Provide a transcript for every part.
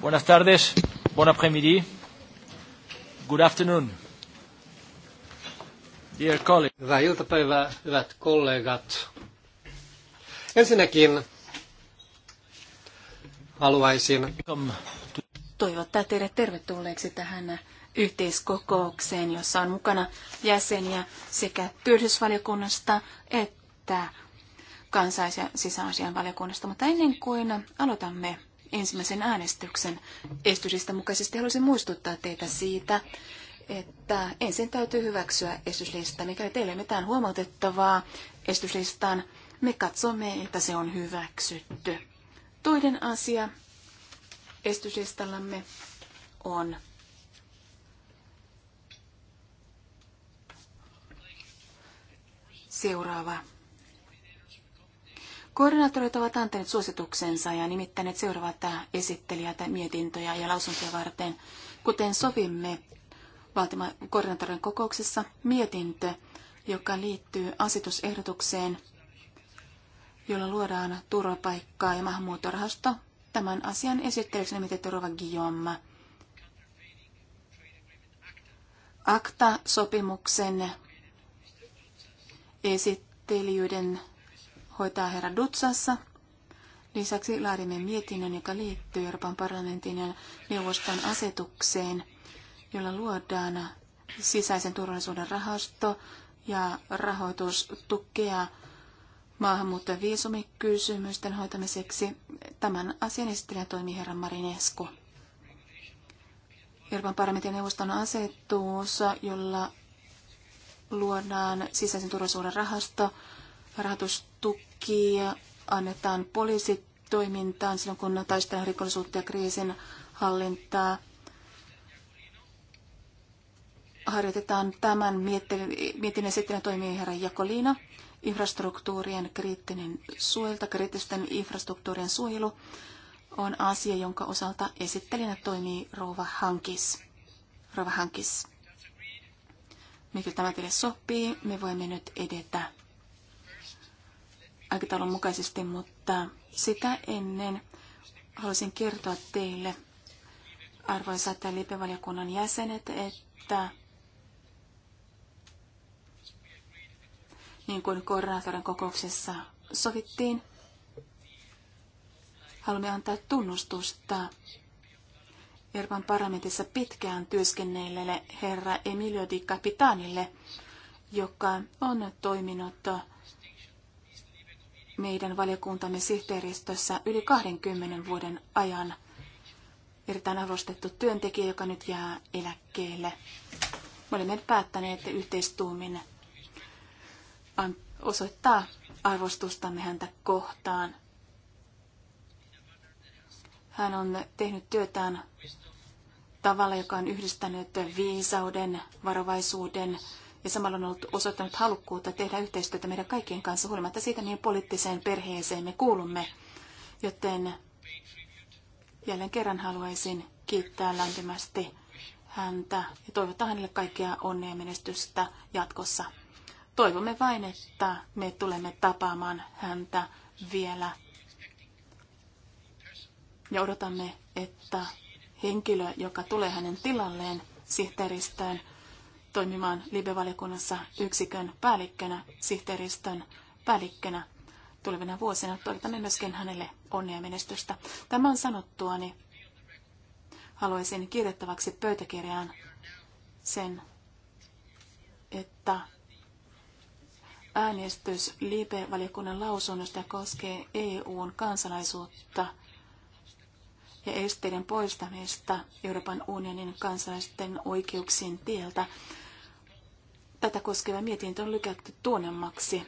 Buenas tardes, bon après-midi, good afternoon. Dear colleagues. Hyvää iltapäivää, hyvät kollegat. Ensinnäkin haluaisin toivottaa teidät tervetulleeksi tähän yhteiskokoukseen, jossa on mukana jäseniä sekä työllisyysvaliokunnasta että kansaisen sisäasian valiokunnasta. Mutta ennen kuin aloitamme ensimmäisen äänestyksen estysistä mukaisesti. Haluaisin muistuttaa teitä siitä, että ensin täytyy hyväksyä estyslista. Mikäli teille ei mitään huomautettavaa estyslistaan, me katsomme, että se on hyväksytty. Toinen asia estyslistallamme on seuraava Koordinaattorit ovat antaneet suosituksensa ja nimittäneet seuraavat esittelijät mietintöjä ja lausuntoja varten. Kuten sovimme koordinaattorin kokouksessa, mietintö, joka liittyy asetusehdotukseen, jolla luodaan turvapaikkaa ja maahanmuuttorahasto, tämän asian esittelyksi nimitetty Rova Guillaume. Akta-sopimuksen esittelijöiden hoitaa herra Dutsassa. Lisäksi laadimme mietinnön, joka liittyy Euroopan parlamentin ja neuvoston asetukseen, jolla luodaan sisäisen turvallisuuden rahasto ja rahoitustukea maahanmuutto- ja viisumikysymysten hoitamiseksi. Tämän asian esittelijä toimii herra Marinesko. Euroopan parlamentin neuvoston asetus, jolla luodaan sisäisen turvallisuuden rahasto rahoitustuki annetaan poliisitoimintaan silloin, kun taistellaan rikollisuutta ja kriisin hallintaa. Harjoitetaan tämän mietinnön sitten toimii herra Jakoliina. Infrastruktuurien kriittinen suojelta, kriittisten infrastruktuurien suojelu on asia, jonka osalta esittelijänä toimii Rova Hankis. Rova Hankis. Mikä tämä teille sopii, me voimme nyt edetä aikataulun mukaisesti, mutta sitä ennen haluaisin kertoa teille, arvoisat liipevaliokunnan jäsenet, että niin kuin koordinaatorin kokouksessa sovittiin, haluamme antaa tunnustusta Euroopan parlamentissa pitkään työskennelleelle herra Emilio Di Capitanille, joka on toiminut meidän valiokuntamme sihteeristössä yli 20 vuoden ajan erittäin arvostettu työntekijä, joka nyt jää eläkkeelle. Me olemme päättäneet yhteistuumin osoittaa arvostustamme häntä kohtaan. Hän on tehnyt työtään tavalla, joka on yhdistänyt viisauden, varovaisuuden, ja samalla on ollut osoittanut halukkuutta tehdä yhteistyötä meidän kaikkien kanssa huolimatta siitä, mihin poliittiseen perheeseen me kuulumme. Joten jälleen kerran haluaisin kiittää lämpimästi häntä ja toivottaa hänelle kaikkea onnea ja menestystä jatkossa. Toivomme vain, että me tulemme tapaamaan häntä vielä. Ja odotamme, että henkilö, joka tulee hänen tilalleen sihteeristöön, toimimaan libe valiokunnassa yksikön päällikkönä, sihteeristön päällikkönä tulevina vuosina. Toivotamme myöskin hänelle onnea ja menestystä. Tämän sanottuani haluaisin kirjoittavaksi pöytäkirjaan sen, että äänestys Libe-valiokunnan lausunnosta koskee EUn kansalaisuutta ja esteiden poistamista Euroopan unionin kansalaisten oikeuksien tieltä. Tätä koskeva mietintö on lykätty tuonemmaksi.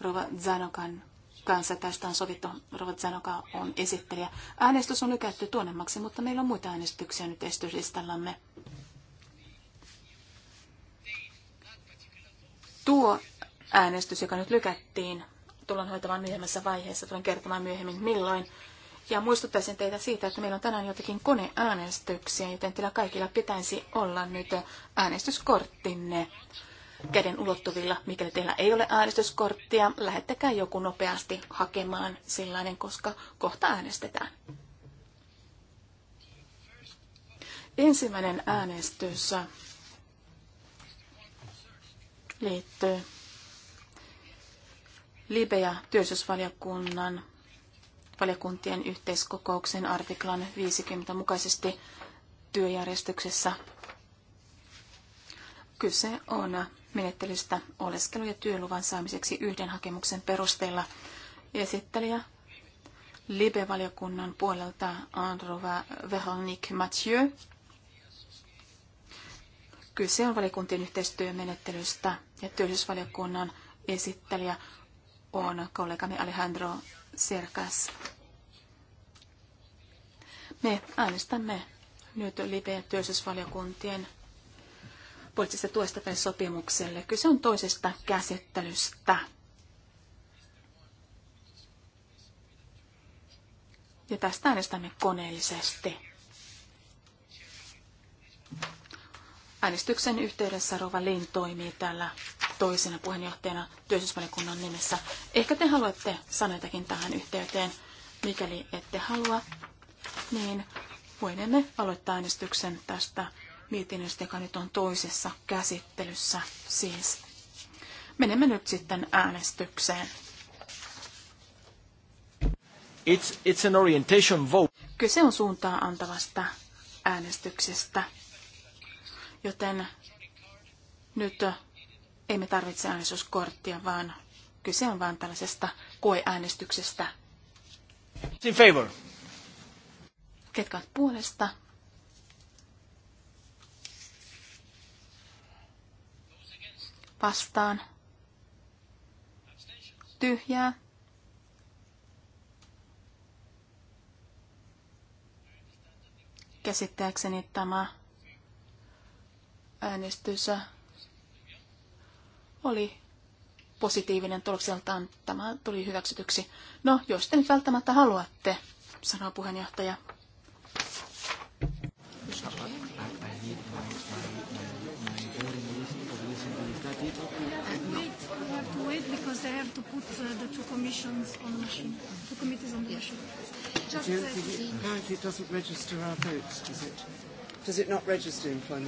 Rova Zanokan kanssa tästä on sovittu. Rova Zanoka on esittelijä. Äänestys on lykätty tuonemmaksi, mutta meillä on muita äänestyksiä nyt estyslistallamme. Tuo äänestys, joka nyt lykättiin, tullaan hoitamaan myöhemmässä vaiheessa. Tulen kertomaan myöhemmin milloin. Ja muistuttaisin teitä siitä, että meillä on tänään jotakin koneäänestyksiä, joten teillä kaikilla pitäisi olla nyt äänestyskorttinne käden ulottuvilla. Mikäli teillä ei ole äänestyskorttia, lähettäkää joku nopeasti hakemaan sellainen, koska kohta äänestetään. Ensimmäinen äänestys liittyy Libe- ja työllisyysvaliokunnan valiokuntien yhteiskokouksen artiklan 50 mukaisesti työjärjestyksessä. Kyse on menettelystä oleskelu- ja työluvan saamiseksi yhden hakemuksen perusteella. Esittelijä Libe-valiokunnan puolelta Androva Veronique Mathieu. Kyse on valiokuntien yhteistyömenettelystä ja työllisyysvaliokunnan esittelijä on kollegani Alejandro Serkas. Me äänestämme nyt live- työllisyysvaliokuntien poliittisesta tuesta tai sopimukselle. Kyse on toisesta käsittelystä. Ja tästä äänestämme koneellisesti. Äänestyksen yhteydessä Rova Lin toimii täällä toisena puheenjohtajana työllisyysvaliokunnan nimessä. Ehkä te haluatte sanoa tähän yhteyteen. Mikäli ette halua, niin voimme aloittaa äänestyksen tästä mietinnöstä, joka nyt on toisessa käsittelyssä siis. Menemme nyt sitten äänestykseen. It's, it's an orientation vote. Kyse on suuntaa antavasta äänestyksestä, joten nyt emme tarvitse äänestyskorttia, vaan kyse on vain tällaisesta koeäänestyksestä. In favor. Ketkä ovat puolesta? Vastaan. Tyhjää. Käsittääkseni tämä äänestys oli positiivinen tulokseltaan. Tämä tuli hyväksytyksi. No, jos te nyt välttämättä haluatte, sanoo puheenjohtaja.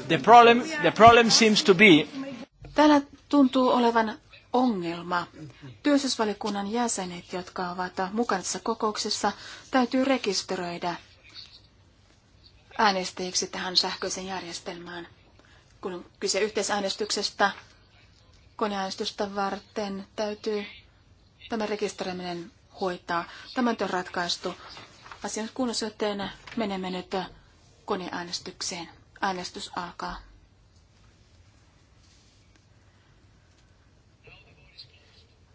the problem? The problem seems to be Täällä tuntuu olevan ongelma. Työsysvalikunnan jäsenet, jotka ovat mukana tässä kokouksessa, täytyy rekisteröidä äänestäjiksi tähän sähköisen järjestelmään. Kun on kyse yhteisäänestyksestä, koneäänestystä varten täytyy tämä rekisteröiminen hoitaa. Tämä on ratkaistu asian kunnossa, joten menemme nyt koneäänestykseen. Äänestys alkaa.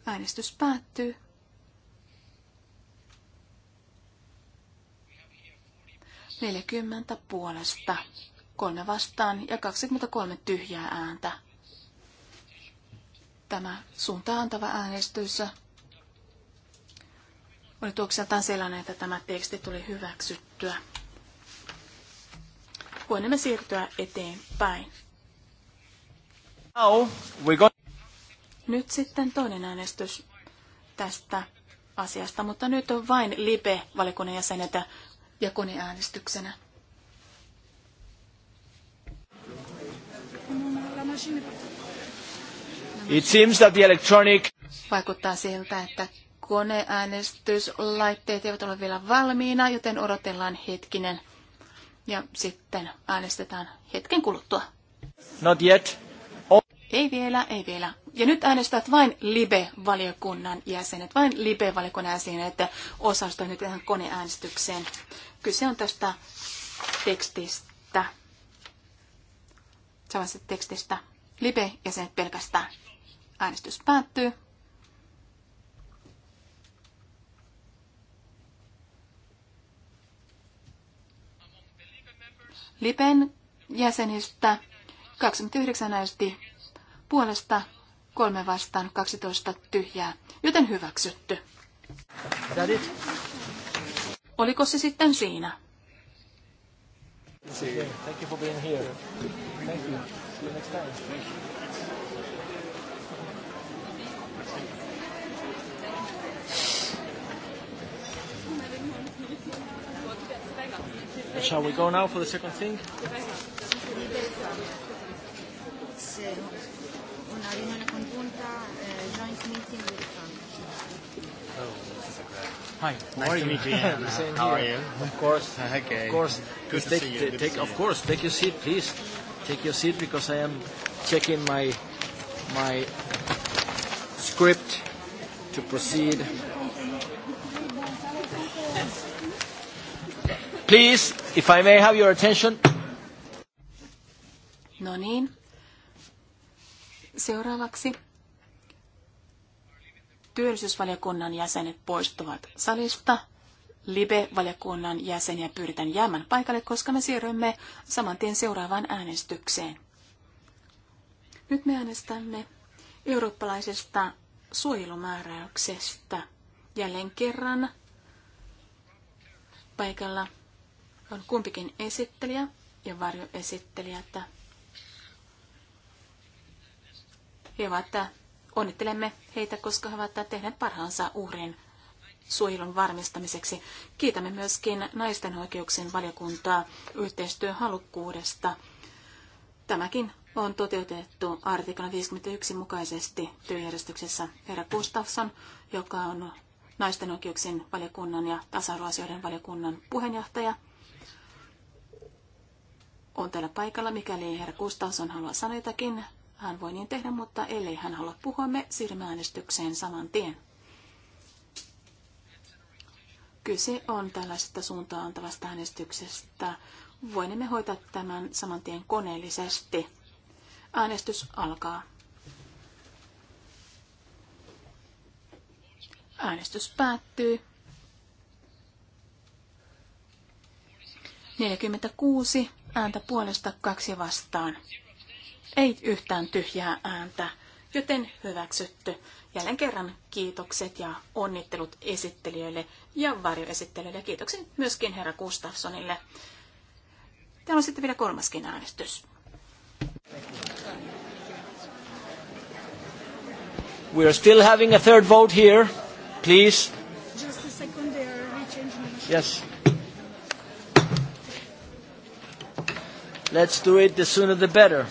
Äänestys päättyy. Neljäkymmentä puolesta, kolme vastaan ja 23 tyhjää ääntä. Tämä suuntaan antava äänestys oli tuokseltaan sellainen, että tämä teksti tuli hyväksyttyä. Voimme siirtyä eteenpäin. Now we got... Nyt sitten toinen äänestys tästä asiasta, mutta nyt on vain LIBE-valikunnan jäsenet ja koneäänestyksenä. It seems that the electronic... Vaikuttaa siltä, että koneäänestyslaitteet eivät ole vielä valmiina, joten odotellaan hetkinen ja sitten äänestetään hetken kuluttua. Not yet. Oh. Ei vielä, ei vielä. Ja nyt äänestävät vain LIBE-valiokunnan jäsenet, vain LIBE-valiokunnan jäsenet osallistuvat nyt tähän koneäänestykseen. Kyse on tästä tekstistä, Samassa tekstistä. LIBE-jäsenet pelkästään. Äänestys päättyy. LIBEn jäsenistä 29 äänesti puolesta Kolme vastaan 12 tyhjää, joten hyväksytty. Oliko se sitten siinä? Shall we go now for the second thing? Hi, nice to you? meet you. Yeah, same How here. are you? Of course. okay. Of course. Good to see you. Good take, see of you. course, take your seat, please. Take your seat because I am checking my my script to proceed. Please, if I may have your attention. No niin. Seuraavaksi Työllisyysvaliokunnan jäsenet poistuvat salista. Libe-valiokunnan jäseniä pyritään jäämään paikalle, koska me siirrymme saman tien seuraavaan äänestykseen. Nyt me äänestämme eurooppalaisesta suojelumääräyksestä. Jälleen kerran paikalla on kumpikin esittelijä ja varjoesittelijä. He ovat Onnittelemme heitä, koska he ovat tehneet parhaansa uhrin suojelun varmistamiseksi. Kiitämme myöskin naisten oikeuksien valiokuntaa yhteistyöhalukkuudesta. Tämäkin on toteutettu artiklan 51 mukaisesti työjärjestyksessä. Herra Gustafsson, joka on naisten oikeuksien valiokunnan ja tasa-arvoasioiden valiokunnan puheenjohtaja, on täällä paikalla. Mikäli herra Gustafsson haluaa sanoa jotakin, hän voi niin tehdä, mutta ellei hän halua puhua, me siirrymme äänestykseen saman tien. Kyse on tällaisesta suuntaan antavasta äänestyksestä. Voimme hoitaa tämän saman tien koneellisesti. Äänestys alkaa. Äänestys päättyy. 46 ääntä puolesta, kaksi vastaan ei yhtään tyhjää ääntä, joten hyväksytty. Jälleen kerran kiitokset ja onnittelut esittelijöille ja varjoesittelijöille. Kiitoksen myöskin herra Gustafssonille. Täällä on sitten vielä kolmaskin äänestys. We are still having a third vote here. Please. Just a second, there. Yes. Let's do it the sooner the better.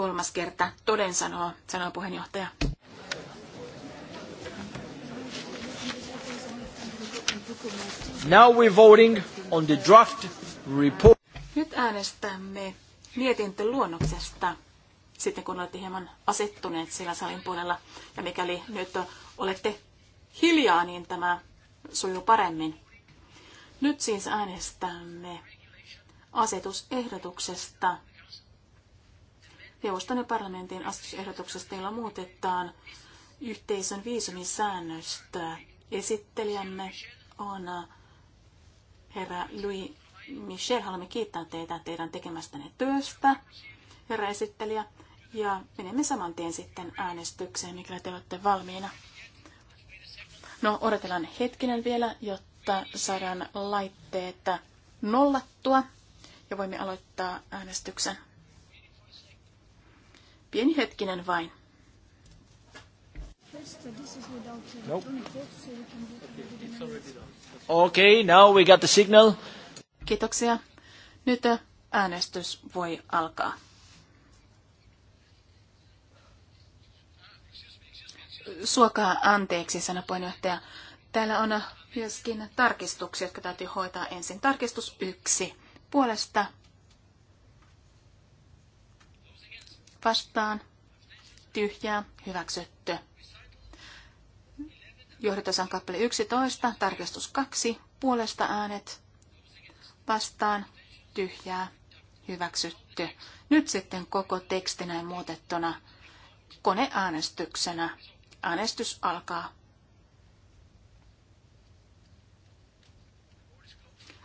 kolmas kerta toden sanoo, sanoo puheenjohtaja. Now we're voting on the draft report. Nyt äänestämme mietintöluonnoksesta, sitten kun olette hieman asettuneet sillä salin puolella. Ja mikäli nyt olette hiljaa, niin tämä sujuu paremmin. Nyt siis äänestämme asetusehdotuksesta neuvoston ja parlamentin asetusehdotuksesta, jolla muutetaan yhteisön viisumisäännöstä. Esittelijämme on äh, herra Louis Michel. Haluamme kiittää teitä teidän tekemästänne työstä, herra esittelijä. Ja menemme saman tien sitten äänestykseen, mikä te olette valmiina. No, odotellaan hetkinen vielä, jotta saadaan laitteet nollattua ja voimme aloittaa äänestyksen. Pieni hetkinen vain. Okay, now we got the signal. Kiitoksia. Nyt äänestys voi alkaa. Suokaa anteeksi, sanoi puheenjohtaja. Täällä on myöskin tarkistuksia, jotka täytyy hoitaa ensin. Tarkistus yksi. Puolesta vastaan, tyhjää, hyväksytty. Johdatosan kappale 11, tarkistus 2, puolesta äänet, vastaan, tyhjää, hyväksytty. Nyt sitten koko teksti näin muutettuna koneäänestyksenä. Äänestys alkaa.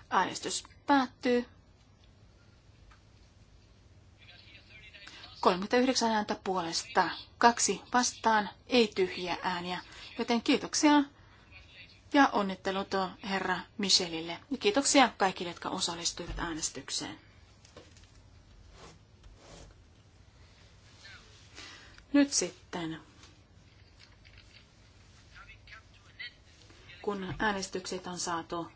Äänestys päättyy. 39 ääntä puolesta, kaksi vastaan, ei tyhjiä ääniä. Joten kiitoksia ja onnittelut herra Michelille. Ja kiitoksia kaikille, jotka osallistuivat äänestykseen. Nyt sitten, kun äänestykset on saatu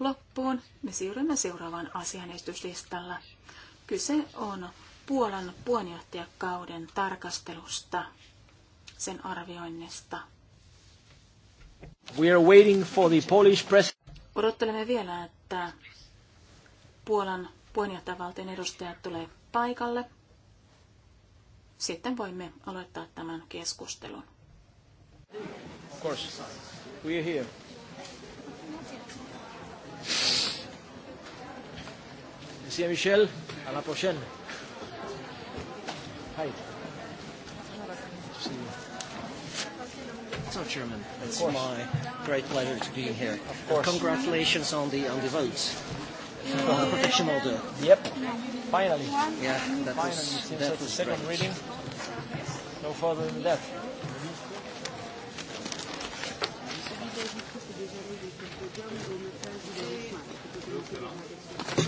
loppuun, me siirrymme seuraavaan asianestyslistalla. Kyse on Puolan puheenjohtajakauden tarkastelusta, sen arvioinnista. We are waiting for the Polish press. Odottelemme vielä, että Puolan puheenjohtajavaltion edustajat tulee paikalle. Sitten voimme aloittaa tämän keskustelun. Of course. We are here. Monsieur Michel, à la prochaine. Hi. So, Chairman, it's my great pleasure to be here. Of course. congratulations on the on the votes Uh, the protection order. Yep. Finally. Yeah, that Finally, was, seems that was was second great. reading. No further than that.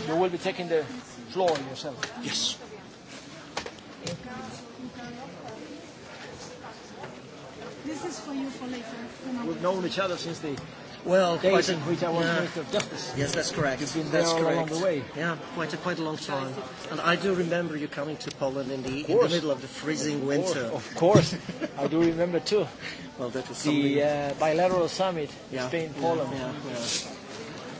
You will be taking the floor yourself. Yes. This is for you for later. We've known each other since the well, days in which I was yeah. Minister of Justice. Yes, that's correct. You've been there that's all correct. along the way. Yeah, quite a, quite a long time. And I do remember you coming to Poland in the, in the middle of the freezing of winter. Of course, I do remember too. Well, that was the uh, bilateral summit, yeah. Spain-Poland. Yeah, yeah, yeah.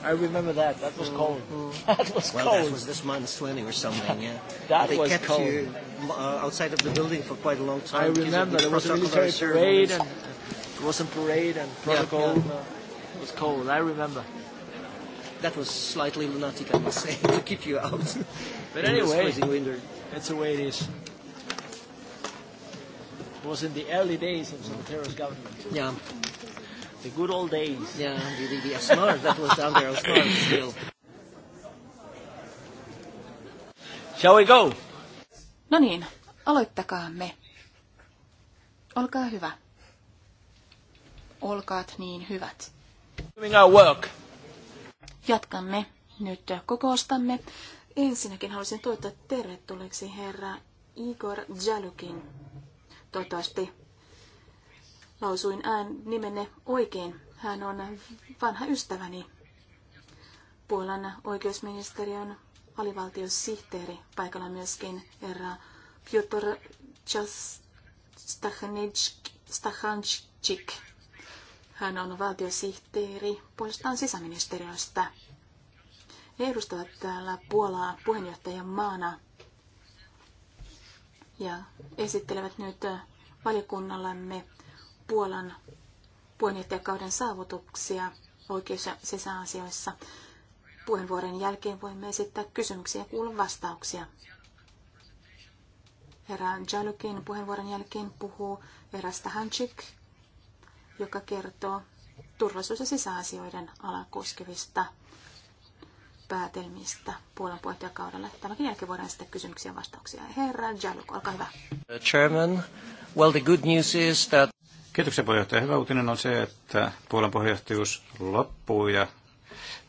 I remember that. That was mm-hmm. cold. Mm-hmm. That was well, cold. Well, that was this month's 20 or something, yeah. that they was kept cold. you uh, outside of the building for quite a long time. I remember. The there was a military parade and there was a parade and protocol. Yeah, yeah. And, uh, it was cold. I remember. That was slightly lunatic, I must say, to keep you out. but anyway, that's the way it is. It was in the early days of Zapatero's government. Yeah. The good old days. Yeah, the, the, the Asmar that was down there, snark still. Shall we go? No niin, aloittakaa me. Olkaa hyvä. Olkaat niin hyvät. our work. Jatkamme nyt kokoostamme. Ensinnäkin haluaisin toivottaa tervetulleeksi herra Igor Jalukin. Toivottavasti lausuin ään nimenne oikein. Hän on vanha ystäväni, Puolan oikeusministeriön alivaltiosihteeri, paikalla myöskin herra Piotr Stachanczyk. Hän on valtiosihteeri puolestaan sisäministeriöstä. He edustavat täällä Puolaa puheenjohtajan maana ja esittelevät nyt valiokunnallemme Puolan puheenjohtajakauden saavutuksia oikeus- ja sisäasioissa. Puheenvuoron jälkeen voimme esittää kysymyksiä ja kuulla vastauksia. Herra Jalukin puheenvuoron jälkeen puhuu erästä Hanchik, joka kertoo turvallisuus- ja sisäasioiden ala koskevista päätelmistä Puolan puheenjohtajakaudella. Tämäkin jälkeen voidaan sitten kysymyksiä ja vastauksia. Herra Jaluk, olkaa hyvä. Chairman, well the good news is that... Kiitoksia puheenjohtaja. Hyvä uutinen on se, että Puolan puheenjohtajuus loppuu ja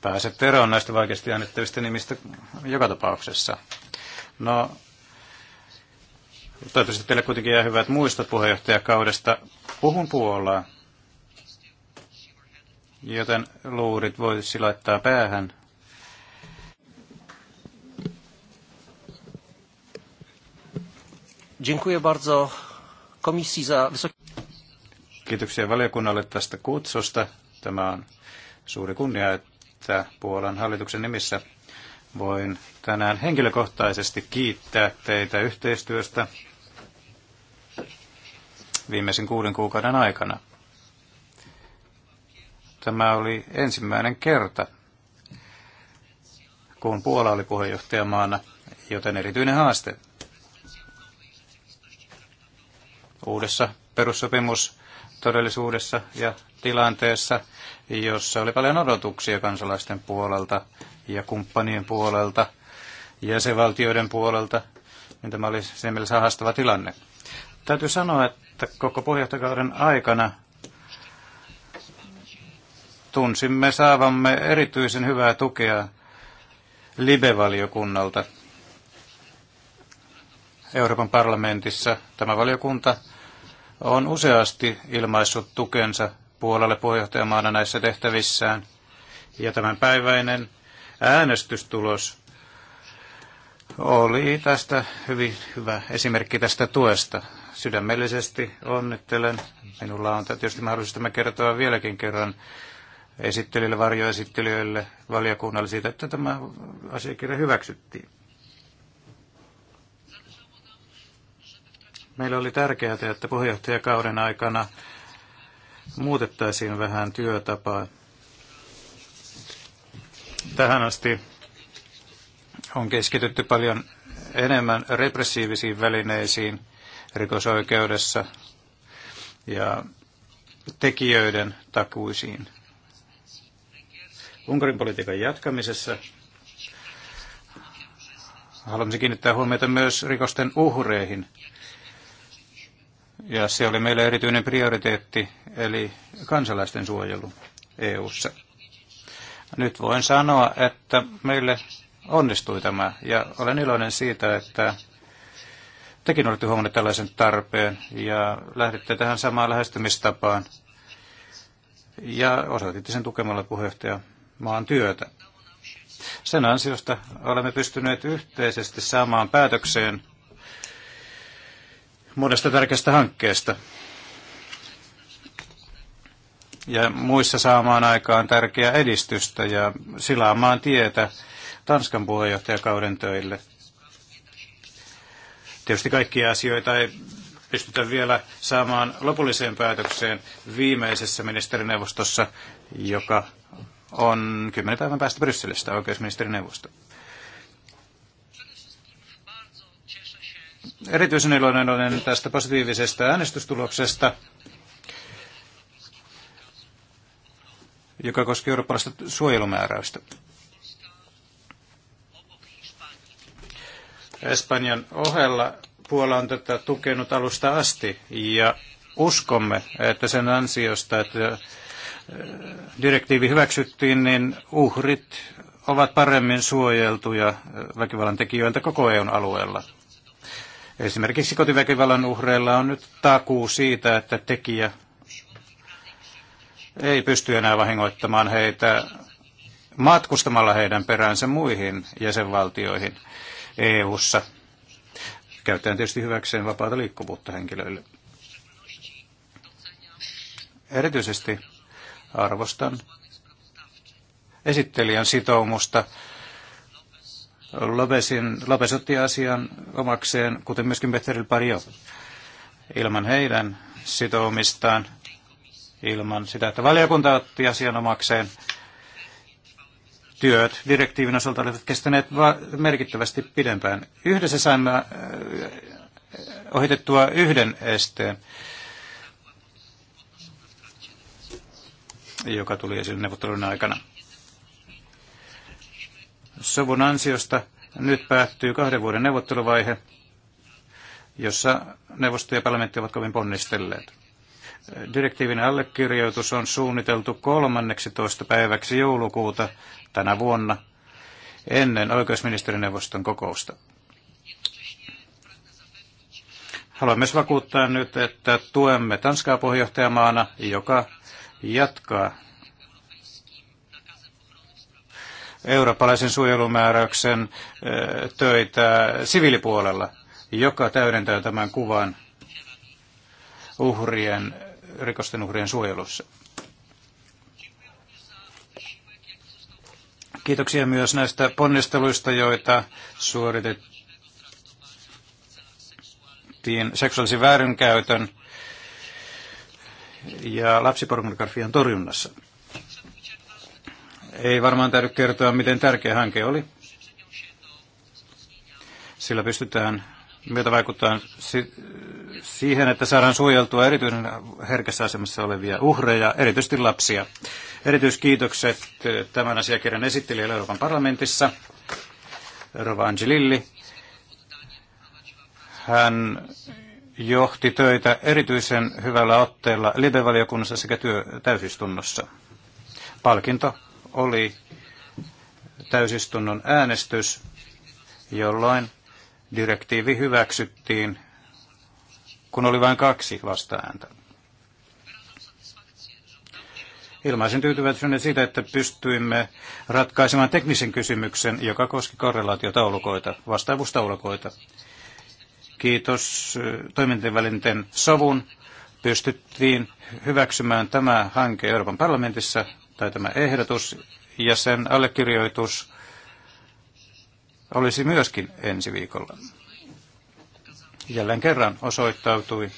pääset eroon näistä vaikeasti annettavista nimistä joka tapauksessa. No, toivottavasti teille kuitenkin jää hyvät muistot puheenjohtajakaudesta. Puhun Puolaa, joten luurit voisi laittaa päähän. Dziękuję bardzo komisji za wysokie... Kiitoksia valiokunnalle tästä kutsusta. Tämä on suuri kunnia, että Puolan hallituksen nimissä voin tänään henkilökohtaisesti kiittää teitä yhteistyöstä viimeisen kuuden kuukauden aikana. Tämä oli ensimmäinen kerta, kun Puola oli puheenjohtajamaana, joten erityinen haaste. Uudessa perussopimus todellisuudessa ja tilanteessa, jossa oli paljon odotuksia kansalaisten puolelta ja kumppanien puolelta, jäsenvaltioiden puolelta, niin tämä oli sen mielessä haastava tilanne. Täytyy sanoa, että koko puheenjohtajakauden aikana tunsimme saavamme erityisen hyvää tukea Libe-valiokunnalta Euroopan parlamentissa. Tämä valiokunta on useasti ilmaissut tukensa Puolalle puheenjohtajamaana näissä tehtävissään. Ja tämän päiväinen äänestystulos oli tästä hyvin hyvä esimerkki tästä tuesta. Sydämellisesti onnittelen. Minulla on tietysti mahdollisuus tämä kertoa vieläkin kerran esittelijöille, varjoesittelijöille, valiokunnalle siitä, että tämä asiakirja hyväksyttiin. Meillä oli tärkeää, että puheenjohtajakauden aikana muutettaisiin vähän työtapaa. Tähän asti on keskitytty paljon enemmän repressiivisiin välineisiin rikosoikeudessa ja tekijöiden takuisiin. Unkarin politiikan jatkamisessa haluamme kiinnittää huomiota myös rikosten uhreihin – ja se oli meille erityinen prioriteetti, eli kansalaisten suojelu EU:ssa. Nyt voin sanoa, että meille onnistui tämä, ja olen iloinen siitä, että tekin olette huomanneet tällaisen tarpeen ja lähditte tähän samaan lähestymistapaan ja osoititte sen tukemalla puheenjohtaja maan työtä. Sen ansiosta olemme pystyneet yhteisesti saamaan päätökseen monesta tärkeästä hankkeesta. Ja muissa saamaan aikaan tärkeää edistystä ja silaamaan tietä Tanskan puheenjohtajakauden töille. Tietysti kaikkia asioita ei pystytä vielä saamaan lopulliseen päätökseen viimeisessä ministerineuvostossa, joka on kymmenen päivän päästä Brysselistä oikeusministerineuvosto. Erityisen iloinen olen tästä positiivisesta äänestystuloksesta, joka koski eurooppalaista suojelumääräystä. Espanjan ohella Puola on tätä tukenut alusta asti ja uskomme, että sen ansiosta, että äh, direktiivi hyväksyttiin, niin uhrit ovat paremmin suojeltuja äh, väkivallan tekijöiltä koko EUn alueella. Esimerkiksi kotiväkivallan uhreilla on nyt takuu siitä, että tekijä ei pysty enää vahingoittamaan heitä matkustamalla heidän peränsä muihin jäsenvaltioihin EU-ssa, käyttäen tietysti hyväkseen vapaata liikkuvuutta henkilöille. Erityisesti arvostan esittelijän sitoumusta Lopesin, Lopes otti asian omakseen, kuten myöskin Petteril Pario. Ilman heidän sitoumistaan, ilman sitä, että valiokunta otti asian omakseen, työt direktiivin osalta olivat kestäneet merkittävästi pidempään. Yhdessä saimme äh, ohitettua yhden esteen, joka tuli esille neuvottelun aikana sovun ansiosta nyt päättyy kahden vuoden neuvotteluvaihe, jossa neuvosto ja parlamentti ovat kovin ponnistelleet. Direktiivin allekirjoitus on suunniteltu 13. päiväksi joulukuuta tänä vuonna ennen oikeusministerineuvoston kokousta. Haluan myös vakuuttaa nyt, että tuemme Tanskaa puheenjohtajamaana, joka jatkaa eurooppalaisen suojelumääräyksen töitä siviilipuolella, joka täydentää tämän kuvan uhrien, rikosten uhrien suojelussa. Kiitoksia myös näistä ponnisteluista, joita suoritettiin seksuaalisen väärinkäytön ja lapsipornografian torjunnassa. Ei varmaan täytyy kertoa, miten tärkeä hanke oli. Sillä pystytään myötä vaikuttaa si- siihen, että saadaan suojeltua erityisen herkässä asemassa olevia uhreja, erityisesti lapsia. Erityiskiitokset tämän asiakirjan esittelijälle Euroopan parlamentissa, Rova Angelilli. Hän johti töitä erityisen hyvällä otteella live sekä työ- täysistunnossa. Palkinto oli täysistunnon äänestys, jolloin direktiivi hyväksyttiin, kun oli vain kaksi vastaääntä. Ilmaisen tyytyväisyyden siitä, että pystyimme ratkaisemaan teknisen kysymyksen, joka koski korrelaatiotaulukoita, vastaavuustaulukoita. Kiitos toimintavälinten sovun pystyttiin hyväksymään tämä hanke Euroopan parlamentissa tai tämä ehdotus ja sen allekirjoitus olisi myöskin ensi viikolla. Jälleen kerran osoittautui,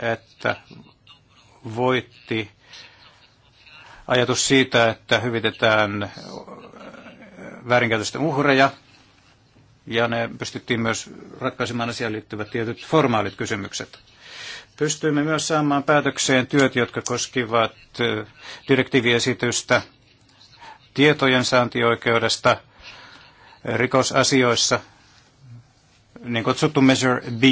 että voitti ajatus siitä, että hyvitetään väärinkäytösten uhreja – ja ne pystyttiin myös ratkaisemaan asiaan liittyvät tietyt formaalit kysymykset. Pystyimme myös saamaan päätökseen työt, jotka koskivat direktiiviesitystä, tietojen saantioikeudesta rikosasioissa, niin kutsuttu Measure B.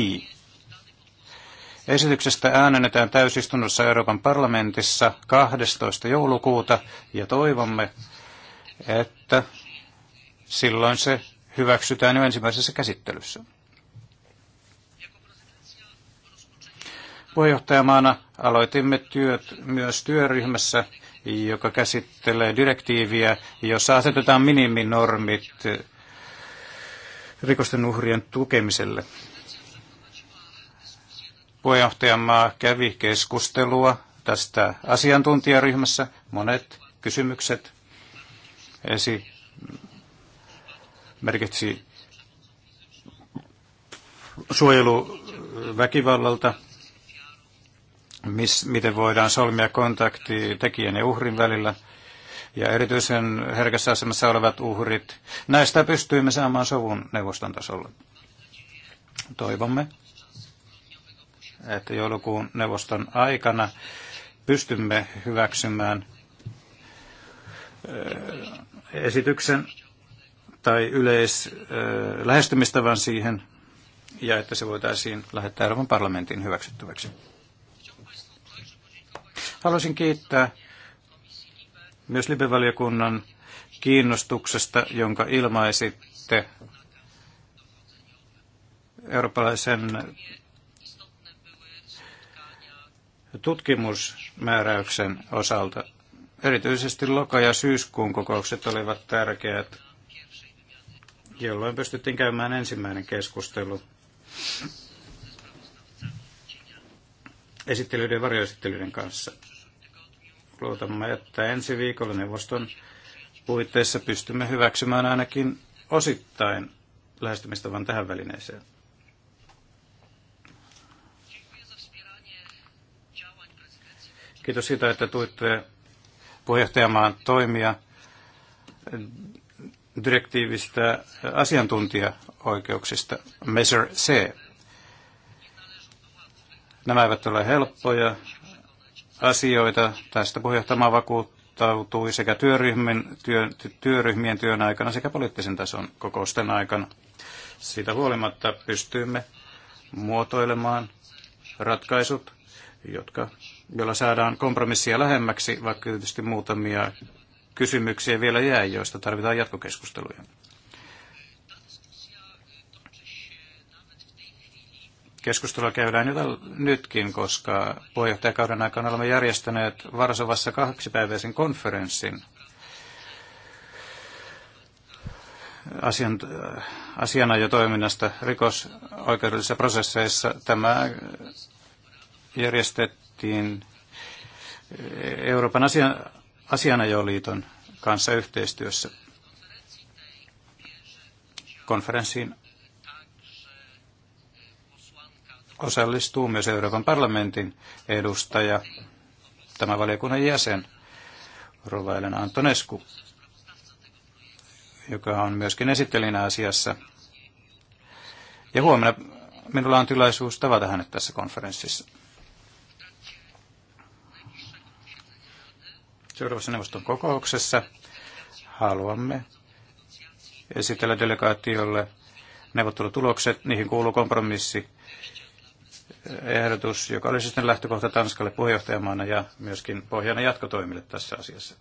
Esityksestä äänennetään täysistunnossa Euroopan parlamentissa 12. joulukuuta ja toivomme, että silloin se hyväksytään jo ensimmäisessä käsittelyssä. Puheenjohtajamaana aloitimme työt myös työryhmässä, joka käsittelee direktiiviä, jossa asetetaan miniminormit rikosten uhrien tukemiselle. Puheenjohtajamaa kävi keskustelua tästä asiantuntijaryhmässä. Monet kysymykset esi- merkitsi suojelu väkivallalta, miss, miten voidaan solmia kontakti tekijän ja uhrin välillä ja erityisen herkässä asemassa olevat uhrit. Näistä pystyimme saamaan sovun neuvoston tasolla. Toivomme, että joulukuun neuvoston aikana pystymme hyväksymään esityksen tai yleis lähestymistavan siihen ja että se voitaisiin lähettää Euroopan parlamentin hyväksyttäväksi. Haluaisin kiittää myös libevaliokunnan kiinnostuksesta, jonka ilmaisitte eurooppalaisen tutkimusmääräyksen osalta. Erityisesti loka- ja syyskuun kokoukset olivat tärkeät jolloin pystyttiin käymään ensimmäinen keskustelu esittelyiden ja varjoesittelyiden kanssa. Luotamme, että ensi viikolla neuvoston puitteissa pystymme hyväksymään ainakin osittain lähestymistavan tähän välineeseen. Kiitos siitä, että tuitte puheenjohtajamaan toimia direktiivistä äh, asiantuntijaoikeuksista, Measure C. Nämä eivät ole helppoja asioita. Tästä puheenjohtama vakuuttautui sekä työryhmien, työ, työryhmien työn aikana sekä poliittisen tason kokousten aikana. Siitä huolimatta pystyimme muotoilemaan ratkaisut, jotka, joilla saadaan kompromissia lähemmäksi, vaikka tietysti muutamia kysymyksiä vielä jää, joista tarvitaan jatkokeskusteluja. Keskustelua käydään nytkin, koska puheenjohtajakauden aikana olemme järjestäneet Varsovassa kaksipäiväisen konferenssin asian, asianajotoiminnasta rikosoikeudellisissa prosesseissa. Tämä järjestettiin Euroopan asian, asianajoliiton kanssa yhteistyössä. Konferenssiin osallistuu myös Euroopan parlamentin edustaja, tämä valiokunnan jäsen, Elena Antonescu, joka on myöskin esittelinä asiassa. Ja huomenna minulla on tilaisuus tavata hänet tässä konferenssissa. seuraavassa neuvoston kokouksessa haluamme esitellä delegaatiolle neuvottelutulokset. Niihin kuuluu kompromissi eh, ehdotus, joka olisi sitten siis lähtökohta Tanskalle puheenjohtajamaana ja myöskin pohjana jatkotoimille tässä asiassa.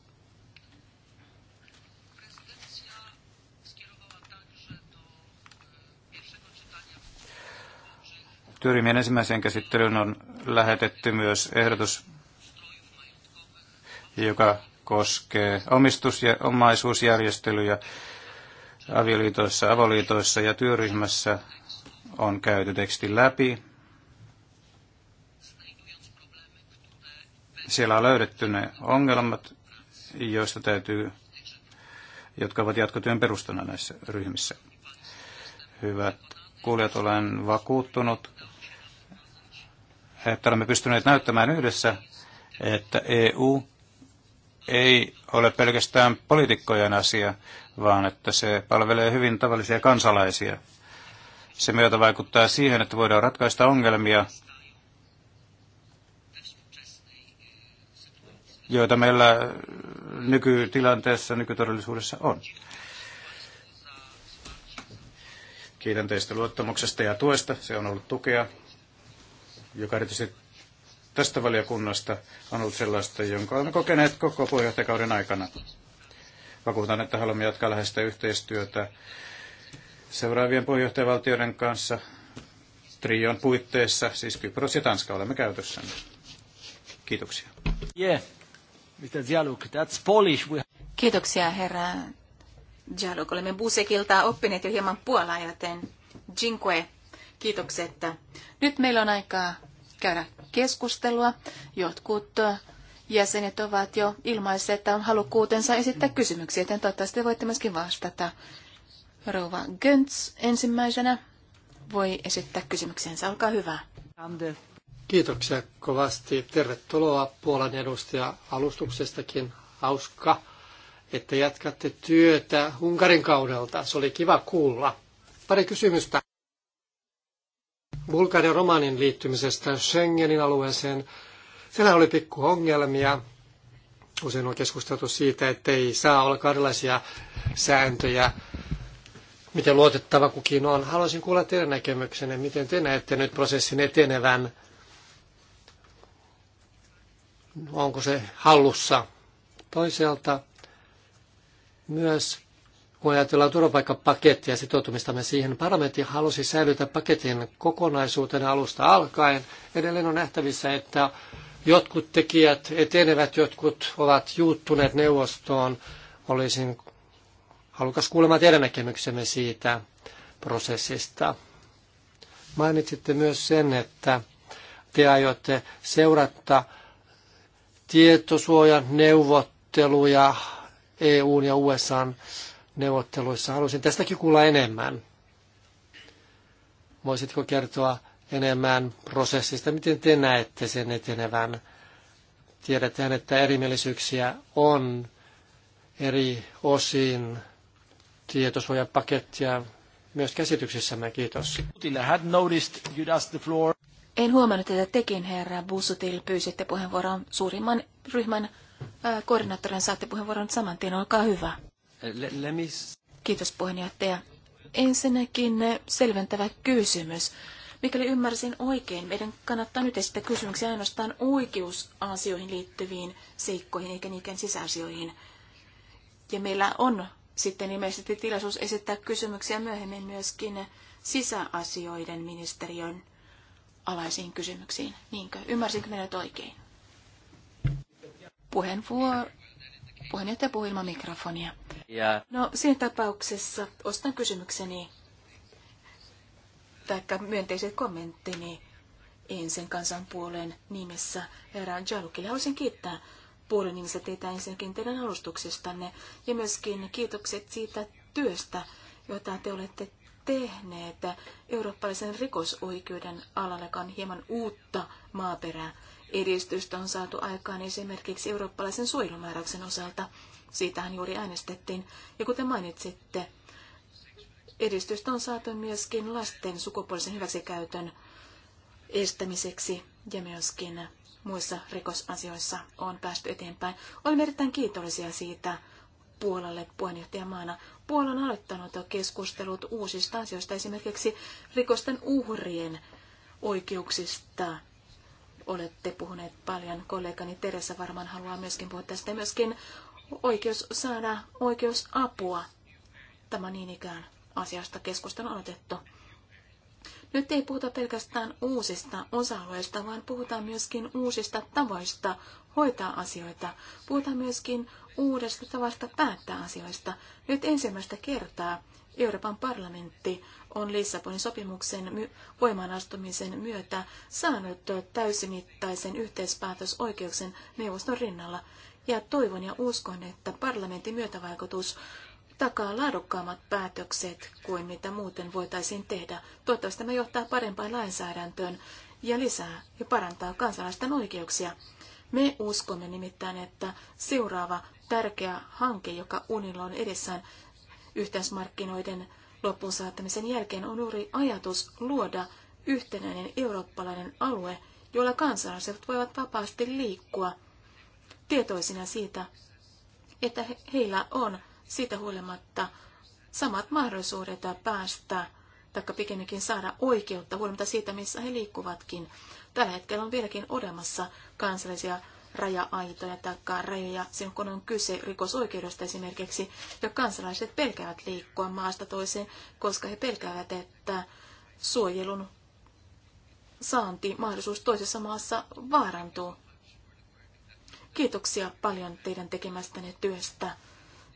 Työryhmien ensimmäiseen käsittelyyn on lähetetty myös ehdotus joka koskee omistus- ja omaisuusjärjestelyjä avioliitoissa, avoliitoissa ja työryhmässä on käyty teksti läpi. Siellä on löydetty ne ongelmat, joista täytyy, jotka ovat jatkotyön perustana näissä ryhmissä. Hyvät kuulijat, olen vakuuttunut, että olemme pystyneet näyttämään yhdessä, että EU ei ole pelkästään poliitikkojen asia, vaan että se palvelee hyvin tavallisia kansalaisia. Se myötä vaikuttaa siihen, että voidaan ratkaista ongelmia, joita meillä nykytilanteessa, nykytodellisuudessa on. Kiitän teistä luottamuksesta ja tuesta. Se on ollut tukea, joka erityisesti tästä valiokunnasta on ollut sellaista, jonka olemme kokeneet koko puheenjohtajakauden aikana. Vakuutan, että haluamme jatkaa läheistä yhteistyötä seuraavien puheenjohtajavaltioiden kanssa trion puitteissa, siis Kypros ja Tanska olemme käytössä. Kiitoksia. Yeah. Mr. that's Polish. We... Kiitoksia herra Dialog. Olemme Busekilta oppineet jo hieman puolaa, joten Jinque, kiitokset. Nyt meillä on aikaa käydä keskustelua. Jotkut jäsenet ovat jo ilmaisseet, että on halukkuutensa esittää kysymyksiä, joten toivottavasti voitte myöskin vastata. Rouva Gönts ensimmäisenä voi esittää kysymyksensä. Olkaa hyvä. Kiitoksia kovasti. Tervetuloa Puolan edustaja alustuksestakin. Hauska, että jatkatte työtä Unkarin kaudelta. Se oli kiva kuulla. Pari kysymystä. Bulgarian ja Romanin liittymisestä Schengenin alueeseen. Siellä oli pikku ongelmia. Usein on keskusteltu siitä, että ei saa olla erilaisia sääntöjä, miten luotettava kukin on. Haluaisin kuulla teidän näkemyksenne, miten te näette nyt prosessin etenevän. Onko se hallussa? Toisaalta myös kun ajatellaan turvapaikkapakettia ja sitoutumistamme siihen, niin parlamentti halusi säilyttää paketin kokonaisuutena alusta alkaen. Edelleen on nähtävissä, että jotkut tekijät etenevät, jotkut ovat juuttuneet neuvostoon. Olisin halukas kuulemaan teidän näkemyksemme siitä prosessista. Mainitsitte myös sen, että te aiotte seurata tietosuojan neuvotteluja EUn ja USAn neuvotteluissa. Haluaisin tästäkin kuulla enemmän. Voisitko kertoa enemmän prosessista, miten te näette sen etenevän? Tiedetään, että erimielisyyksiä on eri osiin tietosuojapakettia myös käsityksissämme. Kiitos. En huomannut, että tekin, herra Busutil, pyysitte puheenvuoron suurimman ryhmän koordinaattorin saatte puheenvuoron saman tien. Olkaa hyvä. Kiitos puheenjohtaja. Ensinnäkin selventävä kysymys. Mikäli ymmärsin oikein, meidän kannattaa nyt esittää kysymyksiä ainoastaan oikeusasioihin liittyviin seikkoihin, eikä niinkään sisäasioihin. Ja meillä on sitten ilmeisesti tilaisuus esittää kysymyksiä myöhemmin myöskin sisäasioiden ministeriön alaisiin kysymyksiin. Niinkö? Ymmärsinkö minä nyt oikein? Puheenvuoro Puheenjohtaja puhuu ilman mikrofonia. Ja. No siinä tapauksessa ostan kysymykseni tai myönteiset kommenttini ensin kansanpuolen nimessä herra Jalukille. Haluaisin kiittää puolen nimessä teitä ensinnäkin teidän alustuksestanne ja myöskin kiitokset siitä työstä, jota te olette tehneet eurooppalaisen rikosoikeuden alalla, joka on hieman uutta maaperää edistystä on saatu aikaan esimerkiksi eurooppalaisen suojelumääräyksen osalta. Siitähän juuri äänestettiin. Ja kuten mainitsitte, edistystä on saatu myöskin lasten sukupuolisen hyväksikäytön estämiseksi ja myöskin muissa rikosasioissa on päästy eteenpäin. Olemme erittäin kiitollisia siitä Puolalle puheenjohtajamaana. Puola on aloittanut keskustelut uusista asioista, esimerkiksi rikosten uhrien oikeuksista olette puhuneet paljon. Kollegani Teresa varmaan haluaa myöskin puhua tästä. Myöskin oikeus saada oikeus apua. Tämä niin ikään asiasta keskustelu on otettu. Nyt ei puhuta pelkästään uusista osa-alueista, vaan puhutaan myöskin uusista tavoista hoitaa asioita. Puhutaan myöskin uudesta tavasta päättää asioista. Nyt ensimmäistä kertaa Euroopan parlamentti on Lissabonin sopimuksen voimaanastumisen myötä saanut täysimittaisen yhteispäätösoikeuksen neuvoston rinnalla, ja toivon ja uskon, että parlamentin myötävaikutus takaa laadukkaammat päätökset kuin mitä muuten voitaisiin tehdä. Toivottavasti tämä johtaa parempaan lainsäädäntöön ja lisää ja parantaa kansalaisten oikeuksia. Me uskomme nimittäin, että seuraava tärkeä hanke, joka unilla on edessään yhteismarkkinoiden loppuun saattamisen jälkeen on juuri ajatus luoda yhtenäinen eurooppalainen alue, jolla kansalaiset voivat vapaasti liikkua tietoisina siitä, että he, heillä on siitä huolimatta samat mahdollisuudet päästä tai pikemminkin saada oikeutta huolimatta siitä, missä he liikkuvatkin. Tällä hetkellä on vieläkin olemassa kansallisia raja-aitoja tai rajoja silloin, kun on kyse rikosoikeudesta esimerkiksi, ja kansalaiset pelkäävät liikkua maasta toiseen, koska he pelkäävät, että suojelun saanti mahdollisuus toisessa maassa vaarantuu. Kiitoksia paljon teidän tekemästänne työstä.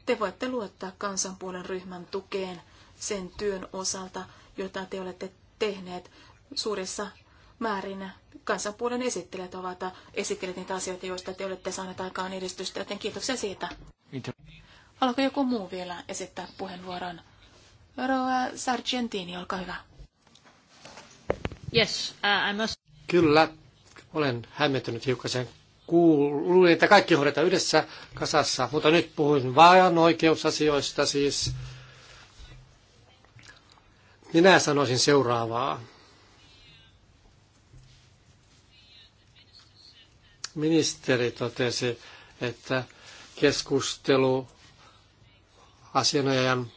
Te voitte luottaa kansanpuolen ryhmän tukeen sen työn osalta, jota te olette tehneet suuressa määrin kansanpuolen esittelijät ovat esitelleet niitä asioita, joista te olette saaneet aikaan edistystä, joten kiitoksia siitä. Haluaako joku muu vielä esittää puheenvuoron? Roa Sargentini, olkaa hyvä. Yes, uh, I must... Kyllä, olen hämmentynyt hiukan sen Luulin, että kaikki hoidetaan yhdessä kasassa, mutta nyt puhuin vain oikeusasioista siis. Minä sanoisin seuraavaa. ministeri totesi, että keskustelu asianajajan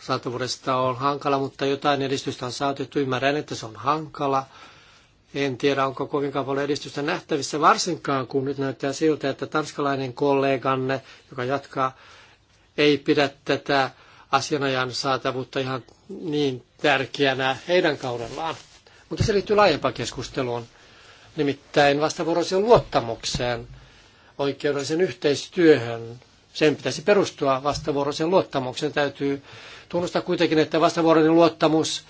saatavuudesta on hankala, mutta jotain edistystä on saatu. Ymmärrän, että se on hankala. En tiedä, onko kovinkaan paljon edistystä nähtävissä, varsinkaan kun nyt näyttää siltä, että tanskalainen kolleganne, joka jatkaa, ei pidä tätä asianajan saatavuutta ihan niin tärkeänä heidän kaudellaan. Mutta se liittyy laajempaan keskusteluun nimittäin vastavuoroisen luottamukseen, oikeudellisen yhteistyöhön. Sen pitäisi perustua vastavuoroisen luottamukseen. Täytyy tunnustaa kuitenkin, että vastavuoroinen luottamus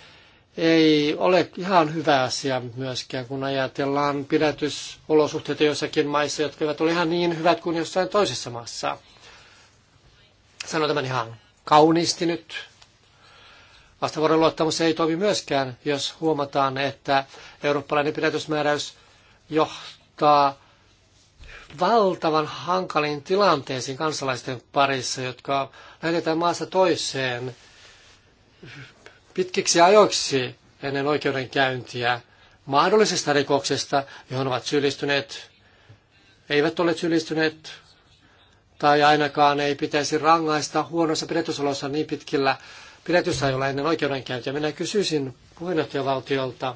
ei ole ihan hyvä asia myöskään, kun ajatellaan pidätysolosuhteita joissakin maissa, jotka eivät ole ihan niin hyvät kuin jossain toisessa maassa. Sanon tämän ihan kauniisti nyt. vastavuoroinen luottamus ei toimi myöskään, jos huomataan, että eurooppalainen pidätysmääräys johtaa valtavan hankaliin tilanteisiin kansalaisten parissa, jotka lähetetään maassa toiseen pitkiksi ajoiksi ennen oikeudenkäyntiä mahdollisesta rikoksesta, johon ovat syyllistyneet, eivät ole syyllistyneet tai ainakaan ei pitäisi rangaista huonossa pidetysolossa niin pitkillä pidätysajolla ennen oikeudenkäyntiä. Minä kysyisin puheenjohtajavaltiolta,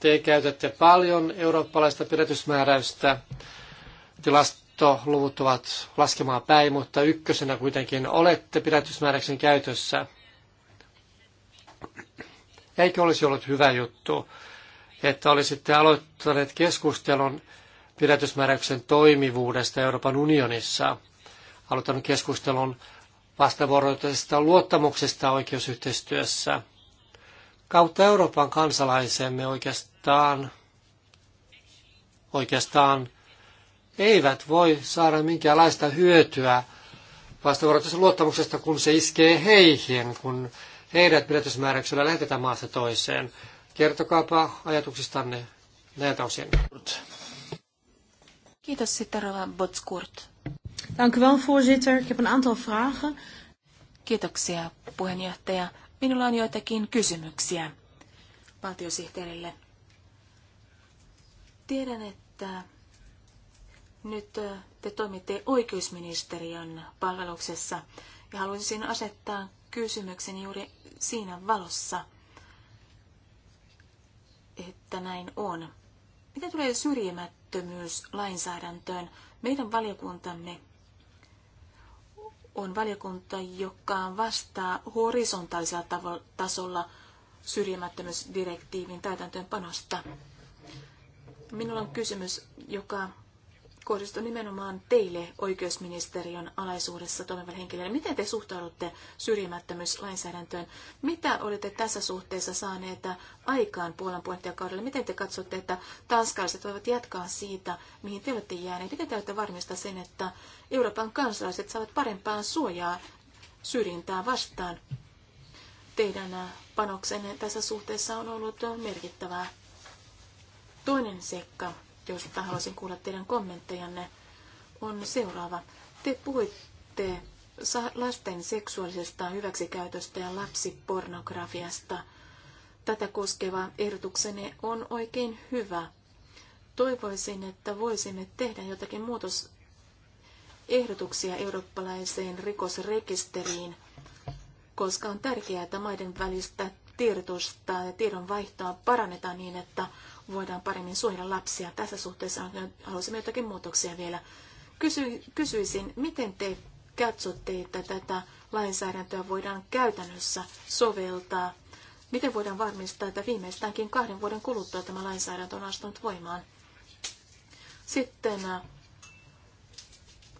Te käytätte paljon eurooppalaista pidätysmääräystä. Tilastoluvut ovat laskemaan päin, mutta ykkösenä kuitenkin olette pidätysmääräyksen käytössä. Eikö olisi ollut hyvä juttu, että olisitte aloittaneet keskustelun pidätysmääräyksen toimivuudesta Euroopan unionissa, aloittanut keskustelun vastavuoroisesta luottamuksesta oikeusyhteistyössä. Kautta Euroopan kansalaisemme oikeastaan vastaan oikeastaan eivät voi saada minkäänlaista hyötyä vastavuoroisesta luottamuksesta, kun se iskee heihin, kun heidät pidätysmääräyksellä lähetetään maasta toiseen. Kertokaapa ajatuksistanne näiltä osin. Kiitos Sitarova Botskurt. Dank wel, voorzitter. Ik heb een aantal vragen. Kiitoksia, puheenjohtaja. Minulla on joitakin kysymyksiä valtiosihteerille. Tiedän, että nyt te toimitte oikeusministeriön palveluksessa ja haluaisin asettaa kysymyksen juuri siinä valossa, että näin on. Mitä tulee lainsäädäntöön? Meidän valiokuntamme on valiokunta, joka vastaa horisontaalisella tasolla syrjimättömyysdirektiivin täytäntöönpanosta. Minulla on kysymys, joka kohdistuu nimenomaan teille oikeusministeriön alaisuudessa toimivalle henkilölle. Miten te suhtaudutte syrjimättömyyslainsäädäntöön? Mitä olette tässä suhteessa saaneet aikaan Puolan puheenjohtajakaudella? Miten te katsotte, että tanskalaiset voivat jatkaa siitä, mihin te olette jääneet? Miten te olette varmistaa sen, että Euroopan kansalaiset saavat parempaa suojaa syrjintää vastaan? Teidän panoksenne tässä suhteessa on ollut merkittävää. Toinen seikka, josta haluaisin kuulla teidän kommenttejanne, on seuraava. Te puhuitte lasten seksuaalisesta hyväksikäytöstä ja lapsipornografiasta. Tätä koskeva ehdotuksenne on oikein hyvä. Toivoisin, että voisimme tehdä jotakin muutos eurooppalaiseen rikosrekisteriin, koska on tärkeää, että maiden välistä tiedotusta ja tiedonvaihtoa parannetaan niin, että voidaan paremmin suojella lapsia. Tässä suhteessa haluaisimme jotakin muutoksia vielä. Kysy, kysyisin, miten te katsotte, että tätä lainsäädäntöä voidaan käytännössä soveltaa? Miten voidaan varmistaa, että viimeistäänkin kahden vuoden kuluttua tämä lainsäädäntö on astunut voimaan? Sitten äh,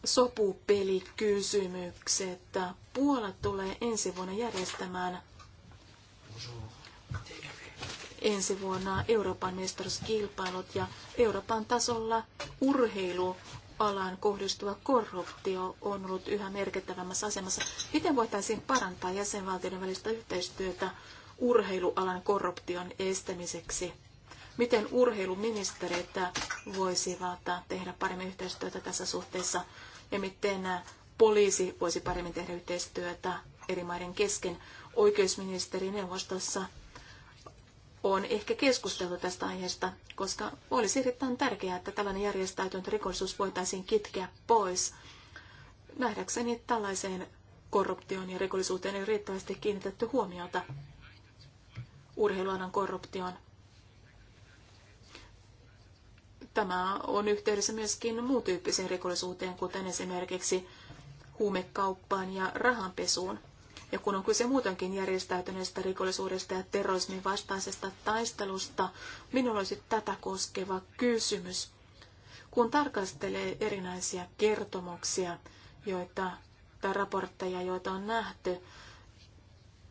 sopupelikysymykset. Puola tulee ensi vuonna järjestämään ensi vuonna Euroopan mestaruuskilpailut ja Euroopan tasolla urheilualaan kohdistuva korruptio on ollut yhä merkittävämmässä asemassa. Miten voitaisiin parantaa jäsenvaltioiden välistä yhteistyötä urheilualan korruption estämiseksi? Miten urheiluministerit voisivat tehdä paremmin yhteistyötä tässä suhteessa ja miten poliisi voisi paremmin tehdä yhteistyötä eri maiden kesken? Oikeusministerineuvostossa on ehkä keskusteltu tästä aiheesta, koska olisi erittäin tärkeää, että tällainen järjestäytynyt rikollisuus voitaisiin kitkeä pois. Nähdäkseni tällaiseen korruptioon ja rikollisuuteen ei riittävästi kiinnitetty huomiota urheilualan korruptioon. Tämä on yhteydessä myöskin muutyyppiseen rikollisuuteen, kuten esimerkiksi huumekauppaan ja rahanpesuun. Ja kun on kyse muutenkin järjestäytyneestä rikollisuudesta ja terrorismin vastaisesta taistelusta, minulla olisi tätä koskeva kysymys. Kun tarkastelee erinäisiä kertomuksia joita, tai raportteja, joita on nähty,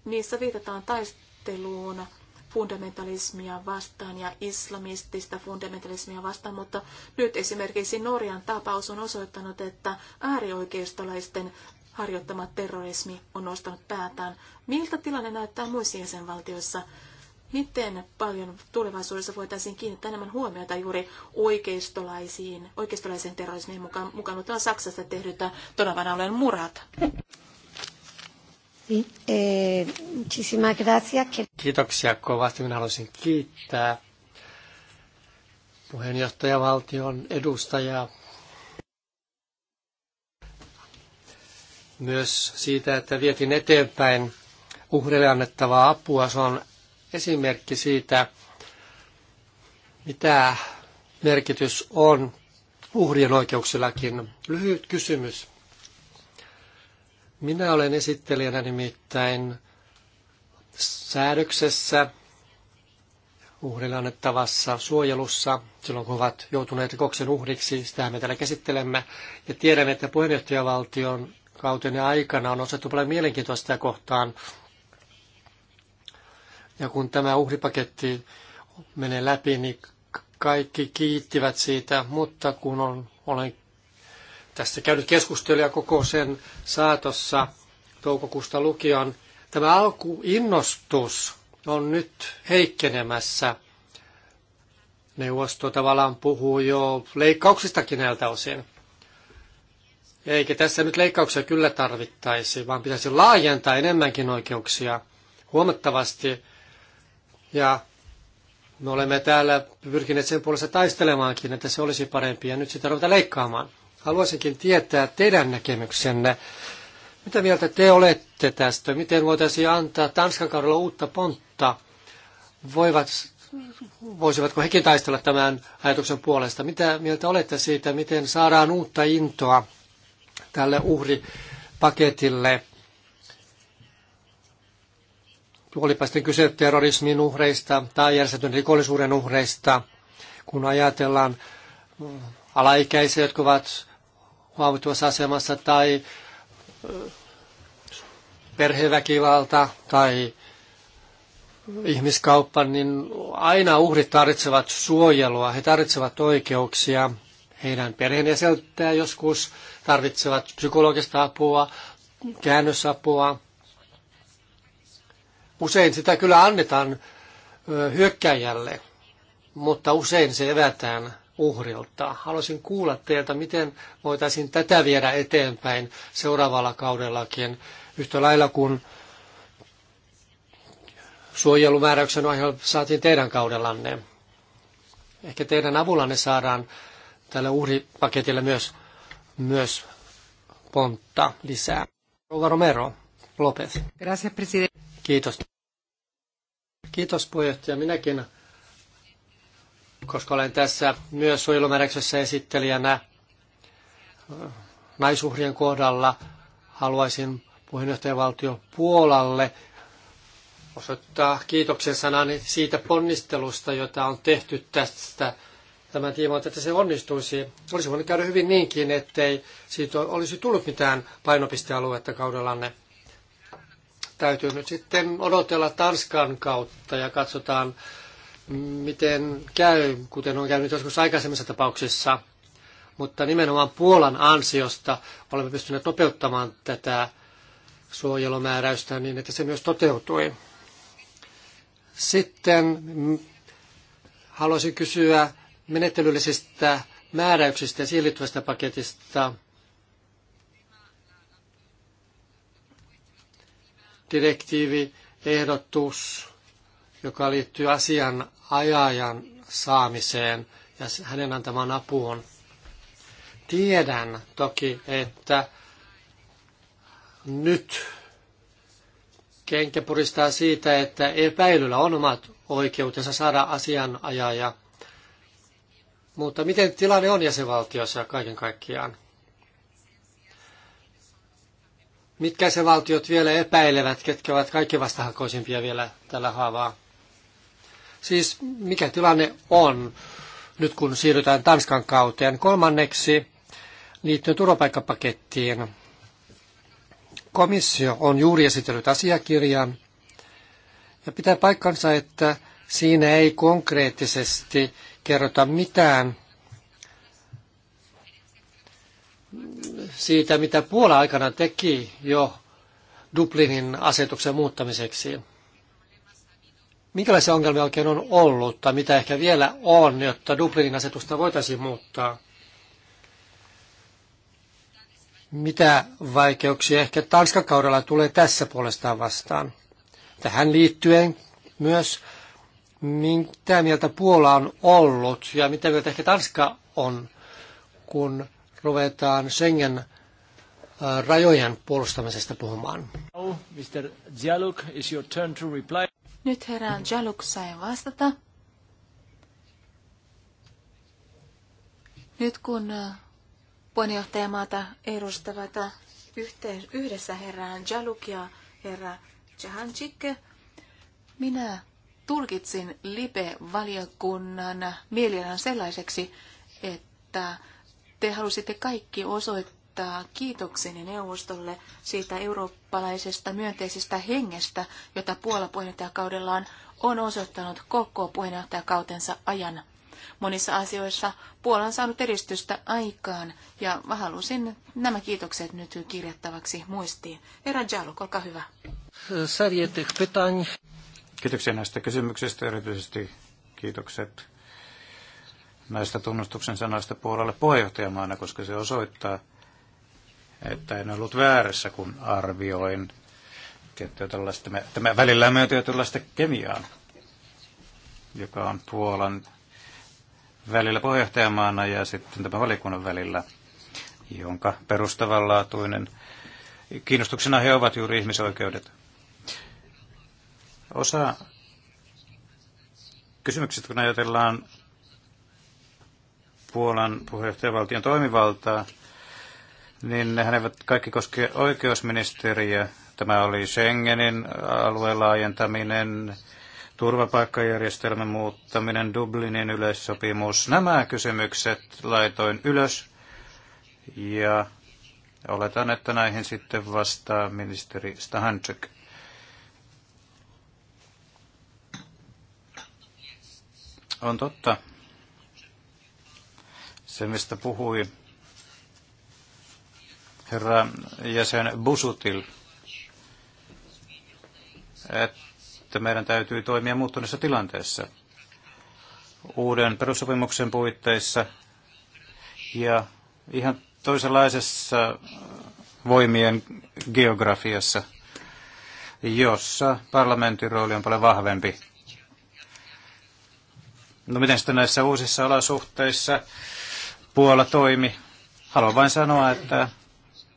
niissä viitataan taisteluun fundamentalismia vastaan ja islamistista fundamentalismia vastaan, mutta nyt esimerkiksi Norjan tapaus on osoittanut, että äärioikeistolaisten harjoittama terrorismi on nostanut päätään. Miltä tilanne näyttää muissa jäsenvaltioissa? Miten paljon tulevaisuudessa voitaisiin kiinnittää enemmän huomiota juuri oikeistolaisiin, oikeistolaisen terrorismiin mukaan, mukaan mutta Saksasta tehdyt todavana alueen murat? Niin, eh, Kiitoksia kovasti. Minä haluaisin kiittää puheenjohtajavaltion edustajaa myös siitä, että vietin eteenpäin uhrille annettavaa apua. Se on esimerkki siitä, mitä merkitys on uhrien oikeuksillakin. Lyhyt kysymys. Minä olen esittelijänä nimittäin säädöksessä uhrille annettavassa suojelussa, silloin kun ovat joutuneet rikoksen uhriksi, sitä me täällä käsittelemme. Ja tiedämme, että puheenjohtajavaltion kautenne aikana on osattu paljon mielenkiintoa sitä kohtaan. Ja kun tämä uhripaketti menee läpi, niin kaikki kiittivät siitä, mutta kun on, olen tässä käynyt keskustelua koko sen saatossa toukokuusta lukion, tämä alkuinnostus on nyt heikkenemässä. Neuvosto tavallaan puhuu jo leikkauksistakin näiltä osin. Eikä tässä nyt leikkauksia kyllä tarvittaisi, vaan pitäisi laajentaa enemmänkin oikeuksia huomattavasti. Ja me olemme täällä pyrkineet sen puolesta taistelemaankin, että se olisi parempi ja nyt sitä ruvetaan leikkaamaan. Haluaisinkin tietää teidän näkemyksenne. Mitä mieltä te olette tästä? Miten voitaisiin antaa Tanskan kaudella uutta pontta? Voivat, voisivatko hekin taistella tämän ajatuksen puolesta? Mitä mieltä olette siitä, miten saadaan uutta intoa tälle uhripaketille. Olipa sitten kyse terrorismin uhreista tai järjestetyn rikollisuuden uhreista, kun ajatellaan mm, alaikäisiä, jotka ovat huomattavassa asemassa, tai mm, perheväkivalta tai mm, ihmiskauppa, niin aina uhrit tarvitsevat suojelua, he tarvitsevat oikeuksia heidän perheenjäseltään joskus tarvitsevat psykologista apua, käännösapua. Usein sitä kyllä annetaan hyökkäjälle, mutta usein se evätään uhrilta. Haluaisin kuulla teiltä, miten voitaisiin tätä viedä eteenpäin seuraavalla kaudellakin, yhtä lailla kuin suojelumääräyksen ohjelma saatiin teidän kaudellanne. Ehkä teidän avullanne saadaan tällä uhripaketilla myös, myös pontta lisää. Rouva Romero Lopez. Gracias, presidente. Kiitos. Kiitos puheenjohtaja. Minäkin, koska olen tässä myös suojelumääräyksessä esittelijänä naisuhrien kohdalla, haluaisin puheenjohtajavaltio Puolalle osoittaa kiitoksen sanani siitä ponnistelusta, jota on tehty tästä tämän tiimoilta, että se onnistuisi. Olisi voinut käydä hyvin niinkin, ettei siitä olisi tullut mitään painopistealuetta kaudellanne. Täytyy nyt sitten odotella Tanskan kautta ja katsotaan, miten käy, kuten on käynyt joskus aikaisemmissa tapauksissa. Mutta nimenomaan Puolan ansiosta olemme pystyneet nopeuttamaan tätä suojelumääräystä niin, että se myös toteutui. Sitten mm, haluaisin kysyä menettelyllisistä määräyksistä ja siihen liittyvästä paketista. Direktiivi, ehdotus, joka liittyy asian ajajan saamiseen ja hänen antamaan apuun. Tiedän toki, että nyt kenkä puristaa siitä, että epäilyllä on omat oikeutensa saada asianajaja mutta miten tilanne on jäsenvaltiossa kaiken kaikkiaan? Mitkä se valtiot vielä epäilevät, ketkä ovat kaikki vastahakoisimpia vielä tällä haavaa? Siis mikä tilanne on nyt kun siirrytään Tanskan kauteen? Kolmanneksi liittyen turvapaikkapakettiin. Komissio on juuri esitellyt asiakirjan ja pitää paikkansa, että siinä ei konkreettisesti kerrota mitään siitä, mitä Puola aikana teki jo Dublinin asetuksen muuttamiseksi. Minkälaisia ongelmia oikein on ollut tai mitä ehkä vielä on, jotta Dublinin asetusta voitaisiin muuttaa? Mitä vaikeuksia ehkä Tanskan kaudella tulee tässä puolestaan vastaan? Tähän liittyen myös mitä mieltä Puola on ollut ja mitä mieltä ehkä Tanska on, kun ruvetaan Schengen äh, rajojen puolustamisesta puhumaan. Mr. Dialog, is your turn to reply. Nyt herra Jaluk sai vastata. Nyt kun äh, puheenjohtajamaata edustavat äh, yhdessä herra Jaluk ja herra Jahanchik, minä tulkitsin LIBE-valiokunnan mielialan sellaiseksi, että te halusitte kaikki osoittaa kiitokseni neuvostolle siitä eurooppalaisesta myönteisestä hengestä, jota Puola puheenjohtajakaudellaan on osoittanut koko puheenjohtajakautensa ajan. Monissa asioissa Puola on saanut edistystä aikaan ja mä halusin nämä kiitokset nyt kirjattavaksi muistiin. Herra Jaluk, olkaa hyvä. Sarje pytań. Kiitoksia näistä kysymyksistä, erityisesti kiitokset näistä tunnustuksen sanoista puolelle puheenjohtajamaana, koska se osoittaa, että en ollut väärässä, kun arvioin tiettyä tällaista, tämä välillä myötyä tällaista kemiaa, joka on Puolan välillä puheenjohtajamaana ja sitten tämän valikunnan välillä, jonka perustavanlaatuinen kiinnostuksena he ovat juuri ihmisoikeudet. Osa kysymyksistä, kun ajatellaan Puolan puheenjohtajavaltion toimivaltaa, niin nehän eivät kaikki koske oikeusministeriä. Tämä oli Schengenin alueen laajentaminen, turvapaikkajärjestelmän muuttaminen, Dublinin yleissopimus. Nämä kysymykset laitoin ylös ja oletan, että näihin sitten vastaa ministeri Stahancek. On totta, se mistä puhui herra jäsen Busutil, että meidän täytyy toimia muuttuneessa tilanteessa uuden perussopimuksen puitteissa ja ihan toisenlaisessa voimien geografiassa, jossa parlamentin rooli on paljon vahvempi No miten sitten näissä uusissa olosuhteissa Puola toimi? Haluan vain sanoa, että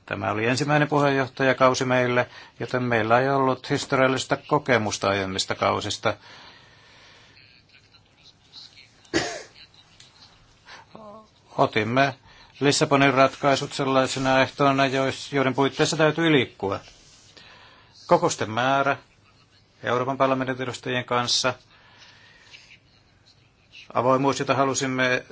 tämä oli ensimmäinen puheenjohtajakausi meille, joten meillä ei ollut historiallista kokemusta aiemmista kausista. Otimme Lissabonin ratkaisut sellaisena ehtoina, joiden puitteissa täytyy liikkua. Kokosten määrä Euroopan parlamentin edustajien kanssa – avoimuus, jota halusimme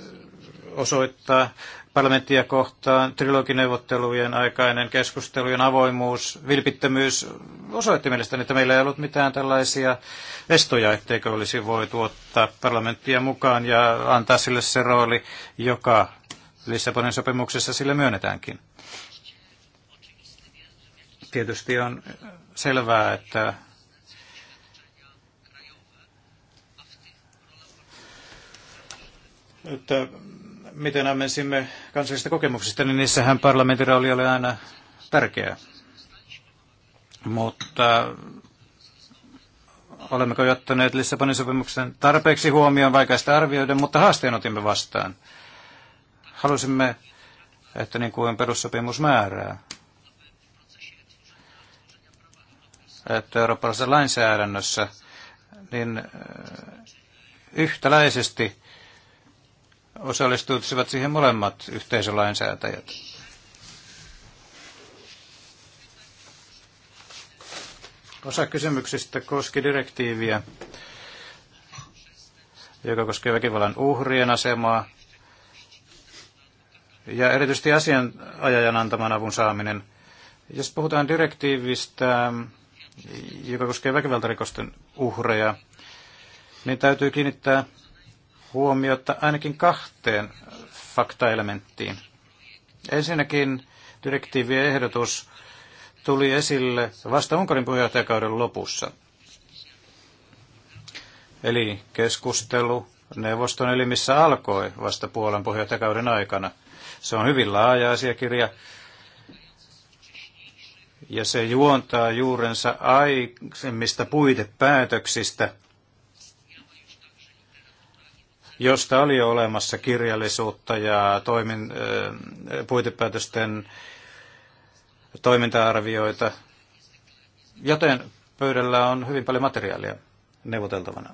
osoittaa parlamenttia kohtaan, trilogineuvottelujen aikainen keskustelujen avoimuus, vilpittömyys osoitti mielestäni, että meillä ei ollut mitään tällaisia estoja, etteikö olisi voitu ottaa parlamenttia mukaan ja antaa sille se rooli, joka Lissabonin sopimuksessa sille myönnetäänkin. Tietysti on selvää, että että miten ammensimme kansallisista kokemuksista, niin niissähän parlamentin rooli oli aina tärkeä. Mutta olemmeko jättäneet Lissabonin sopimuksen tarpeeksi huomioon, vaikeista arvioiden, mutta haasteen otimme vastaan. Halusimme, että niin kuin perussopimus määrää, että eurooppalaisessa lainsäädännössä niin äh, yhtäläisesti osallistuisivat siihen molemmat yhteisölainsäätäjät. Osa kysymyksistä koski direktiiviä, joka koskee väkivallan uhrien asemaa ja erityisesti asianajajan antaman avun saaminen. Jos puhutaan direktiivistä, joka koskee väkivaltarikosten uhreja, niin täytyy kiinnittää huomiota ainakin kahteen faktaelementtiin. Ensinnäkin direktiivien ehdotus tuli esille vasta Unkarin puheenjohtajakauden lopussa. Eli keskustelu neuvoston elimissä alkoi vasta Puolan puheenjohtajakauden aikana. Se on hyvin laaja asiakirja ja se juontaa juurensa aikaisemmista puitepäätöksistä – josta oli jo olemassa kirjallisuutta ja toimin, puitepäätösten toiminta-arvioita, joten pöydällä on hyvin paljon materiaalia neuvoteltavana.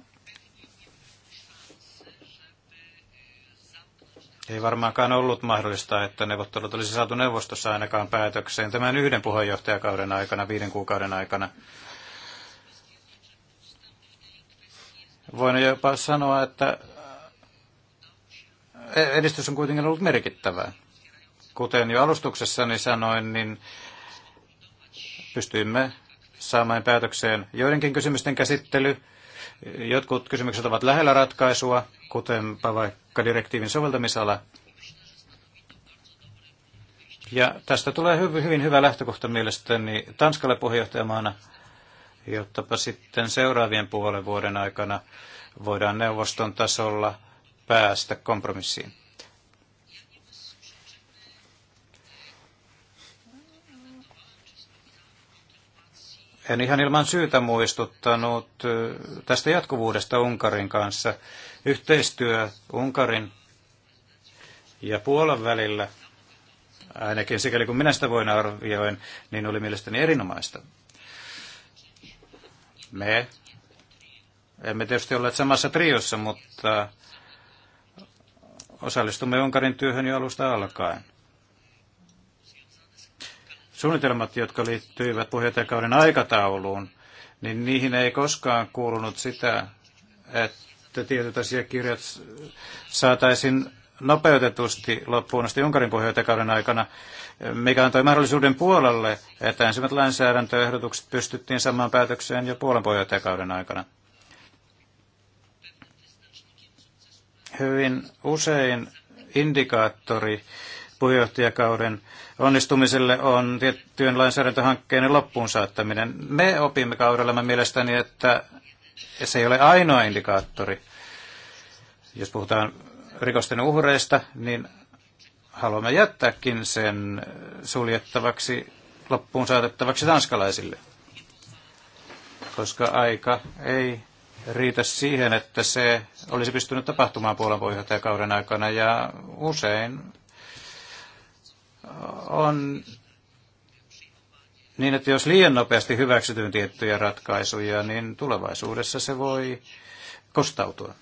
Ei varmaankaan ollut mahdollista, että neuvottelut olisi saatu neuvostossa ainakaan päätökseen tämän yhden puheenjohtajakauden aikana, viiden kuukauden aikana. Voin jopa sanoa, että edistys on kuitenkin ollut merkittävää. Kuten jo alustuksessani sanoin, niin pystyimme saamaan päätökseen joidenkin kysymysten käsittely. Jotkut kysymykset ovat lähellä ratkaisua, kuten vaikka direktiivin soveltamisala. Ja tästä tulee hyvin, hyvä lähtökohta mielestäni Tanskalle puheenjohtajamaana, jottapa sitten seuraavien puolen vuoden aikana voidaan neuvoston tasolla – päästä kompromissiin. en ihan ilman syytä muistuttanut tästä jatkuvuudesta Unkarin kanssa. Yhteistyö Unkarin ja Puolan välillä, ainakin sikäli kun minä sitä voin arvioin, niin oli mielestäni erinomaista. Me emme tietysti olleet samassa triossa, mutta Osallistumme Unkarin työhön jo alusta alkaen. Suunnitelmat, jotka liittyivät puheenjohtajakauden aikatauluun, niin niihin ei koskaan kuulunut sitä, että tietyt asiakirjat saataisiin nopeutetusti loppuun asti Unkarin puheenjohtajakauden aikana, mikä antoi mahdollisuuden puolelle, että ensimmäiset lainsäädäntöehdotukset pystyttiin samaan päätökseen jo puolen puheenjohtajakauden aikana. hyvin usein indikaattori puheenjohtajakauden onnistumiselle on tiettyjen lainsäädäntöhankkeiden loppuun saattaminen. Me opimme kaudellamme mielestäni, että se ei ole ainoa indikaattori. Jos puhutaan rikosten uhreista, niin haluamme jättääkin sen suljettavaksi, loppuun saatettavaksi tanskalaisille, koska aika ei riitä siihen, että se olisi pystynyt tapahtumaan Puolan puheenjohtajakauden aikana ja usein on niin, että jos liian nopeasti hyväksytyn tiettyjä ratkaisuja, niin tulevaisuudessa se voi kostautua.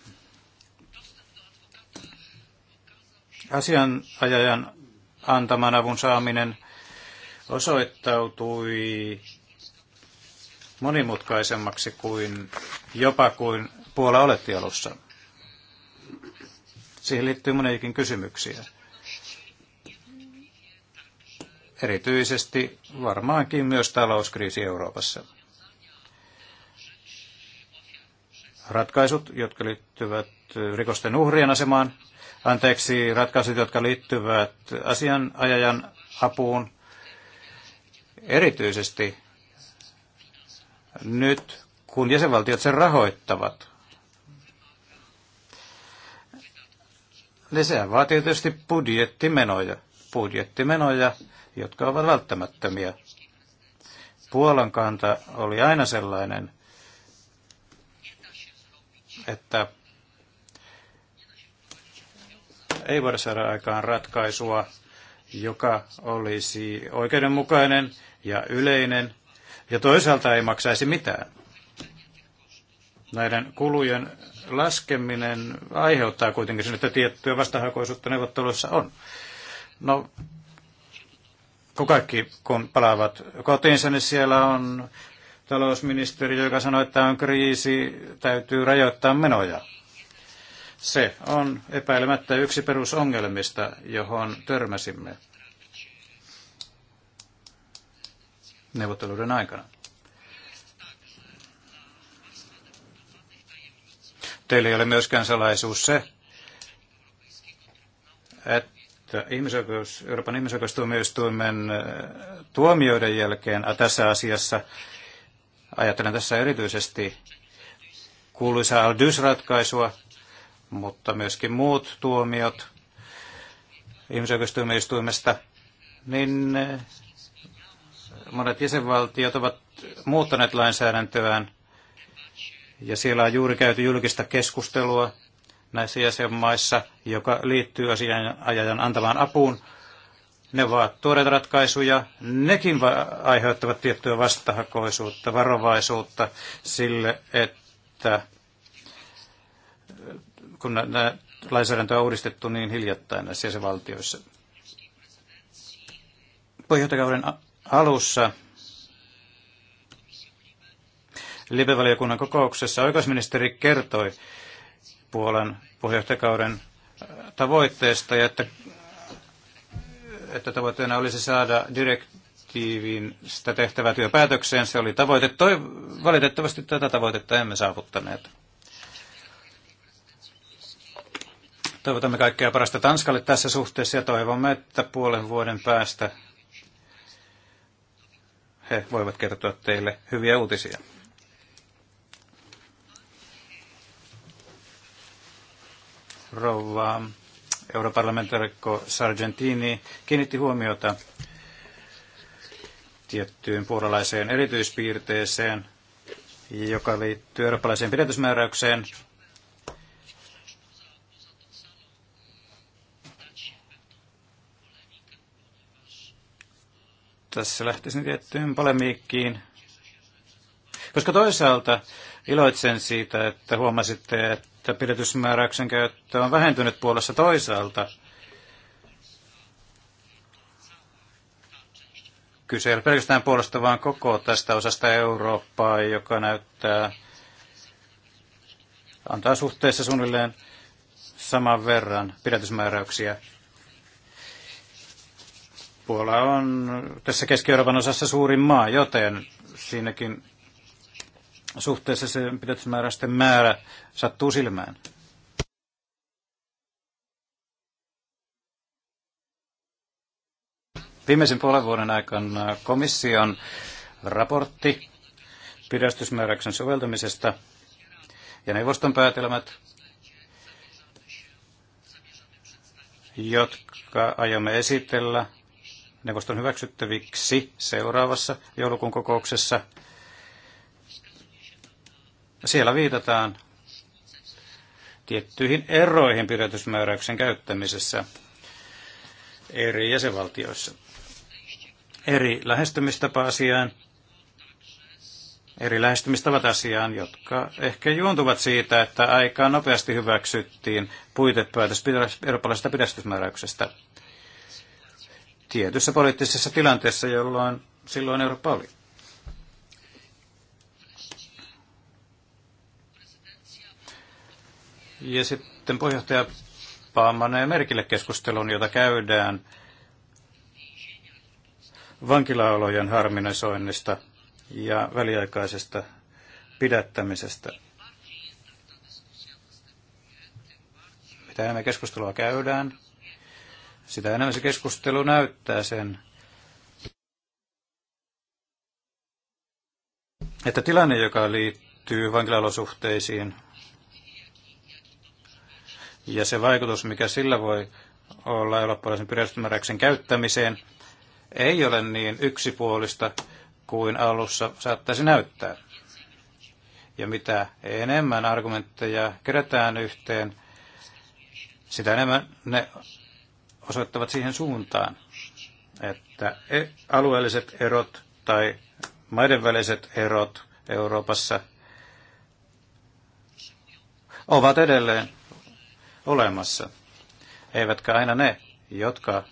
Asianajajan antaman avun saaminen osoittautui monimutkaisemmaksi kuin jopa kuin Puola oletti alussa. Siihen liittyy moniakin kysymyksiä. Erityisesti varmaankin myös talouskriisi Euroopassa. Ratkaisut, jotka liittyvät rikosten uhrien asemaan, anteeksi, ratkaisut, jotka liittyvät asianajajan apuun, erityisesti nyt kun jäsenvaltiot sen rahoittavat, niin se vaatii tietysti budjettimenoja, budjettimenoja, jotka ovat välttämättömiä. Puolan kanta oli aina sellainen, että ei voida saada aikaan ratkaisua, joka olisi oikeudenmukainen ja yleinen ja toisaalta ei maksaisi mitään. Näiden kulujen laskeminen aiheuttaa kuitenkin sen, että tiettyä vastahakoisuutta neuvotteluissa on. No, kun kaikki kun palaavat kotiinsa, niin siellä on talousministeri, joka sanoo, että on kriisi, täytyy rajoittaa menoja. Se on epäilemättä yksi perusongelmista, johon törmäsimme neuvotteluiden aikana. Teille ei ole myöskään salaisuus se, että ihmisoikeus, Euroopan ihmisoikeustuomioistuimen äh, tuomioiden jälkeen äh, tässä asiassa, ajattelen tässä erityisesti kuuluisaa Aldys-ratkaisua, mutta myöskin muut tuomiot ihmisoikeustuomioistuimesta, niin äh, monet jäsenvaltiot ovat muuttaneet lainsäädäntöään ja siellä on juuri käyty julkista keskustelua näissä jäsenmaissa, joka liittyy asianajajan antamaan apuun. Ne ovat tuoreita ratkaisuja, nekin aiheuttavat tiettyä vastahakoisuutta, varovaisuutta sille, että kun nämä lainsäädäntö on uudistettu niin hiljattain näissä jäsenvaltioissa. Pohjoitakauden alussa Libevaliokunnan kokouksessa oikeusministeri kertoi Puolan puheenjohtajakauden äh, tavoitteesta ja että, että tavoitteena olisi saada direktiivin sitä tehtävää työpäätökseen. Se oli tavoite. Toi, valitettavasti tätä tavoitetta emme saavuttaneet. Toivotamme kaikkea parasta Tanskalle tässä suhteessa ja toivomme, että puolen vuoden päästä he voivat kertoa teille hyviä uutisia. Rouva europarlamentaarikko Sargentini kiinnitti huomiota tiettyyn puolalaiseen erityispiirteeseen, joka liittyy eurooppalaiseen pidätysmääräykseen tässä lähtisin tiettyyn polemiikkiin, koska toisaalta iloitsen siitä, että huomasitte, että pidätysmääräyksen käyttö on vähentynyt puolessa toisaalta. Kyse ei ole pelkästään puolesta, vaan koko tästä osasta Eurooppaa, joka näyttää, antaa suhteessa suunnilleen saman verran pidätysmääräyksiä Puola on tässä Keski-Euroopan osassa suurin maa, joten siinäkin suhteessa se pidätysmääräisten määrä sattuu silmään. Viimeisen puolen vuoden aikana komission raportti pidästysmääräyksen soveltamisesta ja neuvoston päätelmät, jotka aiomme esitellä neuvoston hyväksyttäviksi seuraavassa joulukuun kokouksessa. Siellä viitataan tiettyihin eroihin pidätysmääräyksen käyttämisessä eri jäsenvaltioissa. Eri lähestymistapa asiaan, eri lähestymistavat asiaan, jotka ehkä juontuvat siitä, että aika nopeasti hyväksyttiin puitepäätös eurooppalaisesta pidätysmääräyksestä tietyssä poliittisessa tilanteessa, jolloin silloin Eurooppa oli. Ja sitten puheenjohtaja ja merkille keskustelun, jota käydään vankilaolojen harminisoinnista ja väliaikaisesta pidättämisestä. Mitä me keskustelua käydään, sitä enemmän se keskustelu näyttää sen, että tilanne, joka liittyy vankilaolosuhteisiin ja se vaikutus, mikä sillä voi olla eurooppalaisen pidätysmääräyksen käyttämiseen, ei ole niin yksipuolista kuin alussa saattaisi näyttää. Ja mitä enemmän argumentteja kerätään yhteen, sitä enemmän ne osoittavat siihen suuntaan, että e- alueelliset erot tai maiden väliset erot Euroopassa ovat edelleen olemassa. Eivätkä aina ne, jotka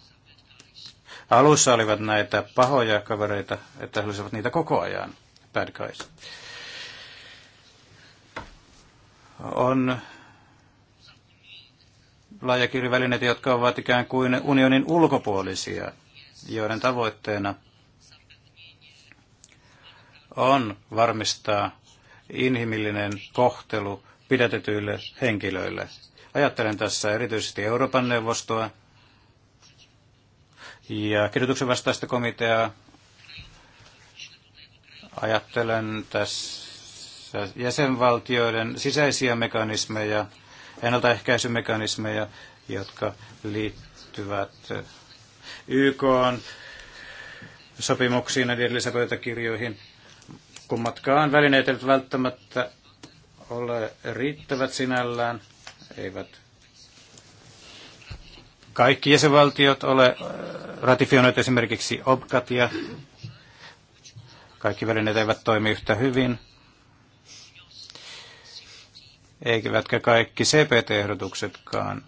alussa olivat näitä pahoja kavereita, että he olisivat niitä koko ajan, bad guys. On laajakirjavälineitä, jotka ovat ikään kuin unionin ulkopuolisia, joiden tavoitteena on varmistaa inhimillinen kohtelu pidätetyille henkilöille. Ajattelen tässä erityisesti Euroopan neuvostoa ja kidutuksen vastaista komiteaa. Ajattelen tässä jäsenvaltioiden sisäisiä mekanismeja, ennaltaehkäisymekanismeja, jotka liittyvät eh, YK sopimuksiin ja edellisiin pöytäkirjoihin. Kummatkaan välineet eivät välttämättä ole riittävät sinällään, eivät kaikki jäsenvaltiot ole eh, ratifioineet esimerkiksi OBCATia. Kaikki välineet eivät toimi yhtä hyvin eivätkä kaikki CPT-ehdotuksetkaan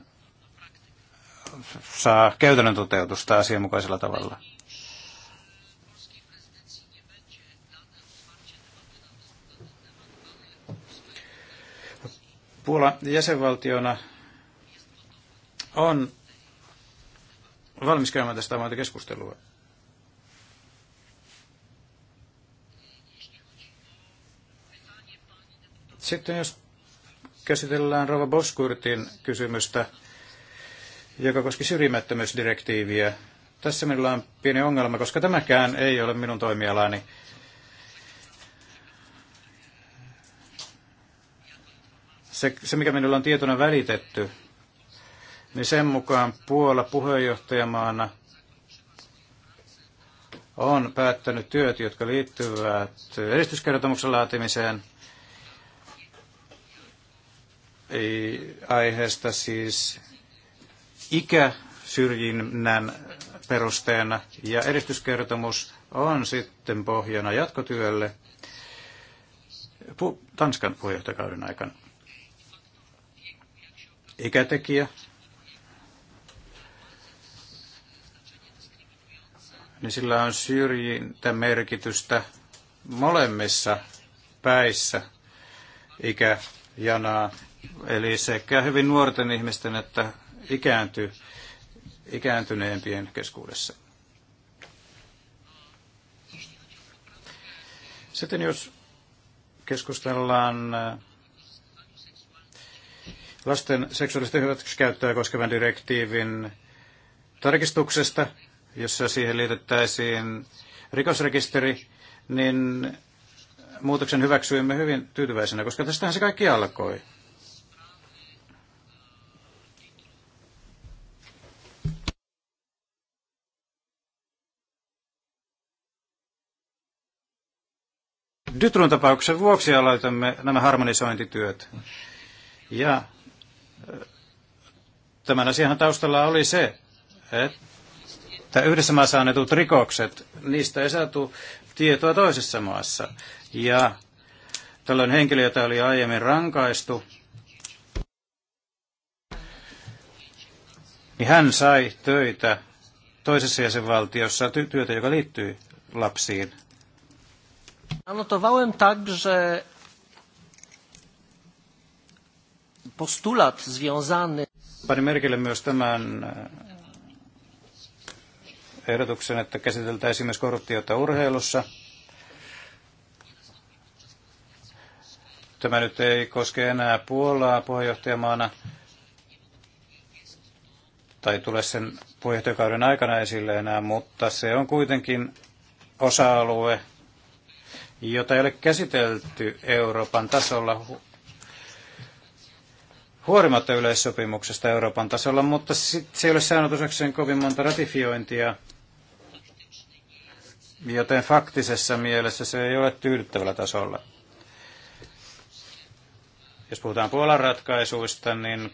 saa käytännön toteutusta asianmukaisella tavalla. Puola jäsenvaltiona on valmis käymään tästä avointa keskustelua. Sitten jos käsitellään Rova Boskurtin kysymystä, joka koski syrjimättömyysdirektiiviä. Tässä minulla on pieni ongelma, koska tämäkään ei ole minun toimialani. Se, se mikä minulla on tietona välitetty, niin sen mukaan Puola puheenjohtajamaana on päättänyt työt, jotka liittyvät edistyskertomuksen laatimiseen – aiheesta siis ikäsyrjinnän perusteena ja edistyskertomus on sitten pohjana jatkotyölle Tanskan puheenjohtajakauden aikana. Ikätekijä, niin sillä on merkitystä molemmissa päissä ikäjanaa Eli sekä hyvin nuorten ihmisten että ikäänty, ikääntyneempien keskuudessa. Sitten jos keskustellaan äh, lasten seksuaalista hyväksikäyttöä koskevan direktiivin tarkistuksesta, jossa siihen liitettäisiin rikosrekisteri, niin muutoksen hyväksyimme hyvin tyytyväisenä, koska tästähän se kaikki alkoi. Tytrun tapauksen vuoksi aloitamme nämä harmonisointityöt. Ja tämän asian taustalla oli se, että yhdessä maassa annetut rikokset, niistä ei saatu tietoa toisessa maassa. Ja tällöin henkilö, jota oli aiemmin rankaistu, niin hän sai töitä toisessa jäsenvaltiossa työtä, joka liittyy lapsiin. Anotowałem że postulat związany... Panin merkille myös tämän äh, ehdotuksen, että käsiteltäisiin myös korruptiota urheilussa. Tämä nyt ei koske enää Puolaa puheenjohtajamaana, tai tule sen puheenjohtajakauden aikana esille enää, mutta se on kuitenkin osa-alue, jota ei ole käsitelty Euroopan tasolla huolimatta yleissopimuksesta Euroopan tasolla, mutta se ei ole saanut osakseen kovin monta ratifiointia, joten faktisessa mielessä se ei ole tyydyttävällä tasolla. Jos puhutaan Puolan ratkaisuista, niin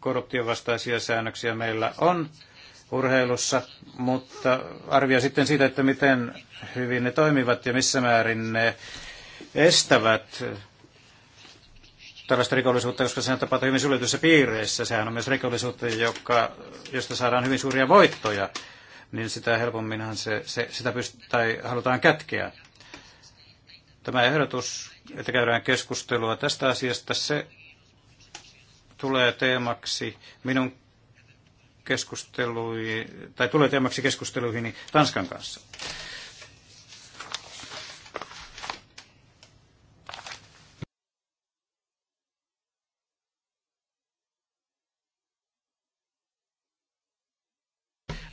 korruptiovastaisia säännöksiä meillä on urheilussa, mutta arvio sitten siitä, että miten hyvin ne toimivat ja missä määrin ne estävät tällaista rikollisuutta, koska sehän tapahtuu hyvin suljetuissa piireissä. Sehän on myös rikollisuutta, joka, josta saadaan hyvin suuria voittoja, niin sitä helpomminhan se, se, sitä pyst- tai halutaan kätkeä. Tämä ehdotus, että käydään keskustelua tästä asiasta, se tulee teemaksi minun keskusteluihin, tai tulee teemaksi keskusteluihin Tanskan kanssa.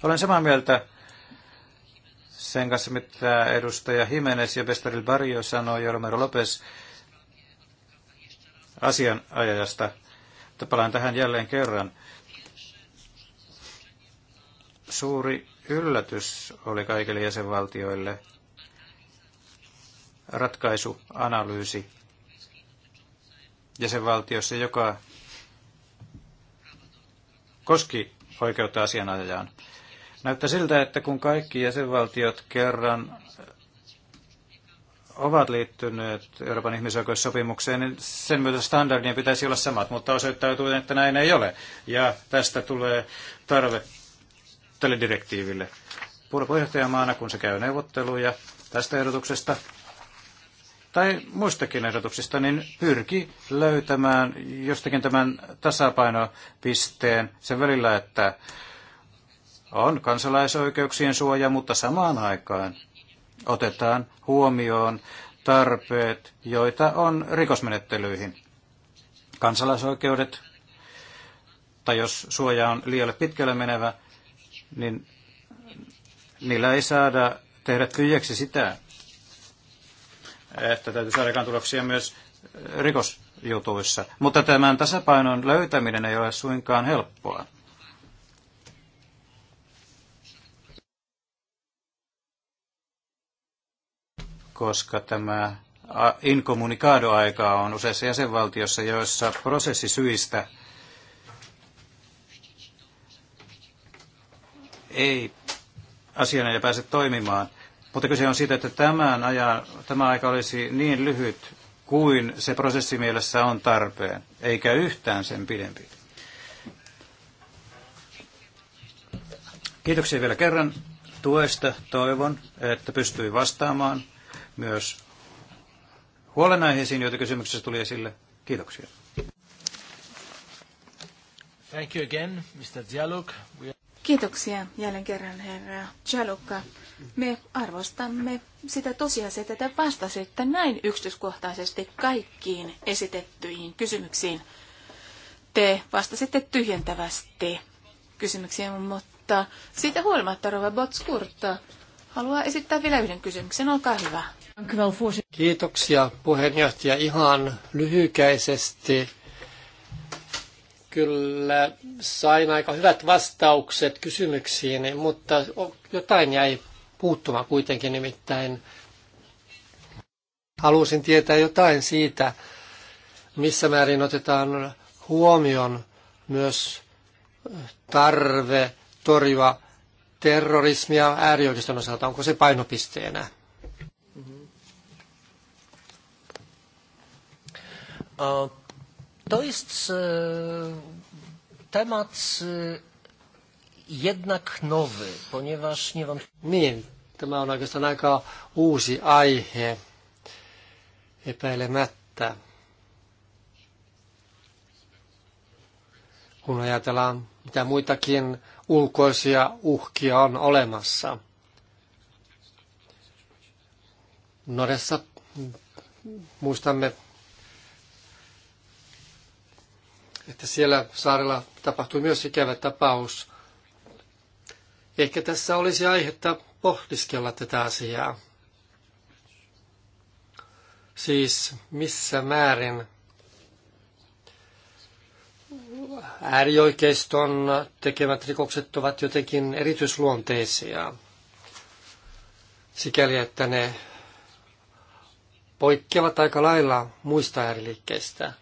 Olen samaa mieltä sen kanssa, mitä edustaja Jimenez ja Bestaril Barrio sanoi, ja Romero Lopez asianajajasta. Palaan tähän jälleen kerran suuri yllätys oli kaikille jäsenvaltioille ratkaisuanalyysi jäsenvaltiossa, joka koski oikeutta asianajajaan. Näyttää siltä, että kun kaikki jäsenvaltiot kerran ovat liittyneet Euroopan ihmisoikeussopimukseen, niin sen myötä standardien pitäisi olla samat, mutta osoittautuu, että näin ei ole. Ja tästä tulee tarve tälle direktiiville. Puheenjohtajamaana, kun se käy neuvotteluja tästä ehdotuksesta tai muistakin ehdotuksista, niin pyrki löytämään jostakin tämän tasapainopisteen sen välillä, että on kansalaisoikeuksien suoja, mutta samaan aikaan otetaan huomioon tarpeet, joita on rikosmenettelyihin. Kansalaisoikeudet, tai jos suoja on liian pitkälle menevä, niin niillä ei saada tehdä tyhjäksi sitä, että täytyy saada tuloksia myös rikosjutuissa. Mutta tämän tasapainon löytäminen ei ole suinkaan helppoa. koska tämä inkommunikaadoaika aika on useissa jäsenvaltiossa, joissa prosessisyistä – ei asiana ja pääse toimimaan. Mutta kyse on siitä, että tämän ajan, tämä aika olisi niin lyhyt kuin se prosessi mielessä on tarpeen, eikä yhtään sen pidempi. Kiitoksia vielä kerran tuesta. Toivon, että pystyi vastaamaan myös huolenaiheisiin, joita kysymyksessä tuli esille. Kiitoksia. Thank you again, Mr. Dialog. We... Kiitoksia jälleen kerran, herra Chalukka. Me arvostamme sitä tosiaan, että te vastasitte näin yksityiskohtaisesti kaikkiin esitettyihin kysymyksiin. Te vastasitte tyhjentävästi kysymyksiin, mutta siitä huolimatta Rova Botskurta haluaa esittää vielä yhden kysymyksen. Olkaa hyvä. Kiitoksia puheenjohtaja ihan lyhykäisesti kyllä sain aika hyvät vastaukset kysymyksiin, mutta jotain jäi puuttumaan kuitenkin nimittäin. Halusin tietää jotain siitä, missä määrin otetaan huomioon myös tarve torjua terrorismia äärioikeiston osalta. Onko se painopisteenä? Mm -hmm. uh, To jest e, temat e, jednak nowy, ponieważ nie wam... Niin, tämä on oikeastaan aika uusi aihe epäilemättä. Kun ajatellaan, mitä muitakin ulkoisia uhkia on olemassa. Noressa muistamme että siellä saarella tapahtui myös ikävä tapaus. Ehkä tässä olisi aihetta pohdiskella tätä asiaa. Siis missä määrin äärioikeiston tekemät rikokset ovat jotenkin erityisluonteisia, sikäli että ne poikkeavat aika lailla muista ääriliikkeistä.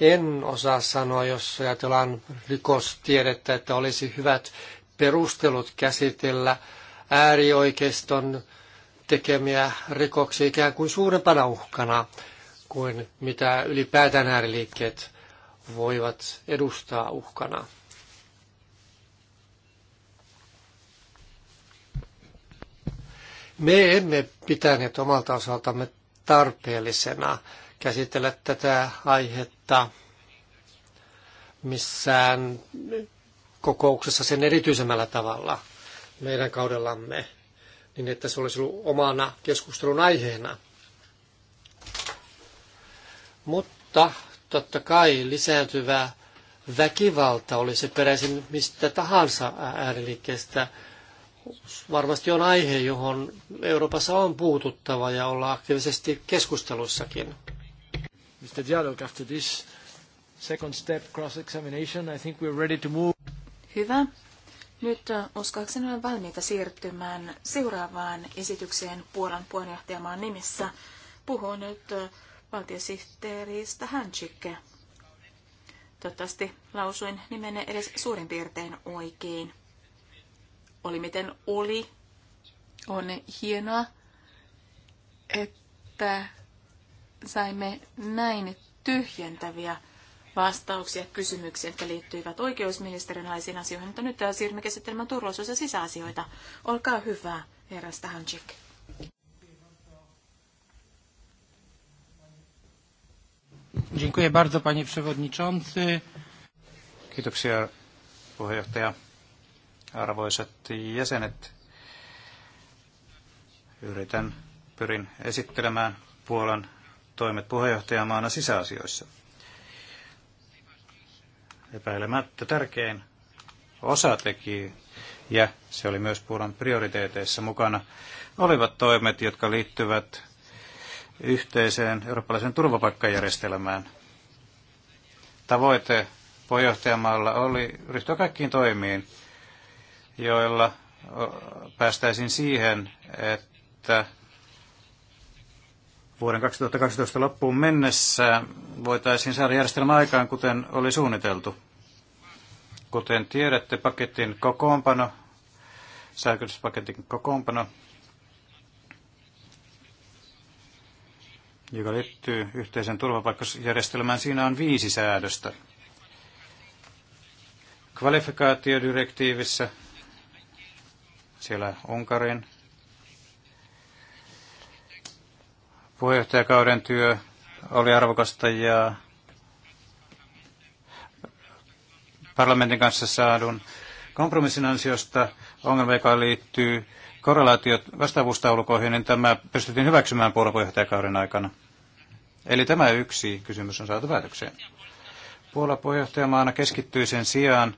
En osaa sanoa, jos ajatellaan rikostiedettä, että olisi hyvät perustelut käsitellä äärioikeiston tekemiä rikoksia ikään kuin suurempana uhkana kuin mitä ylipäätään ääriliikkeet voivat edustaa uhkana. Me emme pitäneet omalta osaltamme tarpeellisena käsitellä tätä aihetta missään kokouksessa sen erityisemmällä tavalla meidän kaudellamme, niin että se olisi ollut omana keskustelun aiheena. Mutta totta kai lisääntyvä väkivalta se peräisin mistä tahansa ääriliikkeestä. Varmasti on aihe, johon Euroopassa on puututtava ja olla aktiivisesti keskustelussakin. Mr. Dialog after this second step cross-examination. I think we're ready to move. Hyvä. Nyt äh, uskoakseni olen valmiita siirtymään seuraavaan esitykseen Puolan puheenjohtajamaan nimissä. Puhuu nyt äh, valtiosihteeri Hantsikke. Toivottavasti lausuin nimenne edes suurin piirtein oikein. Oli miten oli. On hienoa, että saimme näin tyhjentäviä vastauksia kysymyksiin, jotka liittyivät oikeusministeriön alaisiin asioihin, mutta nyt siirrymme käsittelemään turvallisuus- ja sisäasioita. Olkaa hyvä, herra Stahancik. Dziękuję bardzo, panie przewodniczący. Kiitoksia, puheenjohtaja. Arvoisat jäsenet, yritän, pyrin esittelemään Puolan toimet puheenjohtajamaana sisäasioissa. Epäilemättä tärkein teki, ja se oli myös Puolan prioriteeteissa mukana, olivat toimet, jotka liittyvät yhteiseen eurooppalaisen turvapaikkajärjestelmään. Tavoite puheenjohtajamaalla oli ryhtyä kaikkiin toimiin, joilla päästäisiin siihen, että vuoden 2012 loppuun mennessä voitaisiin saada järjestelmä aikaan, kuten oli suunniteltu. Kuten tiedätte, paketin kokoonpano, sähköispaketin kokoonpano, joka liittyy yhteisen turvapaikkajärjestelmään, siinä on viisi säädöstä. Kvalifikaatiodirektiivissä, siellä Unkarin Puheenjohtajakauden työ oli arvokasta ja parlamentin kanssa saadun kompromissin ansiosta ongelma, joka liittyy korrelaatiot vastaavuustaulukoihin, niin tämä pystyttiin hyväksymään puoluepuheenjohtajakauden aikana. Eli tämä yksi kysymys on saatu päätökseen. Puola puheenjohtajamaana keskittyy sen sijaan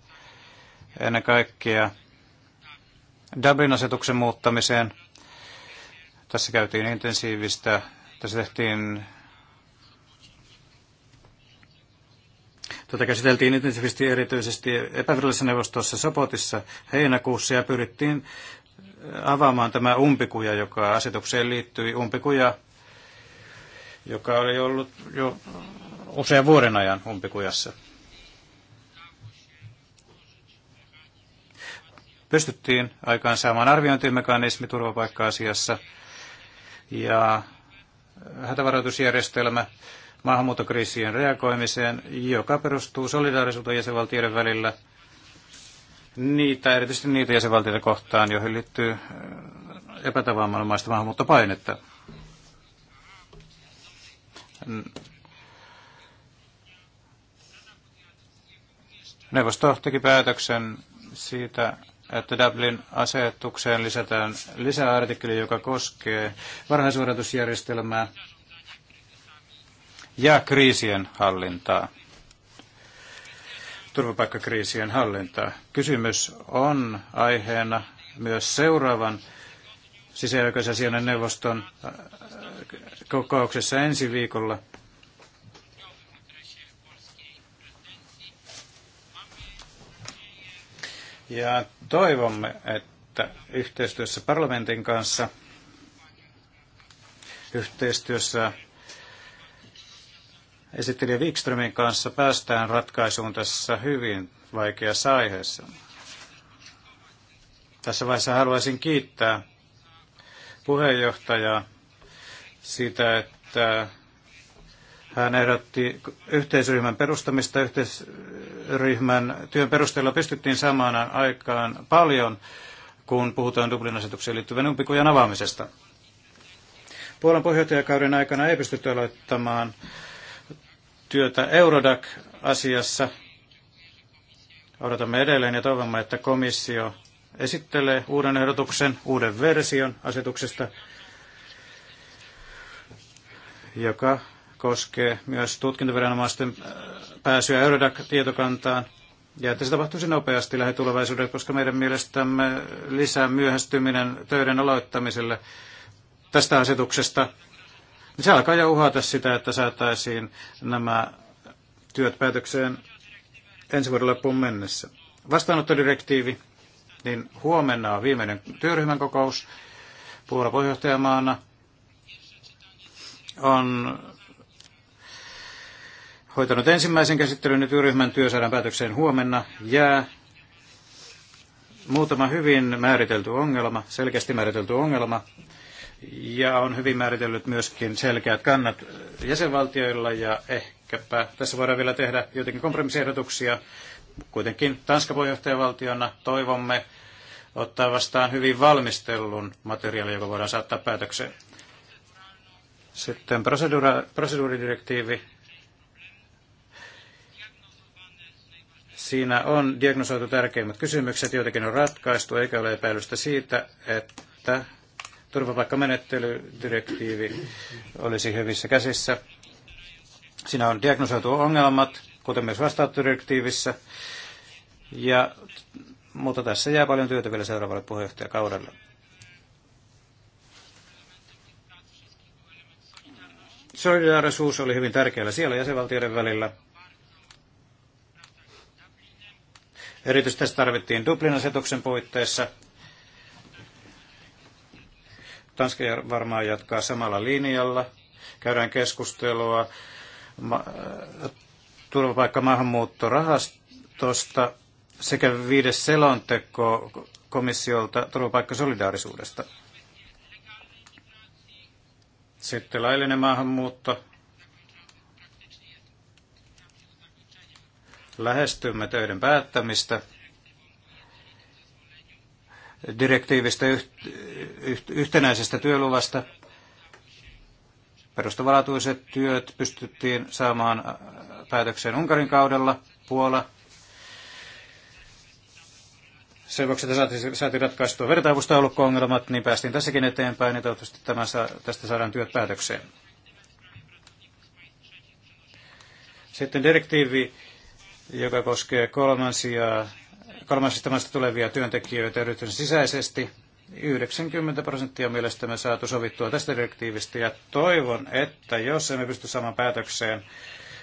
ennen kaikkea Dublin-asetuksen muuttamiseen. Tässä käytiin intensiivistä tässä tehtiin Tätä käsiteltiin intensiivisesti erityisesti epävirallisessa neuvostossa Sopotissa heinäkuussa ja pyrittiin äh, avaamaan tämä umpikuja, joka asetukseen liittyi. Umpikuja, joka oli ollut jo usean vuoden ajan umpikujassa. Pystyttiin aikaan saamaan arviointimekanismi turvapaikka-asiassa ja hätävaroitusjärjestelmä maahanmuuttokriisien reagoimiseen, joka perustuu solidaarisuuteen jäsenvaltioiden välillä niitä, erityisesti niitä jäsenvaltioita kohtaan, joihin liittyy äh, epätavanomaista maahanmuuttopainetta. Neuvosto teki päätöksen siitä, että Dublin-asetukseen lisätään lisäartikkeli, joka koskee varhaisuodatusjärjestelmää ja kriisien hallintaa, turvapaikkakriisien hallintaa. Kysymys on aiheena myös seuraavan sisäoikeusasioiden neuvoston äh, kokouksessa ensi viikolla – Ja toivomme, että yhteistyössä parlamentin kanssa, yhteistyössä esittelijä Wikströmin kanssa päästään ratkaisuun tässä hyvin vaikeassa aiheessa. Tässä vaiheessa haluaisin kiittää puheenjohtajaa siitä, että hän ehdotti yhteisryhmän perustamista, yhteis- ryhmän työn perusteella pystyttiin saamaan aikaan paljon, kun puhutaan Dublin asetukseen liittyvän umpikujan avaamisesta. Puolan puheenjohtajakauden aikana ei pystytty aloittamaan työtä Eurodac-asiassa. Odotamme edelleen ja toivomme, että komissio esittelee uuden ehdotuksen, uuden version asetuksesta, joka koskee myös tutkintaviranomaisten äh, pääsyä Eurodac-tietokantaan. Ja että se tapahtuisi nopeasti lähitulevaisuudessa, koska meidän mielestämme lisää myöhästyminen töiden aloittamiselle tästä asetuksesta, niin se alkaa jo uhata sitä, että saataisiin nämä työt päätökseen ensi vuoden loppuun mennessä. Vastaanottodirektiivi, niin huomenna on viimeinen työryhmän kokous. Puola puheenjohtajamaana on hoitanut ensimmäisen käsittelyn, nyt työryhmän työ saadaan päätökseen huomenna. Jää muutama hyvin määritelty ongelma, selkeästi määritelty ongelma, ja on hyvin määritellyt myöskin selkeät kannat jäsenvaltioilla, ja ehkäpä tässä voidaan vielä tehdä jotenkin kompromissiehdotuksia. Kuitenkin Tanska puheenjohtajavaltiona toivomme ottaa vastaan hyvin valmistellun materiaali, joka voidaan saattaa päätökseen. Sitten proseduuridirektiivi Siinä on diagnosoitu tärkeimmät kysymykset, joitakin on ratkaistu, eikä ole epäilystä siitä, että turvapaikkamenettelydirektiivi olisi hyvissä käsissä. Siinä on diagnosoitu ongelmat, kuten myös vastaanotto-direktiivissä. Ja, mutta tässä jää paljon työtä vielä seuraavalle puheenjohtajakaudelle. Solidaarisuus oli hyvin tärkeällä siellä jäsenvaltioiden välillä. Erityisesti tässä tarvittiin Dublin-asetuksen puitteissa. Tanska varmaan jatkaa samalla linjalla. Käydään keskustelua ma- turvapaikka maahanmuuttorahastosta sekä viides selonteko komissiolta solidaarisuudesta. Sitten laillinen maahanmuutto, lähestymme töiden päättämistä direktiivistä yhtenäisestä työluvasta. Perustavalatuiset työt pystyttiin saamaan äh, päätökseen Unkarin kaudella, Puola. Sen vuoksi, että saatiin, saatiin ratkaistua vertailustaulukko-ongelmat, niin päästiin tässäkin eteenpäin ja toivottavasti tämä saa, tästä saadaan työt päätökseen. Sitten direktiivi joka koskee kolmansia, kolmansista maista tulevia työntekijöitä yrityksen sisäisesti. 90 prosenttia mielestämme saatu sovittua tästä direktiivistä ja toivon, että jos emme pysty saamaan päätökseen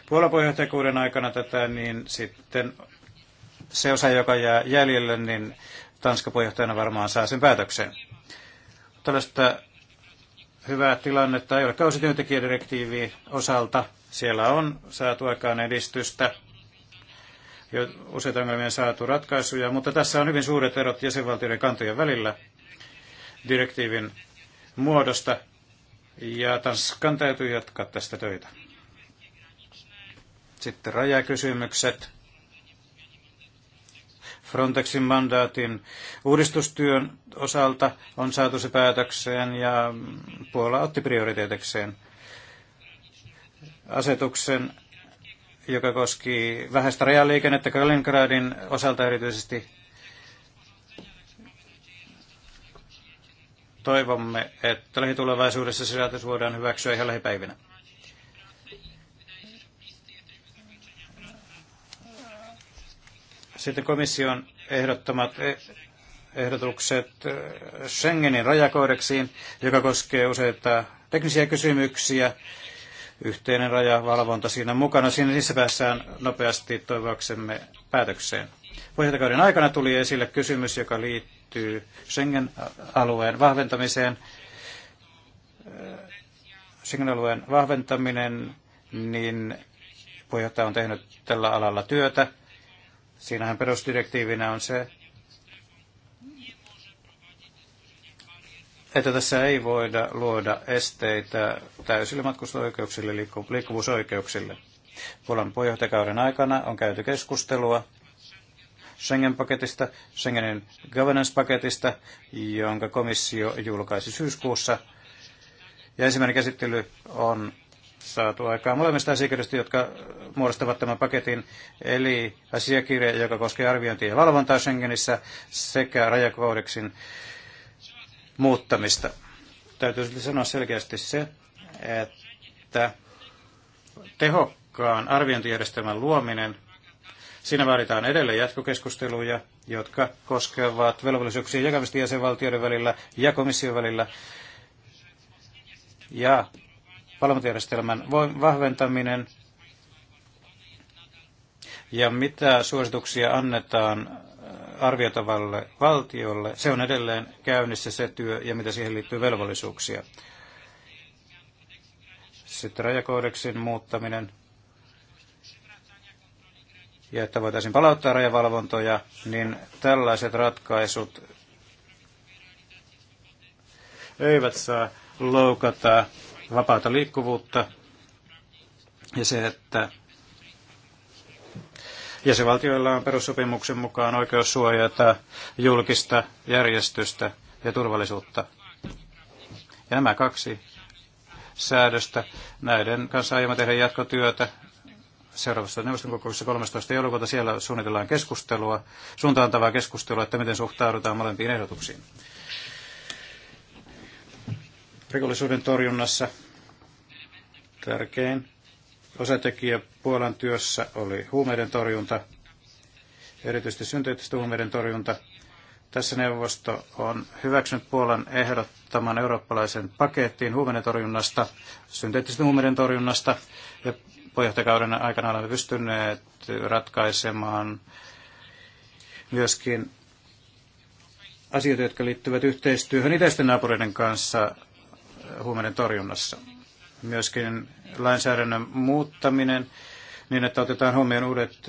puolapuheenjohtajakuuden aikana tätä, niin sitten se osa, joka jää jäljelle, niin Tanska puheenjohtajana varmaan saa sen päätökseen. Tällaista hyvää tilannetta ei ole kausityöntekijädirektiivi osalta. Siellä on saatu aikaan edistystä useita ongelmia on saatu ratkaisuja, mutta tässä on hyvin suuret erot jäsenvaltioiden kantojen välillä direktiivin muodosta, ja Tanskan täytyy jatkaa tästä töitä. Sitten rajakysymykset. Frontexin mandaatin uudistustyön osalta on saatu se päätökseen ja Puola otti prioriteetikseen asetuksen joka koski vähäistä rajaliikennettä Kaliningradin osalta erityisesti. Toivomme, että lähitulevaisuudessa sisältys voidaan hyväksyä ihan lähipäivinä. Sitten komission ehdottamat e- ehdotukset Schengenin rajakoodeksiin, joka koskee useita teknisiä kysymyksiä yhteinen rajavalvonta siinä mukana. Siinä niissä päässään nopeasti toivoaksemme päätökseen. Pohjantakauden aikana tuli esille kysymys, joka liittyy Schengen-alueen vahventamiseen. Äh, Schengen-alueen vahventaminen, niin puheenjohtaja on tehnyt tällä alalla työtä. Siinähän perusdirektiivinä on se, että tässä ei voida luoda esteitä täysille matkustusoikeuksille, liikku- liikkuvuusoikeuksille. Puolan puheenjohtajakauden aikana on käyty keskustelua Schengen-paketista, Schengenin governance-paketista, jonka komissio julkaisi syyskuussa. Ja ensimmäinen käsittely on saatu aikaan molemmista asiakirjoista, jotka muodostavat tämän paketin, eli asiakirja, joka koskee arviointia ja valvontaa Schengenissä sekä rajakoodeksin muuttamista. Täytyy silti sanoa selkeästi se, että tehokkaan arviointijärjestelmän luominen, siinä vaaditaan edelleen jatkokeskusteluja, jotka koskevat velvollisuuksien jakamista jäsenvaltioiden välillä ja komission välillä. Ja valvontajärjestelmän vahventaminen ja mitä suosituksia annetaan arvioitavalle valtiolle. Se on edelleen käynnissä se työ ja mitä siihen liittyy velvollisuuksia. Sitten rajakoodeksin muuttaminen ja että voitaisiin palauttaa rajavalvontoja, niin tällaiset ratkaisut eivät saa loukata vapaata liikkuvuutta ja se, että Jäsenvaltioilla on perussopimuksen mukaan oikeus suojata julkista järjestystä ja turvallisuutta. Ja nämä kaksi säädöstä, näiden kanssa aiomme tehdä jatkotyötä seuraavassa neuvoston kokouksessa 13. joulukuuta. Siellä suunnitellaan keskustelua, suuntaantavaa keskustelua, että miten suhtaudutaan molempiin ehdotuksiin. Rikollisuuden torjunnassa tärkein Osatekijä Puolan työssä oli huumeiden torjunta, erityisesti synteettisten huumeiden torjunta. Tässä neuvosto on hyväksynyt Puolan ehdottaman eurooppalaisen pakettiin huumeiden torjunnasta, synteettisten huumeiden torjunnasta, ja puheenjohtajakauden aikana olemme pystyneet ratkaisemaan myöskin asioita, jotka liittyvät yhteistyöhön itäisten naapureiden kanssa huumeiden torjunnassa. Myöskin lainsäädännön muuttaminen niin, että otetaan huomioon uudet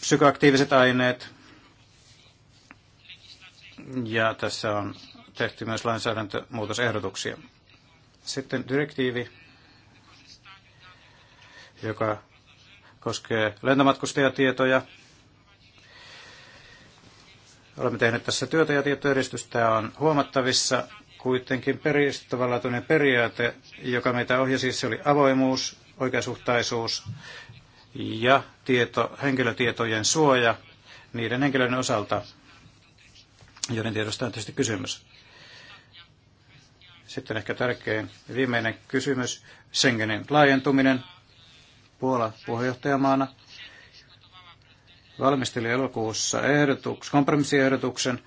psykoaktiiviset aineet. Ja tässä on tehty myös lainsäädäntömuutosehdotuksia. Sitten direktiivi, joka koskee lentomatkustajatietoja. Olemme tehneet tässä työtä ja tietoedistystä on huomattavissa kuitenkin peristavalaatuinen periaate, joka meitä ohjasi, se oli avoimuus, oikeasuhtaisuus ja tieto, henkilötietojen suoja niiden henkilöiden osalta, joiden tiedosta on tietysti kysymys. Sitten ehkä tärkein viimeinen kysymys, Schengenin laajentuminen, Puola puheenjohtajamaana valmisteli elokuussa ehdotuks, kompromissiehdotuksen,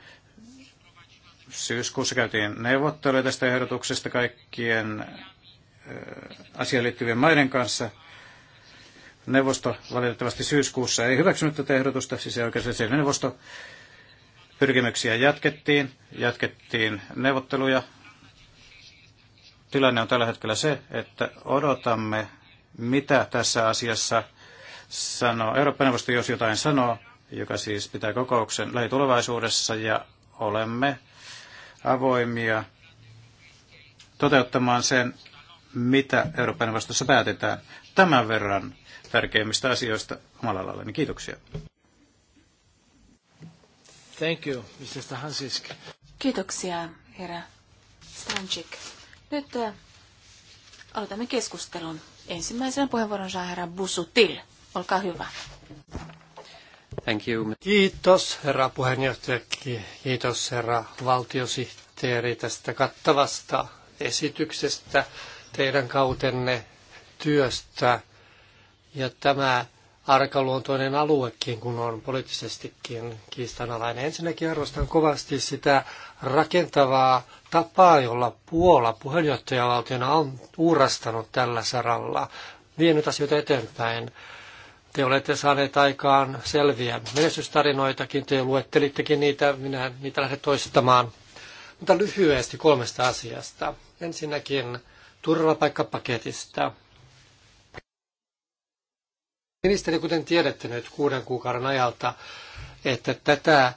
Syyskuussa käytiin neuvotteluja tästä ehdotuksesta kaikkien asiaan liittyvien maiden kanssa. Neuvosto valitettavasti syyskuussa ei hyväksynyt tätä ehdotusta, siis oikeastaan neuvosto. Pyrkimyksiä jatkettiin, jatkettiin neuvotteluja. Tilanne on tällä hetkellä se, että odotamme, mitä tässä asiassa sanoo Euroopan neuvosto jos jotain sanoo, joka siis pitää kokouksen lähitulevaisuudessa, ja olemme avoimia toteuttamaan sen, mitä Euroopan neuvostossa päätetään. Tämän verran tärkeimmistä asioista omalla Niin Kiitoksia. Thank you, Mr. Stahansisk. Kiitoksia, herra Stanchik. Nyt äh, aloitamme keskustelun. Ensimmäisen puheenvuoron saa herra Busutil. Olkaa hyvä. Thank you. Kiitos herra puheenjohtaja, kiitos herra valtiosihteeri tästä kattavasta esityksestä, teidän kautenne työstä. Ja tämä arkaluontoinen aluekin, kun on poliittisestikin kiistanalainen. Ensinnäkin arvostan kovasti sitä rakentavaa tapaa, jolla Puola puheenjohtajavaltiona on uurastanut tällä saralla, vienyt asioita eteenpäin. Te olette saaneet aikaan selviä menestystarinoitakin, te luettelittekin niitä, minä niitä lähden toistamaan. Mutta lyhyesti kolmesta asiasta. Ensinnäkin turvapaikkapaketista. Ministeri, kuten tiedätte nyt kuuden kuukauden ajalta, että tätä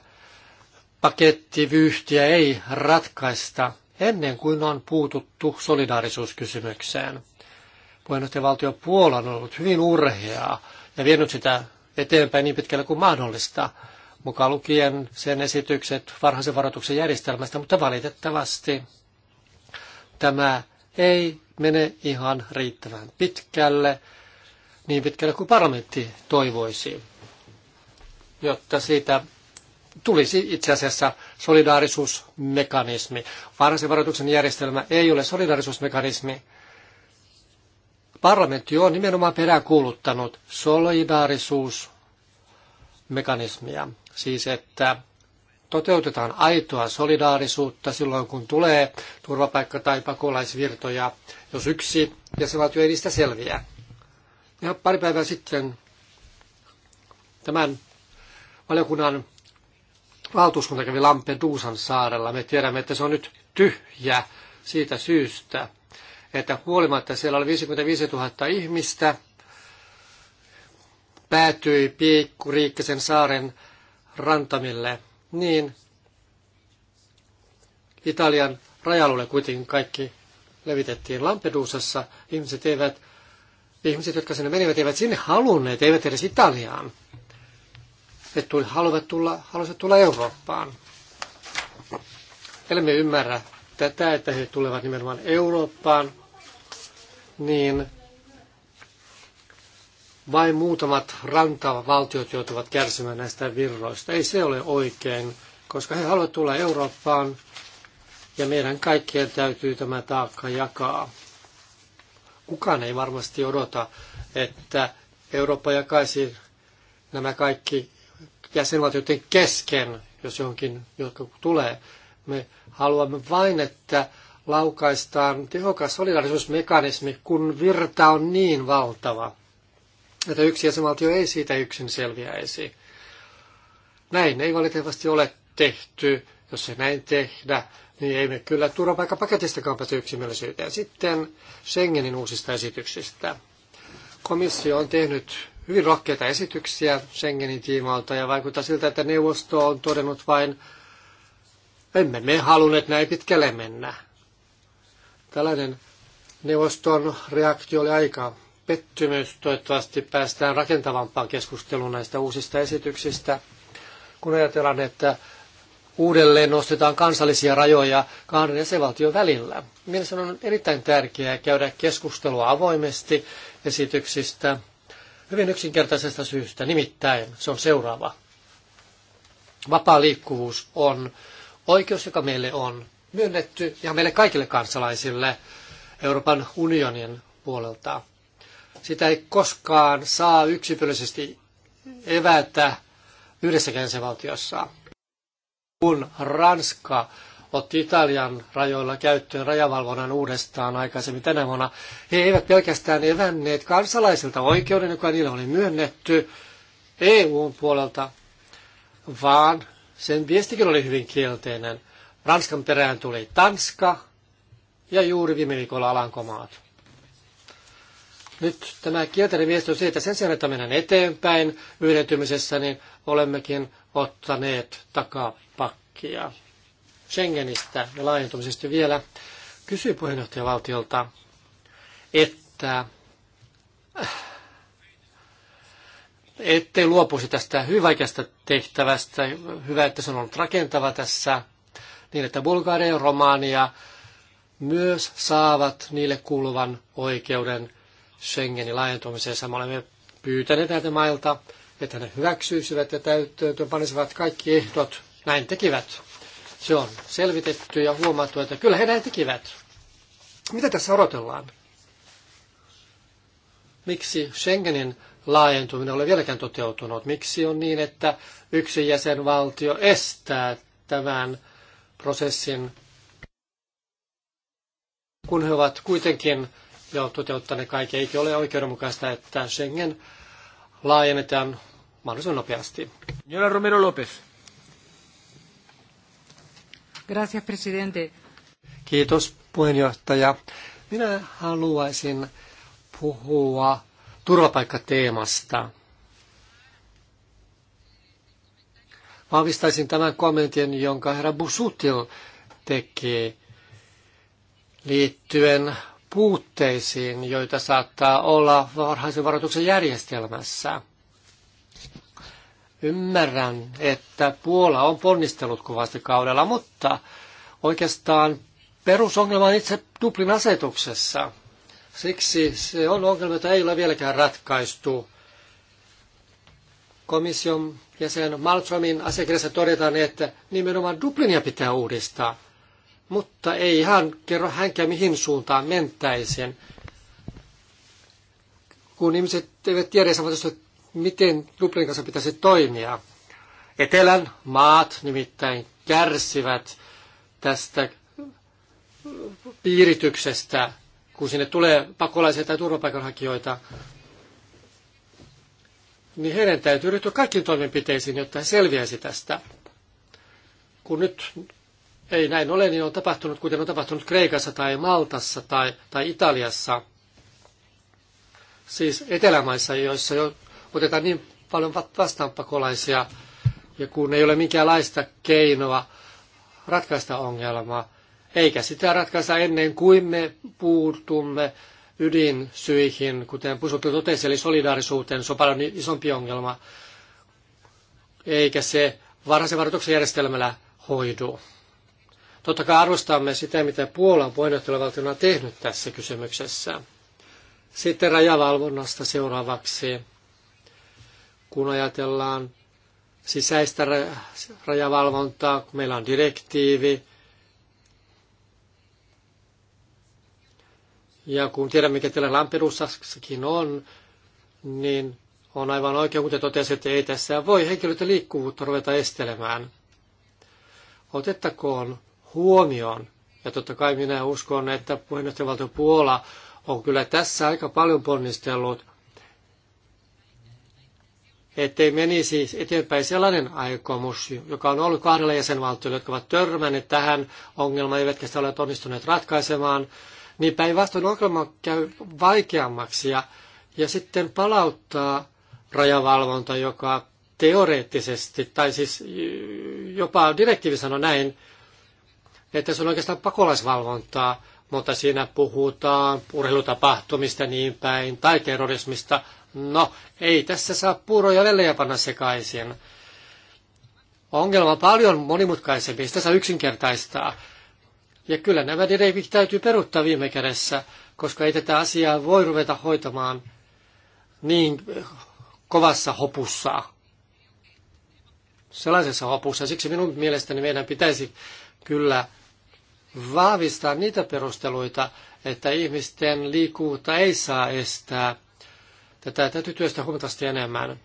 pakettivyyhtiä ei ratkaista ennen kuin on puututtu solidaarisuuskysymykseen. Puheenjohtajavaltio Puola on ollut hyvin urheaa ja vienyt sitä eteenpäin niin pitkälle kuin mahdollista, mukaan lukien sen esitykset varhaisen varoituksen järjestelmästä, mutta valitettavasti tämä ei mene ihan riittävän pitkälle, niin pitkälle kuin parlamentti toivoisi, jotta siitä tulisi itse asiassa solidaarisuusmekanismi. Varhaisen varoituksen järjestelmä ei ole solidaarisuusmekanismi, Parlamentti on nimenomaan peräkuuluttanut solidaarisuusmekanismia, siis että toteutetaan aitoa solidaarisuutta silloin, kun tulee turvapaikka- tai pakolaisvirtoja, jos yksi jäsenvaltio ei niistä selviä. Ja pari päivää sitten tämän valiokunnan valtuuskunta kävi Lampedusan saarella. Me tiedämme, että se on nyt tyhjä siitä syystä, että huolimatta siellä oli 55 000 ihmistä, päätyi Piikku Riikkisen saaren rantamille, niin Italian rajalulle kuitenkin kaikki levitettiin Lampedusassa. Ihmiset, eivät, ihmiset jotka sinne menivät, eivät sinne halunneet, eivät edes Italiaan. He halusivat tulla, halusivat tulla Eurooppaan. elämme ymmärrä tätä, että he tulevat nimenomaan Eurooppaan, niin vain muutamat rantavaltiot joutuvat kärsimään näistä virroista. Ei se ole oikein, koska he haluavat tulla Eurooppaan ja meidän kaikkien täytyy tämä taakka jakaa. Kukaan ei varmasti odota, että Eurooppa jakaisi nämä kaikki jäsenvaltioiden kesken, jos johonkin jotkut tulee. Me haluamme vain, että laukaistaan tehokas solidarisuusmekanismi, kun virta on niin valtava, että yksi jäsenvaltio ei siitä yksin selviäisi. Näin ei valitettavasti ole tehty. Jos se näin tehdä, niin ei me kyllä turvapaikkapaketistakaan päästä yksimielisyyteen. Sitten Schengenin uusista esityksistä. Komissio on tehnyt hyvin rohkeita esityksiä Schengenin tiimoilta ja vaikuttaa siltä, että neuvosto on todennut vain, emme me halunneet näin pitkälle mennä. Tällainen neuvoston reaktio oli aika pettymys. Toivottavasti päästään rakentavampaan keskusteluun näistä uusista esityksistä, kun ajatellaan, että uudelleen nostetaan kansallisia rajoja kahden jäsenvaltion välillä. Mielestäni on erittäin tärkeää käydä keskustelua avoimesti esityksistä hyvin yksinkertaisesta syystä. Nimittäin se on seuraava. Vapaa liikkuvuus on oikeus, joka meille on myönnetty ja meille kaikille kansalaisille Euroopan unionin puolelta. Sitä ei koskaan saa yksipuolisesti evätä yhdessäkään se valtiossa. Kun Ranska otti Italian rajoilla käyttöön rajavalvonnan uudestaan aikaisemmin tänä vuonna. He eivät pelkästään evänneet kansalaisilta oikeuden, joka niille oli myönnetty EUn puolelta, vaan sen viestikin oli hyvin kielteinen. Ranskan perään tuli Tanska ja juuri viime viikolla Alankomaat. Nyt tämä kielteinen viesti on se, että sen sijaan, että mennään eteenpäin yhdentymisessä, niin olemmekin ottaneet takapakkia. Schengenistä ja laajentumisesta vielä kysyi puheenjohtajavaltiolta, että äh, ettei luopuisi tästä vaikeasta tehtävästä. Hyvä, että se on ollut rakentava tässä niin että Bulgaria ja Romania myös saavat niille kuuluvan oikeuden Schengenin laajentumiseen. Me olemme pyytäneet näitä mailta, että ne hyväksyisivät ja täyttöön panisivat kaikki ehdot. Näin tekivät. Se on selvitetty ja huomattu, että kyllä he näin tekivät. Mitä tässä odotellaan? Miksi Schengenin laajentuminen ei ole vieläkään toteutunut? Miksi on niin, että yksi jäsenvaltio estää tämän prosessin, kun he ovat kuitenkin jo toteuttaneet kaiken. Eikä ole oikeudenmukaista, että Schengen laajennetaan mahdollisimman nopeasti. Señora Romero López. Gracias, presidente. Kiitos, puheenjohtaja. Minä haluaisin puhua turvapaikkateemasta. Vahvistaisin tämän kommentin, jonka herra Busutil teki liittyen puutteisiin, joita saattaa olla varhaisen varoituksen järjestelmässä. Ymmärrän, että Puola on ponnistellut kovasti kaudella, mutta oikeastaan perusongelma on itse Dublin asetuksessa. Siksi se on ongelma, jota ei ole vieläkään ratkaistu. Komission ja sen Malmströmin asiakirjassa todetaan, että nimenomaan Dublinia pitää uudistaa. Mutta ei ihan kerro hänkään mihin suuntaan mentäisiin. Kun ihmiset eivät tiedä miten Dublinin kanssa pitäisi toimia. Etelän maat nimittäin kärsivät tästä piirityksestä, kun sinne tulee pakolaisia tai turvapaikanhakijoita niin heidän täytyy ryhtyä kaikkiin toimenpiteisiin, jotta he selviäisi tästä. Kun nyt ei näin ole, niin on tapahtunut, kuten on tapahtunut Kreikassa tai Maltassa tai, tai Italiassa, siis etelämaissa, joissa jo otetaan niin paljon vastaan pakolaisia, ja kun ei ole minkäänlaista keinoa ratkaista ongelmaa, eikä sitä ratkaista ennen kuin me puutumme ydinsyihin, kuten Pusukki totesi, eli solidaarisuuteen, se on paljon isompi ongelma, eikä se varhaisen varoituksen järjestelmällä hoidu. Totta kai arvostamme sitä, mitä Puolan puheenjohtajavaltiona on tehnyt tässä kysymyksessä. Sitten rajavalvonnasta seuraavaksi, kun ajatellaan sisäistä rajavalvontaa, kun meillä on direktiivi, Ja kun tiedämme, mikä tilanne Lampedusassakin on, niin on aivan oikein, kuten totesin, että ei tässä voi henkilöiden liikkuvuutta ruveta estelemään. Otettakoon huomioon, ja totta kai minä uskon, että puheenjohtajavaltio Puola on kyllä tässä aika paljon ponnistellut, ettei menisi eteenpäin sellainen aikomus, joka on ollut kahdella jäsenvaltiolla, jotka ovat törmänneet tähän ongelmaan, eivätkä sitä ole onnistuneet ratkaisemaan, niin päinvastoin ongelma käy vaikeammaksi ja, ja sitten palauttaa rajavalvonta, joka teoreettisesti, tai siis jopa direktiivi sanoi näin, että se on oikeastaan pakolaisvalvontaa, mutta siinä puhutaan urheilutapahtumista niin päin, tai terrorismista. No, ei tässä saa puuroja vellejä panna sekaisin. Ongelma on paljon monimutkaisempi, sitä saa yksinkertaistaa. Ja kyllä nämä direktiivit täytyy peruuttaa viime kädessä, koska ei tätä asiaa voi ruveta hoitamaan niin kovassa hopussa. Sellaisessa hopussa. Siksi minun mielestäni meidän pitäisi kyllä vahvistaa niitä perusteluita, että ihmisten liikkuvuutta ei saa estää. Tätä täytyy työstä huomattavasti enemmän.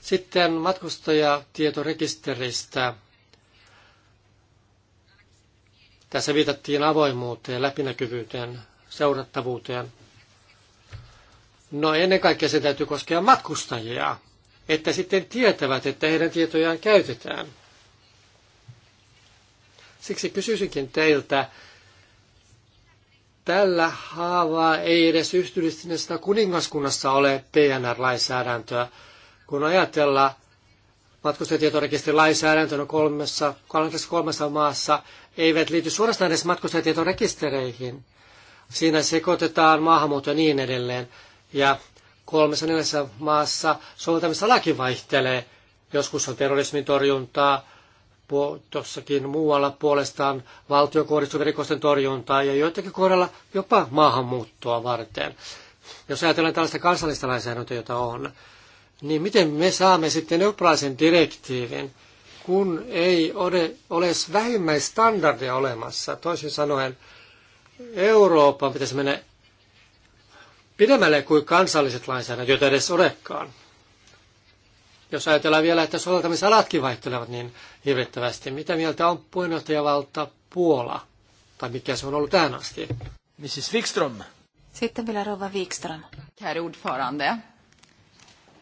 Sitten matkustajatietorekisteristä. Tässä viitattiin avoimuuteen, läpinäkyvyyteen, seurattavuuteen. No ennen kaikkea se täytyy koskea matkustajia, että sitten tietävät, että heidän tietojaan käytetään. Siksi kysyisinkin teiltä, tällä haavaa ei edes yhdistyneestä kuningaskunnassa ole PNR-lainsäädäntöä, kun ajatella on kolmessa, kolmessa maassa eivät liity suorastaan edes matkustajatietorekistereihin. Siinä sekoitetaan maahanmuutto ja niin edelleen. Ja kolmessa neljässä maassa soveltamista laki vaihtelee. Joskus on terrorismin torjuntaa, tuossakin muualla puolestaan valtion kohdistuvien rikosten torjuntaa ja joitakin kohdalla jopa maahanmuuttoa varten. Jos ajatellaan tällaista kansallista lainsäädäntöä, jota on, niin miten me saamme sitten eurooppalaisen direktiivin, kun ei ole, ole vähimmäistandardia olemassa. Toisin sanoen Euroopan pitäisi mennä pidemmälle kuin kansalliset lainsäädännöt, joita edes olekaan. Jos ajatellaan vielä, että soveltamisalatkin vaihtelevat niin hirvittävästi, mitä mieltä on puheenjohtajavalta Puola, tai mikä se on ollut tähän asti? Mrs. Wikström. Sitten vielä Rova Wikström. Herr ordförande.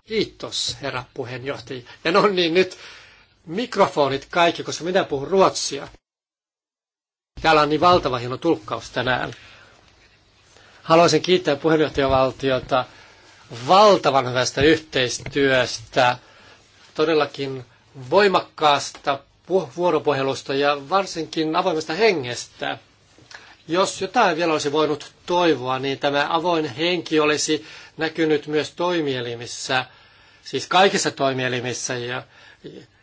Kiitos, herra puheenjohtaja. Ja no niin, nyt mikrofonit kaikki, koska minä puhun ruotsia. Täällä on niin valtava hieno tulkkaus tänään. Haluaisin kiittää puheenjohtajavaltiota valtavan hyvästä yhteistyöstä, todellakin voimakkaasta vuoropuhelusta ja varsinkin avoimesta hengestä. Jos jotain vielä olisi voinut toivoa, niin tämä avoin henki olisi näkynyt myös toimielimissä, siis kaikissa toimielimissä ja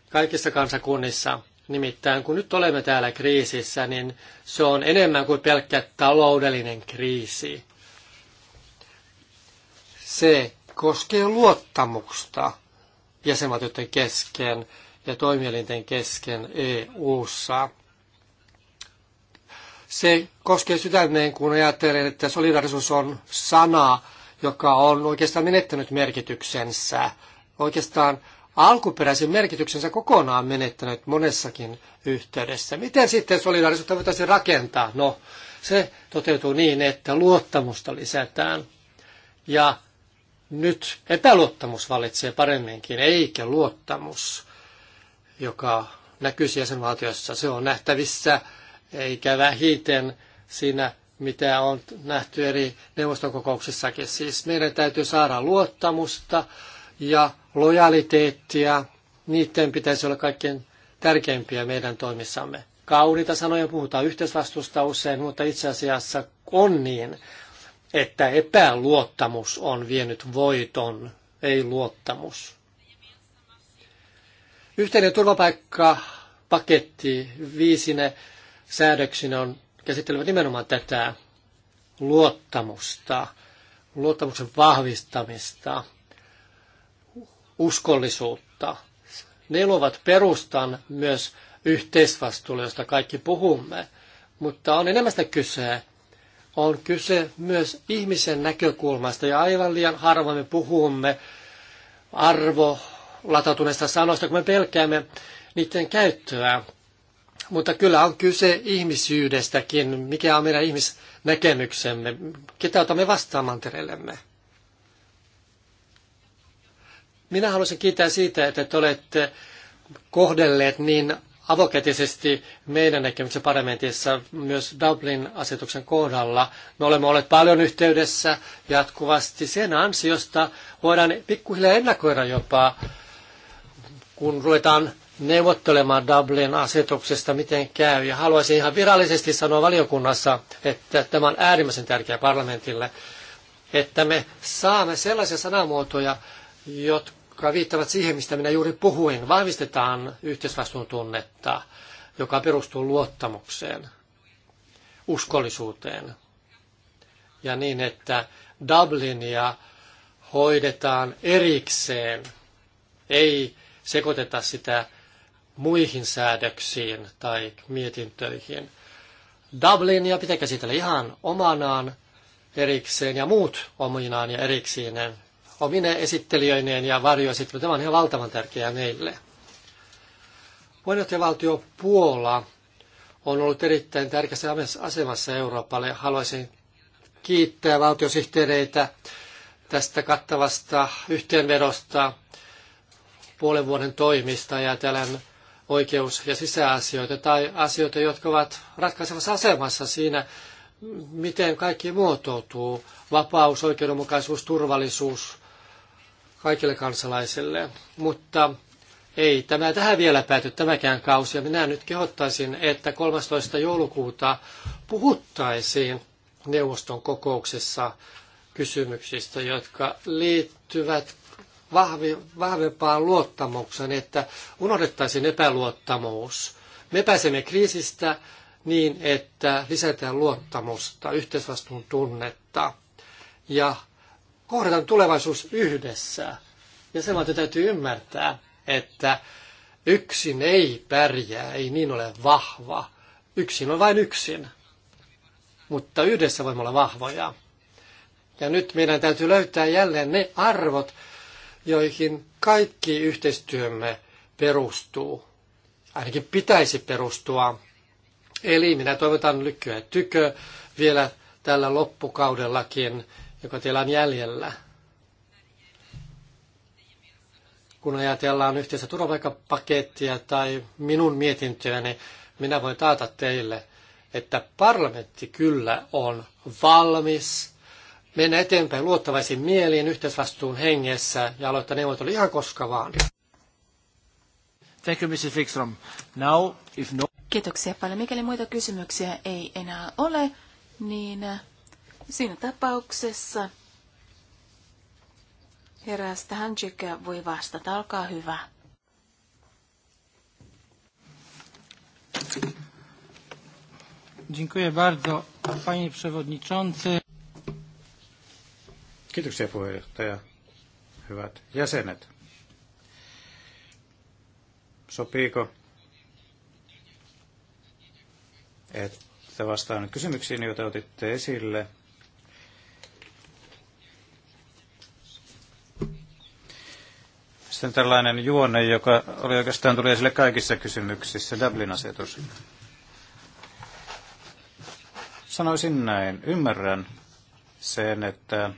kaikissa kansakunnissa. Nimittäin kun nyt olemme täällä kriisissä, niin se on enemmän kuin pelkkä taloudellinen kriisi. Se koskee luottamusta jäsenvaltioiden kesken ja toimielinten kesken EU-ssa. Se koskee sydämeen, kun ajattelen, että solidarisuus on sana, joka on oikeastaan menettänyt merkityksensä, oikeastaan alkuperäisen merkityksensä kokonaan menettänyt monessakin yhteydessä. Miten sitten solidaarisuutta voitaisiin rakentaa? No, se toteutuu niin, että luottamusta lisätään. Ja nyt epäluottamus valitsee paremminkin, eikä luottamus, joka näkyisi jäsenvaltiossa. Se on nähtävissä, eikä vähiten siinä mitä on nähty eri neuvostokokouksissakin. Siis meidän täytyy saada luottamusta ja lojaliteettia. Niiden pitäisi olla kaikkein tärkeimpiä meidän toimissamme. Kauniita sanoja puhutaan yhteisvastuusta usein, mutta itse asiassa on niin, että epäluottamus on vienyt voiton, ei luottamus. Yhteinen turvapaikkapaketti viisine säädöksinä on käsittelevät nimenomaan tätä luottamusta, luottamuksen vahvistamista, uskollisuutta. Ne luovat perustan myös yhteisvastuulle, josta kaikki puhumme. Mutta on sitä kyse. On kyse myös ihmisen näkökulmasta ja aivan liian harvoin me puhumme arvo latautuneista sanoista, kun me pelkäämme niiden käyttöä. Mutta kyllä on kyse ihmisyydestäkin, mikä on meidän ihmisnäkemyksemme, ketä otamme vastaan mantereellemme. Minä haluaisin kiittää siitä, että te olette kohdelleet niin avokätisesti meidän näkemyksen parlamentissa myös Dublin-asetuksen kohdalla. Me olemme olleet paljon yhteydessä jatkuvasti sen ansiosta. Voidaan pikkuhiljaa ennakoida jopa, kun ruvetaan neuvottelemaan Dublin-asetuksesta, miten käy. Ja haluaisin ihan virallisesti sanoa valiokunnassa, että tämä on äärimmäisen tärkeä parlamentille, että me saamme sellaisia sanamuotoja, jotka viittavat siihen, mistä minä juuri puhuin. Vahvistetaan yhteisvastuun tunnetta, joka perustuu luottamukseen, uskollisuuteen. Ja niin, että Dublinia hoidetaan erikseen, ei sekoiteta sitä muihin säädöksiin tai mietintöihin. Dublinia pitää käsitellä ihan omanaan erikseen ja muut ominaan ja erikseen omine esittelijöineen ja varjoesittelijöineen. Tämä on ihan valtavan tärkeää meille. Puheenjohtajavaltio Puola on ollut erittäin tärkeässä asemassa Euroopalle. Haluaisin kiittää valtiosihteereitä tästä kattavasta yhteenvedosta puolen vuoden toimista ja tällainen oikeus- ja sisäasioita tai asioita, jotka ovat ratkaisevassa asemassa siinä, miten kaikki muotoutuu. Vapaus, oikeudenmukaisuus, turvallisuus kaikille kansalaisille. Mutta ei tämä tähän vielä pääty tämäkään kausi. Ja minä nyt kehottaisin, että 13. joulukuuta puhuttaisiin neuvoston kokouksessa kysymyksistä, jotka liittyvät vahvi, vahvempaan luottamuksen, että unohdettaisiin epäluottamus. Me pääsemme kriisistä niin, että lisätään luottamusta, yhteisvastuun tunnetta ja kohdataan tulevaisuus yhdessä. Ja vaan täytyy ymmärtää, että yksin ei pärjää, ei niin ole vahva. Yksin on vain yksin, mutta yhdessä voimme olla vahvoja. Ja nyt meidän täytyy löytää jälleen ne arvot, joihin kaikki yhteistyömme perustuu. Ainakin pitäisi perustua. Eli minä toivotan lykkyä tykö vielä tällä loppukaudellakin, joka teillä on jäljellä. Kun ajatellaan yhteistä turvapaikkapakettia tai minun mietintöäni, niin minä voin taata teille, että parlamentti kyllä on valmis mennä eteenpäin luottavaisin mieliin yhteisvastuun hengessä ja aloittaa neuvottelu ihan koska vaan. Thank you, Mrs. Wikström. Now, if no... Kiitoksia paljon. Mikäli muita kysymyksiä ei enää ole, niin äh, siinä tapauksessa herra Stahanczyk voi vastata. Olkaa hyvä. Dziękuję bardzo, panie przewodniczący. Kiitoksia puheenjohtaja. Hyvät jäsenet. Sopiiko, että vastaan nyt kysymyksiin, joita otitte esille? Sitten tällainen juonne, joka oli oikeastaan tuli esille kaikissa kysymyksissä, Dublin-asetus. Sanoisin näin. Ymmärrän sen, että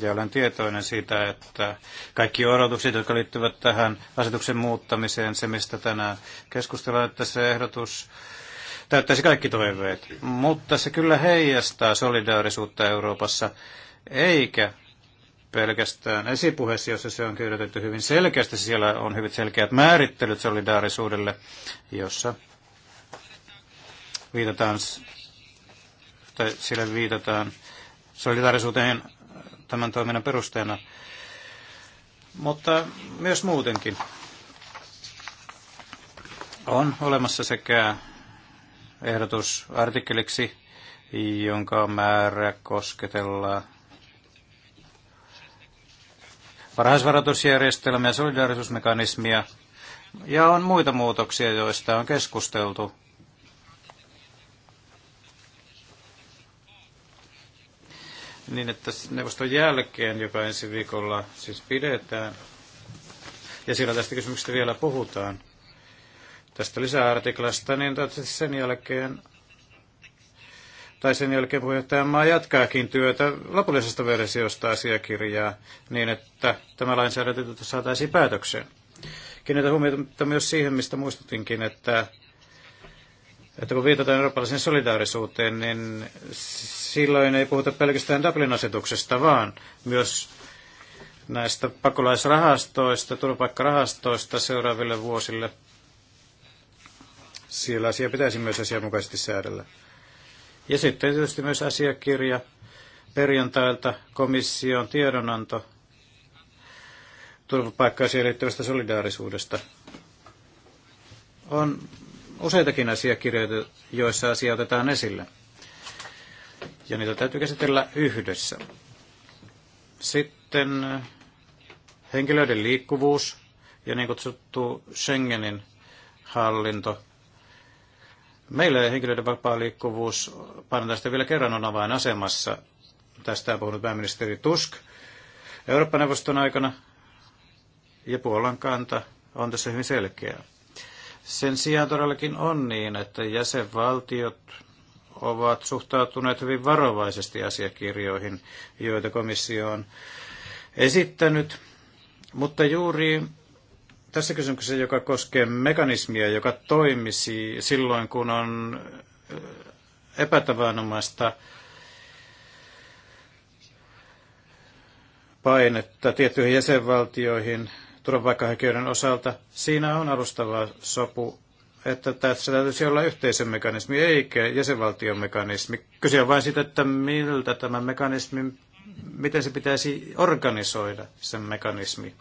ja olen tietoinen siitä, että kaikki odotukset, jotka liittyvät tähän asetuksen muuttamiseen, se mistä tänään keskustellaan, että se ehdotus täyttäisi kaikki toiveet. Mutta se kyllä heijastaa solidaarisuutta Euroopassa, eikä pelkästään esipuheessa, jossa se on kirjoitettu hyvin selkeästi. Siellä on hyvin selkeät määrittelyt solidaarisuudelle, jossa viitataan, tai sillä viitataan solidaarisuuteen tämän toiminnan perusteena, mutta myös muutenkin. On olemassa sekä ehdotus artikkeliksi, jonka määrä kosketella varhaisvaroitusjärjestelmiä ja solidaarisuusmekanismia, ja on muita muutoksia, joista on keskusteltu niin että neuvoston jälkeen, joka ensi viikolla siis pidetään, ja siellä tästä kysymyksestä vielä puhutaan, tästä lisäartiklasta, niin sen jälkeen, tai sen jälkeen maa jatkaakin työtä lopullisesta versiosta asiakirjaa, niin että tämä lainsäädäntö saataisiin päätökseen. Kiinnitän huomiota myös siihen, mistä muistutinkin, että että kun viitataan eurooppalaisen solidaarisuuteen, niin silloin ei puhuta pelkästään Dublin-asetuksesta, vaan myös näistä pakolaisrahastoista, turvapaikkarahastoista seuraaville vuosille. Siellä asia pitäisi myös asianmukaisesti säädellä. Ja sitten tietysti myös asiakirja perjantailta komission tiedonanto turvapaikkaisiin liittyvästä solidaarisuudesta. On useitakin asiakirjoja, joissa asia otetaan esille. Ja niitä täytyy käsitellä yhdessä. Sitten eh, henkilöiden liikkuvuus ja niin kutsuttu Schengenin hallinto. Meillä henkilöiden vapaa liikkuvuus, painetaan sitä vielä kerran, on avainasemassa. Tästä on puhunut pääministeri Tusk Eurooppa-neuvoston aikana, ja Puolan kanta on tässä hyvin selkeä. Sen sijaan todellakin on niin, että jäsenvaltiot ovat suhtautuneet hyvin varovaisesti asiakirjoihin, joita komissio on esittänyt. Mutta juuri tässä kysymyksessä, joka koskee mekanismia, joka toimisi silloin, kun on äh, epätavanomaista painetta tiettyihin jäsenvaltioihin, turvapaikkahakijoiden osalta. Siinä on alustava sopu, että tässä täytyisi olla yhteisen mekanismi eikä jäsenvaltion mekanismi. Kyse on vain siitä, että miltä tämä mekanismi, miten se pitäisi organisoida, sen mekanismi.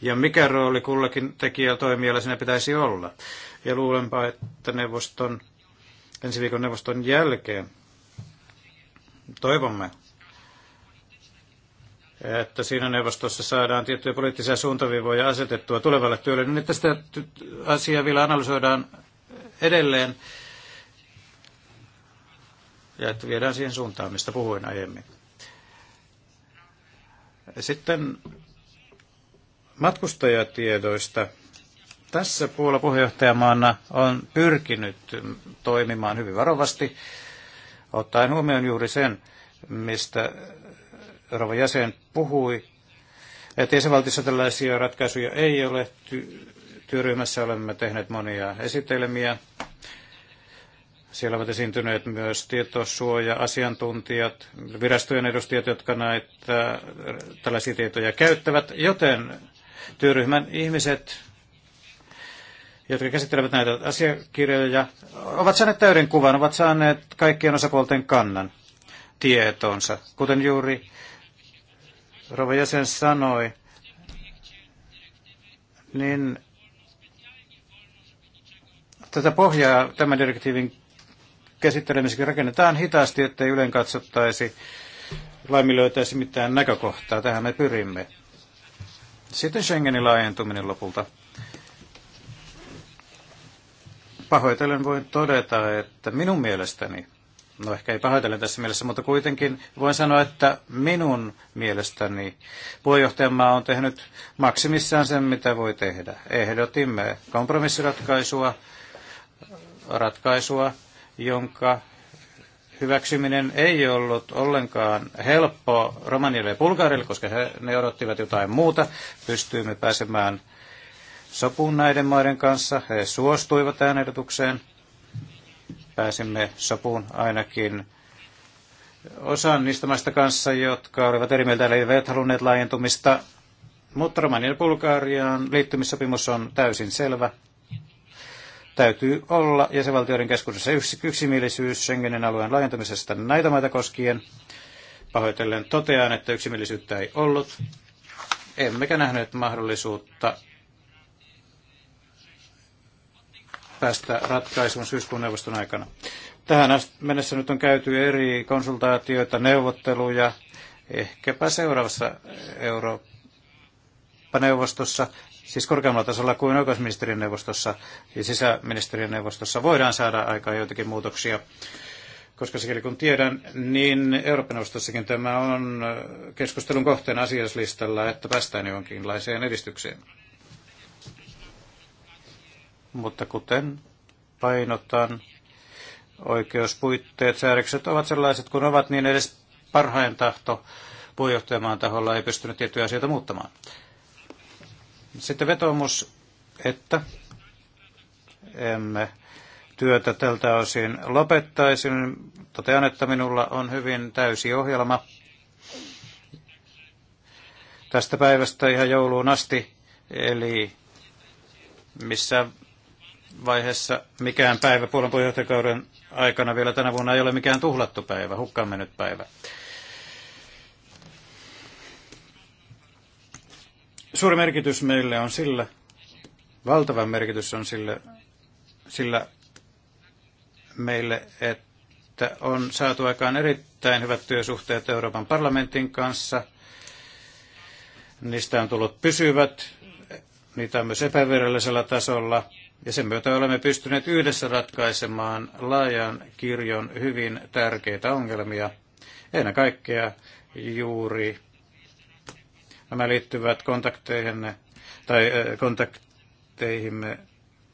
Ja mikä rooli kullakin tekijällä toimijalla siinä pitäisi olla. Ja luulenpa, että neuvoston, ensi viikon neuvoston jälkeen toivomme, että siinä neuvostossa saadaan tiettyjä poliittisia suuntaviivoja asetettua tulevalle työlle, niin tästä asiaa vielä analysoidaan edelleen ja että viedään siihen suuntaan, mistä puhuin aiemmin. Sitten matkustajatiedoista. Tässä puolella puheenjohtajamaana on pyrkinyt toimimaan hyvin varovasti, ottaen huomioon juuri sen, mistä Euroopan jäsen puhui, että jäsenvaltiossa tällaisia ratkaisuja ei ole. Ty- työryhmässä olemme tehneet monia esitelmiä. Siellä ovat esiintyneet myös tietosuoja-asiantuntijat, virastojen edustajat, jotka näitä tällaisia tietoja käyttävät, joten työryhmän ihmiset, jotka käsittelevät näitä asiakirjoja, ovat saaneet täyden kuvan, ovat saaneet kaikkien osapuolten kannan tietoonsa, kuten juuri rouva jäsen sanoi, niin tätä pohjaa tämän direktiivin käsittelemiseksi rakennetaan hitaasti, ettei ylen katsottaisi laiminlyötäisi mitään näkökohtaa. Tähän me pyrimme. Sitten Schengenin laajentuminen lopulta. Pahoitellen voin todeta, että minun mielestäni No ehkä ei pahoitellen tässä mielessä, mutta kuitenkin voin sanoa, että minun mielestäni puheenjohtajamaa on tehnyt maksimissaan sen, mitä voi tehdä. Ehdotimme kompromissiratkaisua, ratkaisua, jonka hyväksyminen ei ollut ollenkaan helppo Romanille ja Bulgarille, koska he, ne odottivat jotain muuta. Pystyimme pääsemään sopuun näiden maiden kanssa. He suostuivat tähän ehdotukseen pääsimme sopuun ainakin osan niistä maista kanssa, jotka olivat eri mieltä, eli eivät halunneet laajentumista. Mutta Romania ja Bulgarian liittymissopimus on täysin selvä. Täytyy olla jäsenvaltioiden keskuudessa yksimielisyys Schengenin alueen laajentamisesta näitä maita koskien. Pahoitellen totean, että yksimielisyyttä ei ollut. Emmekä nähneet mahdollisuutta päästä ratkaisuun syyskuun neuvoston aikana. Tähän mennessä nyt on käyty eri konsultaatioita, neuvotteluja, ehkäpä seuraavassa Eurooppa-neuvostossa, siis korkeammalla tasolla kuin oikeusministeriön neuvostossa ja sisäministeriön neuvostossa, voidaan saada aikaan joitakin muutoksia. Koska sikäli kun tiedän, niin Euroopan neuvostossakin tämä on keskustelun kohteen asiaslistalla, että päästään jonkinlaiseen edistykseen. Mutta kuten painotan, oikeuspuitteet, säädökset ovat sellaiset kuin ovat, niin edes parhain tahto puheenjohtajamaan taholla ei pystynyt tiettyjä asioita muuttamaan. Sitten vetomus, että emme työtä tältä osin lopettaisi. Totean, että minulla on hyvin täysi ohjelma tästä päivästä ihan jouluun asti, eli missä vaiheessa mikään päivä Puolan puheenjohtajakauden aikana vielä tänä vuonna ei ole mikään tuhlattu päivä, hukkaan mennyt päivä. Suuri merkitys meille on sillä, valtava merkitys on sillä, sillä meille, että on saatu aikaan erittäin hyvät työsuhteet Euroopan parlamentin kanssa. Niistä on tullut pysyvät, niitä on myös epävirallisella tasolla ja sen myötä olemme pystyneet yhdessä ratkaisemaan laajan kirjon hyvin tärkeitä ongelmia. Ennen kaikkea juuri nämä liittyvät kontakteihinne tai kontakteihimme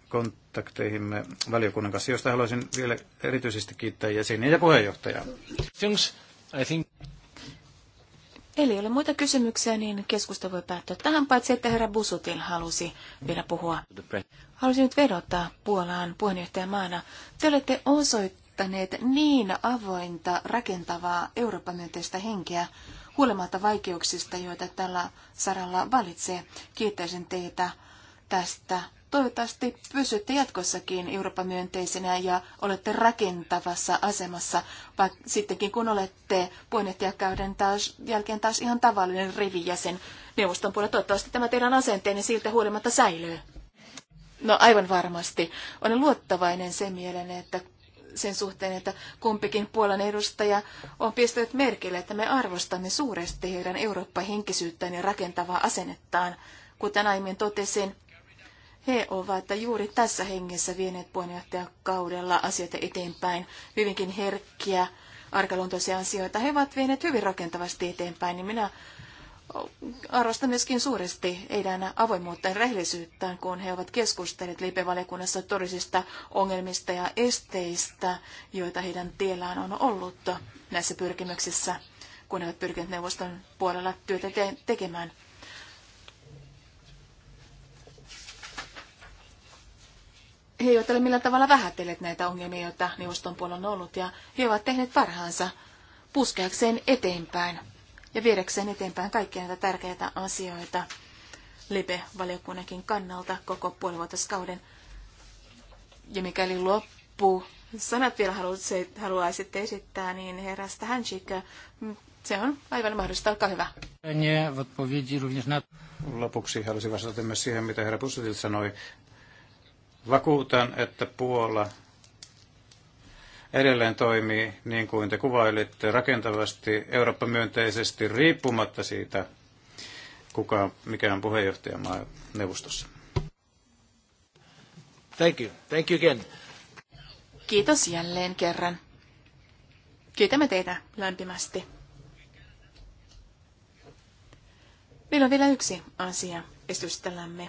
kontakteihimme valiokunnan kanssa, josta haluaisin vielä erityisesti kiittää jäseniä ja puheenjohtajaa. I think Eli ei ole muita kysymyksiä, niin keskusta voi päättää tähän, paitsi että herra Busutil halusi vielä puhua. Halusin nyt vedota Puolaan puheenjohtajamaana. Te olette osoittaneet niin avointa, rakentavaa Euroopan myönteistä henkeä, huolimatta vaikeuksista, joita tällä saralla valitsee. Kiittäisin teitä tästä Toivottavasti pysytte jatkossakin Euroopan myönteisenä ja olette rakentavassa asemassa, vaikka sittenkin kun olette puheenjohtajakauden taas, jälkeen taas ihan tavallinen rivijäsen neuvoston puolella. Toivottavasti tämä teidän asenteenne siltä huolimatta säilyy. No aivan varmasti. Olen luottavainen sen mielen, että sen suhteen, että kumpikin Puolan edustaja on pistänyt merkille, että me arvostamme suuresti heidän Eurooppa-henkisyyttään ja rakentavaa asennettaan. Kuten aiemmin totesin, he ovat juuri tässä hengessä vieneet puheenjohtajakaudella asioita eteenpäin, hyvinkin herkkiä, arkaluontoisia asioita. He ovat vieneet hyvin rakentavasti eteenpäin, niin minä arvostan myöskin suuresti heidän avoimuutta ja rehellisyyttään, kun he ovat keskustelleet liipevaliokunnassa todellisista ongelmista ja esteistä, joita heidän tiellään on ollut näissä pyrkimyksissä, kun he ovat pyrkineet neuvoston puolella työtä te- tekemään. he eivät ole millään tavalla vähätelleet näitä ongelmia, joita neuvoston puolella on ollut, ja he ovat tehneet parhaansa puskeakseen eteenpäin ja viedäkseen eteenpäin kaikkia näitä tärkeitä asioita LIBE-valiokunnankin kannalta koko puolivuotiskauden. Ja mikäli loppu sanat vielä haluaisitte esittää, niin herästä Hanchik, se on aivan mahdollista. Olkaa hyvä. Lopuksi halusin vastata myös siihen, mitä herra Pussutil sanoi Vakuutan, että Puola edelleen toimii niin kuin te kuvailitte rakentavasti, Eurooppa-myönteisesti, riippumatta siitä, kuka, mikä on puheenjohtajamaa neuvostossa. Thank you. Thank you again. Kiitos jälleen kerran. Kiitämme teitä lämpimästi. Meillä on vielä yksi asia esityställämme.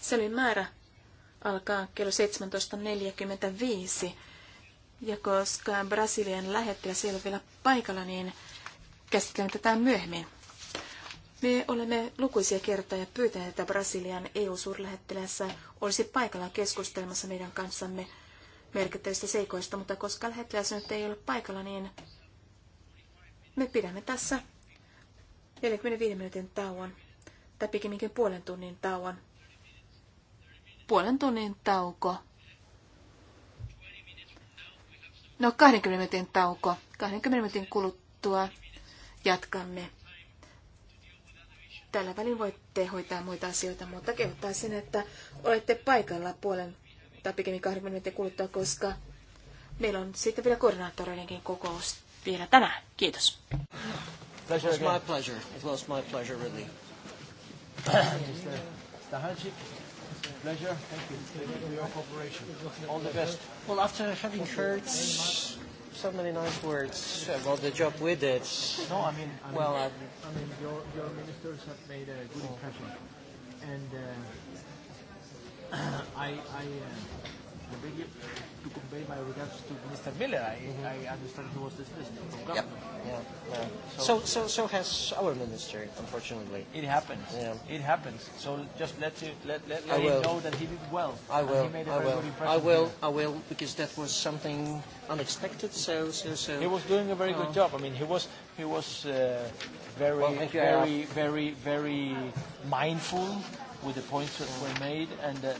Se oli määrä alkaa kello 17.45. Ja koska Brasilian lähettiläs ei ole vielä paikalla, niin käsittelemme tätä myöhemmin. Me olemme lukuisia kertoja pyytäneet, että Brasilian EU-suurlähettilässä olisi paikalla keskustelemassa meidän kanssamme merkittävistä seikoista, mutta koska lähettiläs nyt ei ole paikalla, niin me pidämme tässä 45 minuutin tauon, tai pikemminkin puolen tunnin tauon puolen tunnin tauko. No 20 minuutin tauko. 20 minuutin kuluttua jatkamme. Tällä välin voitte hoitaa muita asioita, mutta kehottaisin, että olette paikalla puolen tai pikemmin 20 minuutin kuluttua, koska meillä on sitten vielä koordinaattoreidenkin kokous vielä tänään. Kiitos. Pleasure It's my pleasure. It was my pleasure, really. Pleasure. Thank you. Thank you for your cooperation. All the best. Well, after having heard so many nice words about the job we did. No, I mean, I mean, well, I, I uh, mean, your, your ministers have made a good impression, and uh, I, I. Uh, the big, to convey my regards to Mr. Miller. I, mm-hmm. I understand he was dismissed from government. Yeah. Yeah. yeah. So, so, so, so has our minister, unfortunately. It happens. Yeah. It happens. So just let you, let, let, let him know that he did well. I will. And he made a I very will. Good impression I will. Here. I will because that was something unexpected. So, so, so. He was doing a very oh. good job. I mean, he was, he was uh, very, well, very, very, very, very mindful with the points that were made and. Uh,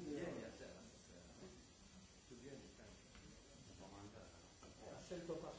Vieni a sera, tu vieni sempre. Scelto qua.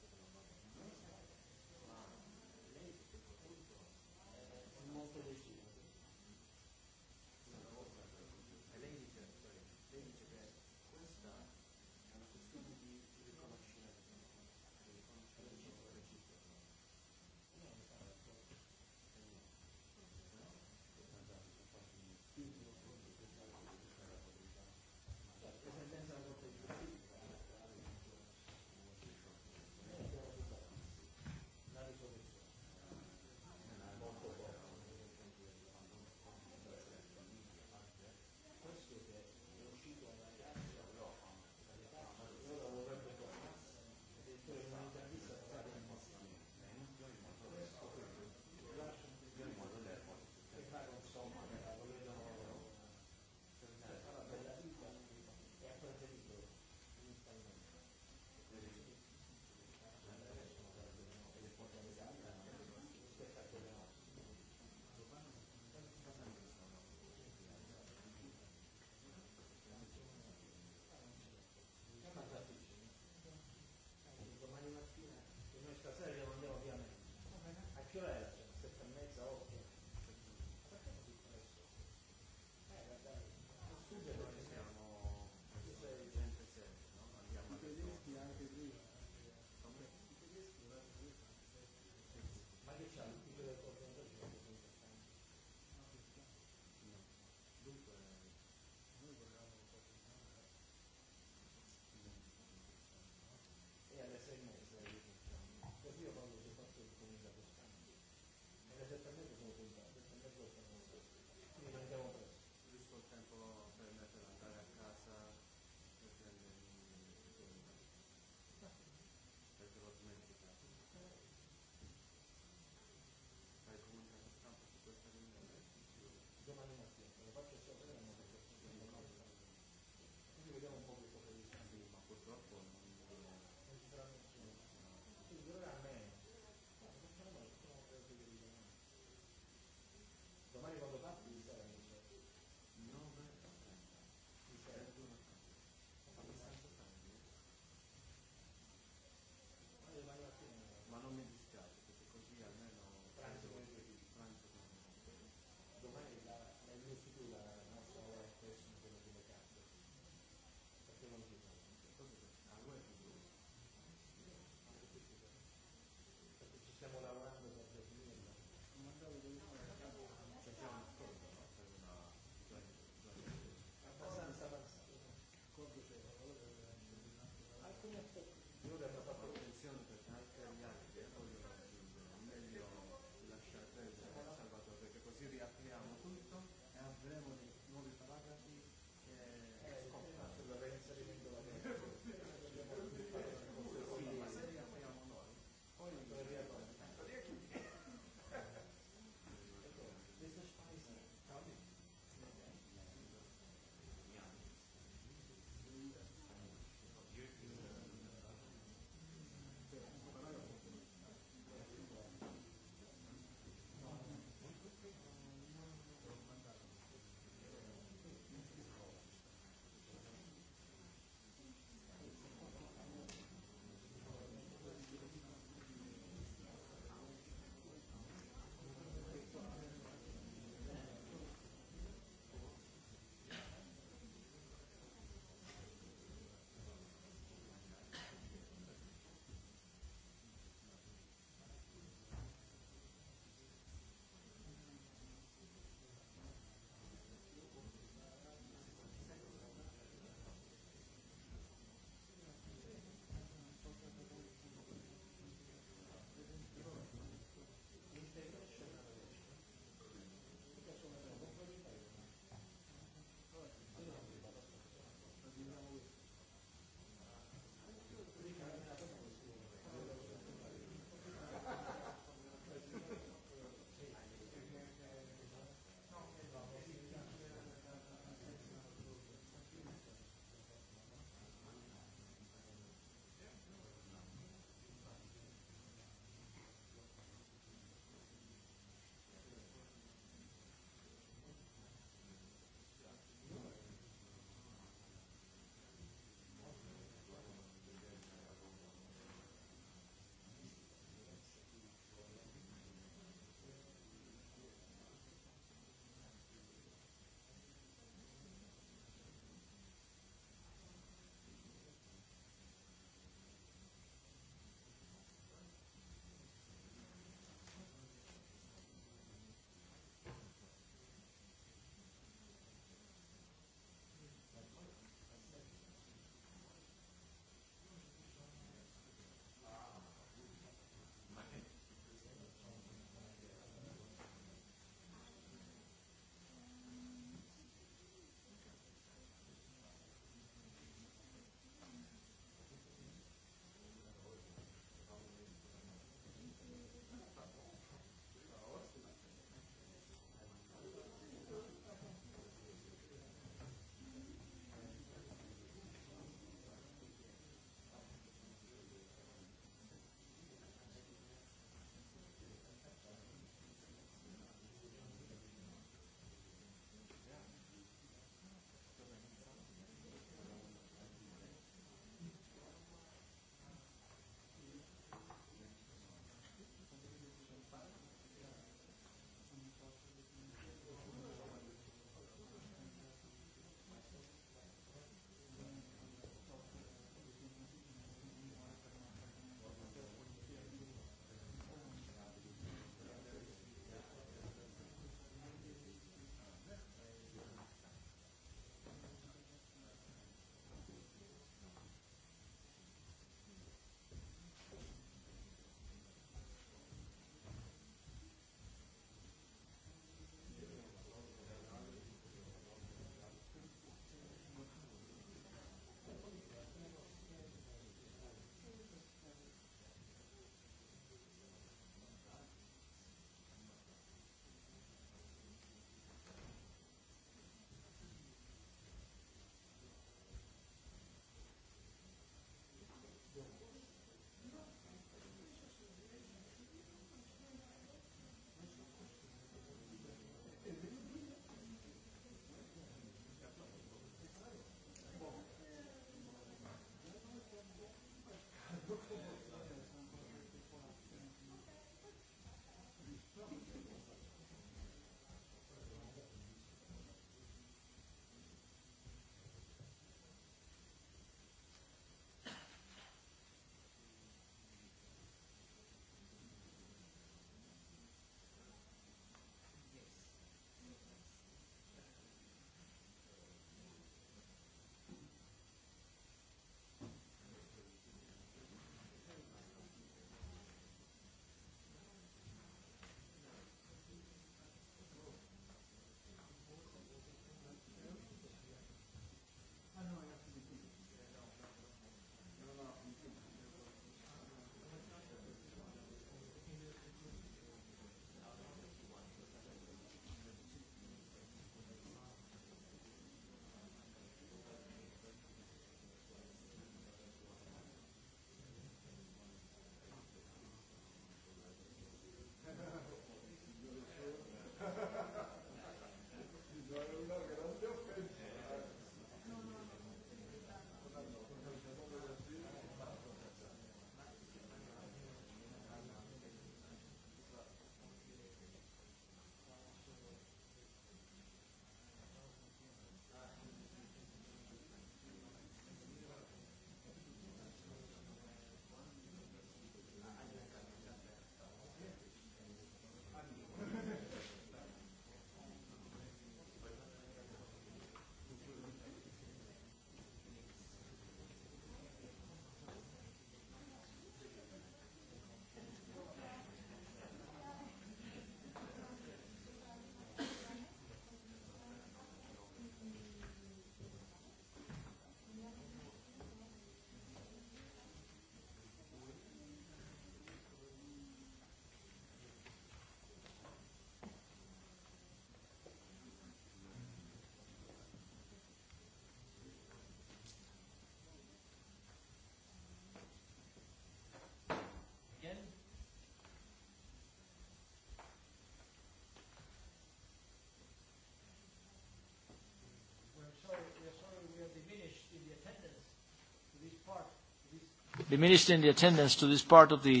the minister in the attendance to this part of the...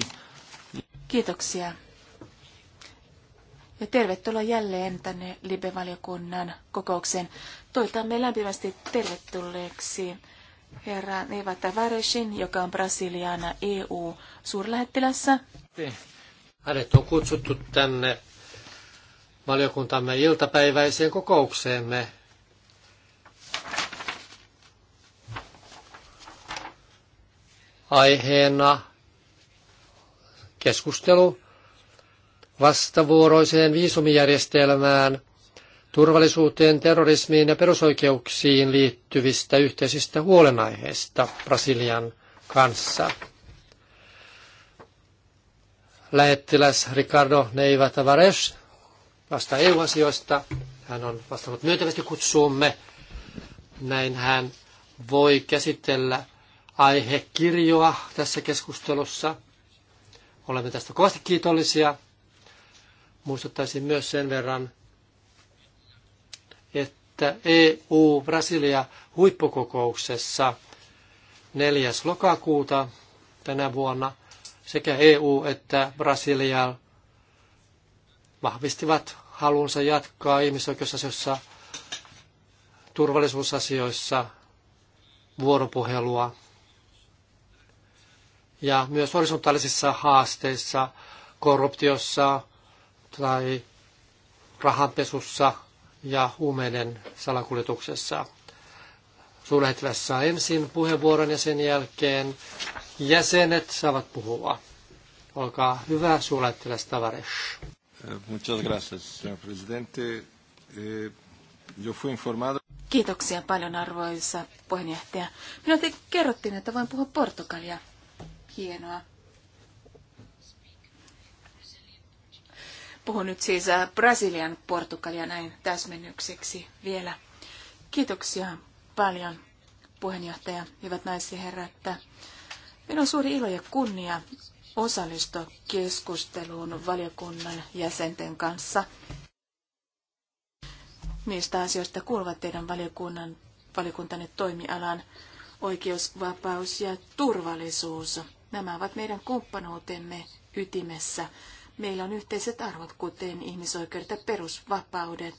Kiitoksia. Ja tervetuloa jälleen tänne Libe-valiokunnan kokoukseen. Toivotamme lämpimästi tervetulleeksi herra Eva Tavaresin, joka on Brasiliana EU-suurlähettilässä. Hänet on kutsuttu tänne valiokuntamme iltapäiväiseen kokoukseemme aiheena keskustelu vastavuoroiseen viisumijärjestelmään, turvallisuuteen, terrorismiin ja perusoikeuksiin liittyvistä yhteisistä huolenaiheista Brasilian kanssa. Lähettiläs Ricardo Neiva Tavares vastaa EU-asioista. Hän on vastannut myöntävästi kutsuumme. Näin hän voi käsitellä aihekirjoa tässä keskustelussa. Olemme tästä kovasti kiitollisia. Muistuttaisin myös sen verran, että EU-Brasilia huippukokouksessa 4. lokakuuta tänä vuonna sekä EU että Brasilia vahvistivat halunsa jatkaa ihmisoikeusasioissa, turvallisuusasioissa vuoropuhelua ja myös horisontaalisissa haasteissa, korruptiossa tai rahanpesussa ja huumeiden salakuljetuksessa. Suurlähettiläs saa ensin puheenvuoron ja sen jälkeen jäsenet saavat puhua. Olkaa hyvä, suurlähettiläs Tavares. Eh, muchas gracias, señor presidente. Eh, yo fui informado... Kiitoksia paljon arvoisa puheenjohtaja. Minulle kerrottiin, että voin puhua portugalia hienoa. Puhun nyt siis äh, Brasilian Portugalia näin täsmennykseksi vielä. Kiitoksia paljon puheenjohtaja, hyvät naiset ja herrat. Minun on suuri ilo ja kunnia osallistua keskusteluun valiokunnan jäsenten kanssa niistä asioista kuuluvat teidän valiokunnan, valiokuntanne toimialan oikeusvapaus ja turvallisuus. Nämä ovat meidän kumppanuutemme ytimessä. Meillä on yhteiset arvot, kuten ihmisoikeudet ja perusvapaudet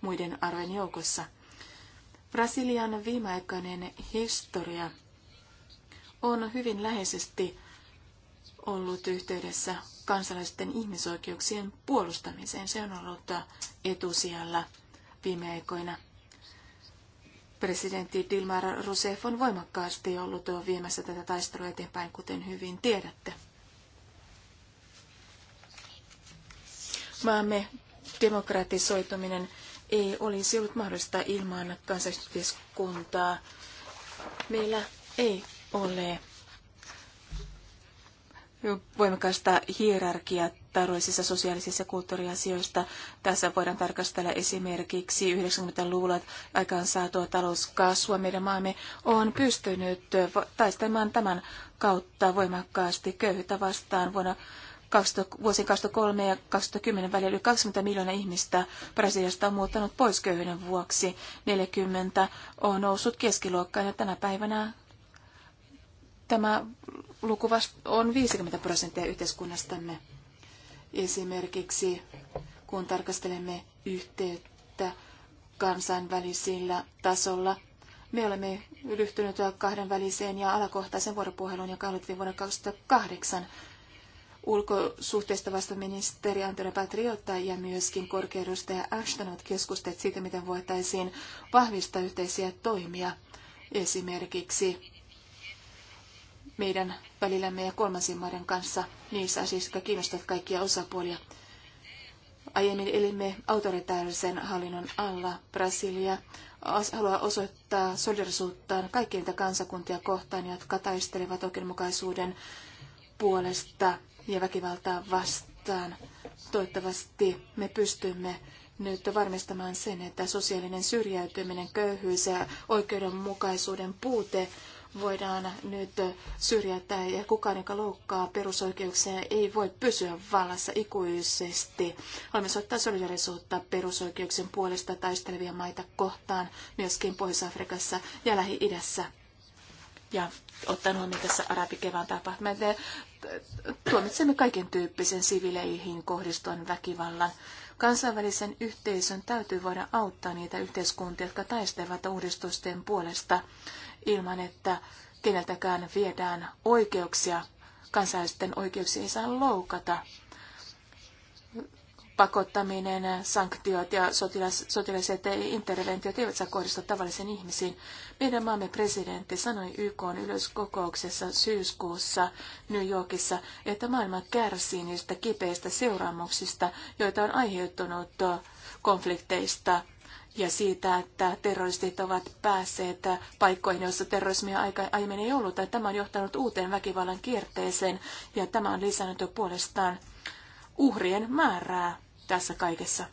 muiden arven joukossa. Brasilian viimeaikainen historia on hyvin läheisesti ollut yhteydessä kansalaisten ihmisoikeuksien puolustamiseen. Se on ollut etusijalla viime aikoina. Presidentti Dilmar Rousseff on voimakkaasti ollut viemässä tätä taistelua eteenpäin, kuten hyvin tiedätte. Maamme demokratisoituminen ei olisi ollut mahdollista ilman kansalliskuntaa. Meillä ei ole voimakasta hierarkiaa taloudellisissa, sosiaalisissa ja kulttuuriasioista. Tässä voidaan tarkastella esimerkiksi 90-luvulla aikaan saatua talouskasvua. Meidän maamme on pystynyt taistelemaan tämän kautta voimakkaasti köyhyyttä vastaan vuonna vuosien 2003 ja 2010 välillä yli 20 miljoonaa ihmistä Brasiliasta on muuttanut pois köyhyyden vuoksi. 40 on noussut keskiluokkaan ja tänä päivänä Tämä luku on 50 prosenttia yhteiskunnastamme. Esimerkiksi kun tarkastelemme yhteyttä kansainvälisillä tasolla, me olemme ryhtyneet kahdenväliseen ja alakohtaisen vuoropuheluun, joka aloitettiin vuonna 2008 ulkosuhteista vasta ministeri Antero Patriotta ja myöskin korkeudustaja Ashton ovat keskusteet siitä, miten voitaisiin vahvistaa yhteisiä toimia esimerkiksi meidän välillämme ja kolmansien maiden kanssa niissä asioissa, jotka kiinnostavat kaikkia osapuolia. Aiemmin elimme autoritaarisen hallinnon alla. Brasilia haluaa osoittaa solidarisuuttaan kaikkien niitä kansakuntia kohtaan, jotka taistelevat oikeudenmukaisuuden puolesta ja väkivaltaa vastaan. Toivottavasti me pystymme nyt varmistamaan sen, että sosiaalinen syrjäytyminen, köyhyys ja oikeudenmukaisuuden puute voidaan nyt syrjäyttää ja kukaan, joka loukkaa perusoikeuksia, ei voi pysyä vallassa ikuisesti. Olemme soittaa solidarisuutta perusoikeuksien puolesta taistelevia maita kohtaan, myöskin Pohjois-Afrikassa ja Lähi-idässä. Ja ottaen huomioon tässä arabikevään tapahtumat, me tuomitsemme kaiken tyyppisen sivileihin kohdistuvan väkivallan. Kansainvälisen yhteisön täytyy voida auttaa niitä yhteiskuntia, jotka taistelevat uudistusten puolesta ilman, että keneltäkään viedään oikeuksia. Kansalaisten oikeuksia ei saa loukata. Pakottaminen, sanktiot ja sotilas, sotilaiset interventiot eivät saa kohdistua tavallisiin ihmisiin. Meidän maamme presidentti sanoi YK yleiskokouksessa syyskuussa New Yorkissa, että maailma kärsii niistä kipeistä seuraamuksista, joita on aiheuttunut konflikteista ja siitä, että terroristit ovat päässeet paikkoihin, joissa terrorismia aika aiemmin ei ollut. Tämä on johtanut uuteen väkivallan kierteeseen ja tämä on lisännyt jo puolestaan uhrien määrää tässä kaikessa.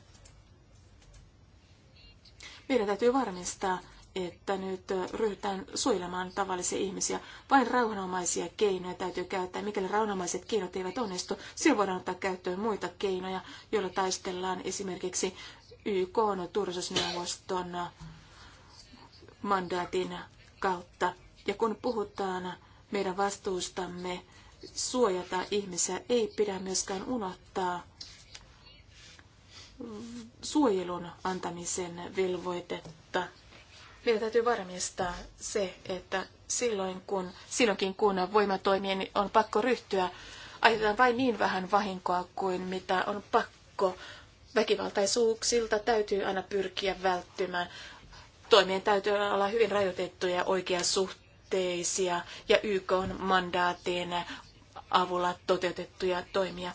Meidän täytyy varmistaa, että nyt ryhdytään suojelemaan tavallisia ihmisiä. Vain rauhanomaisia keinoja täytyy käyttää. Mikäli rauhanomaiset keinot eivät onnistu, silloin voidaan ottaa käyttöön muita keinoja, joilla taistellaan esimerkiksi YK on turvallisuusneuvoston mandaatin kautta. Ja kun puhutaan meidän vastuustamme suojata ihmisiä, ei pidä myöskään unohtaa suojelun antamisen velvoitetta. Meidän täytyy varmistaa se, että silloin kun, silloinkin kun voimatoimien niin on pakko ryhtyä, aiheutetaan vain niin vähän vahinkoa kuin mitä on pakko Väkivaltaisuuksilta täytyy aina pyrkiä välttymään. Toimien täytyy olla hyvin rajoitettuja ja oikeasuhteisia ja YK on mandaatin avulla toteutettuja toimia.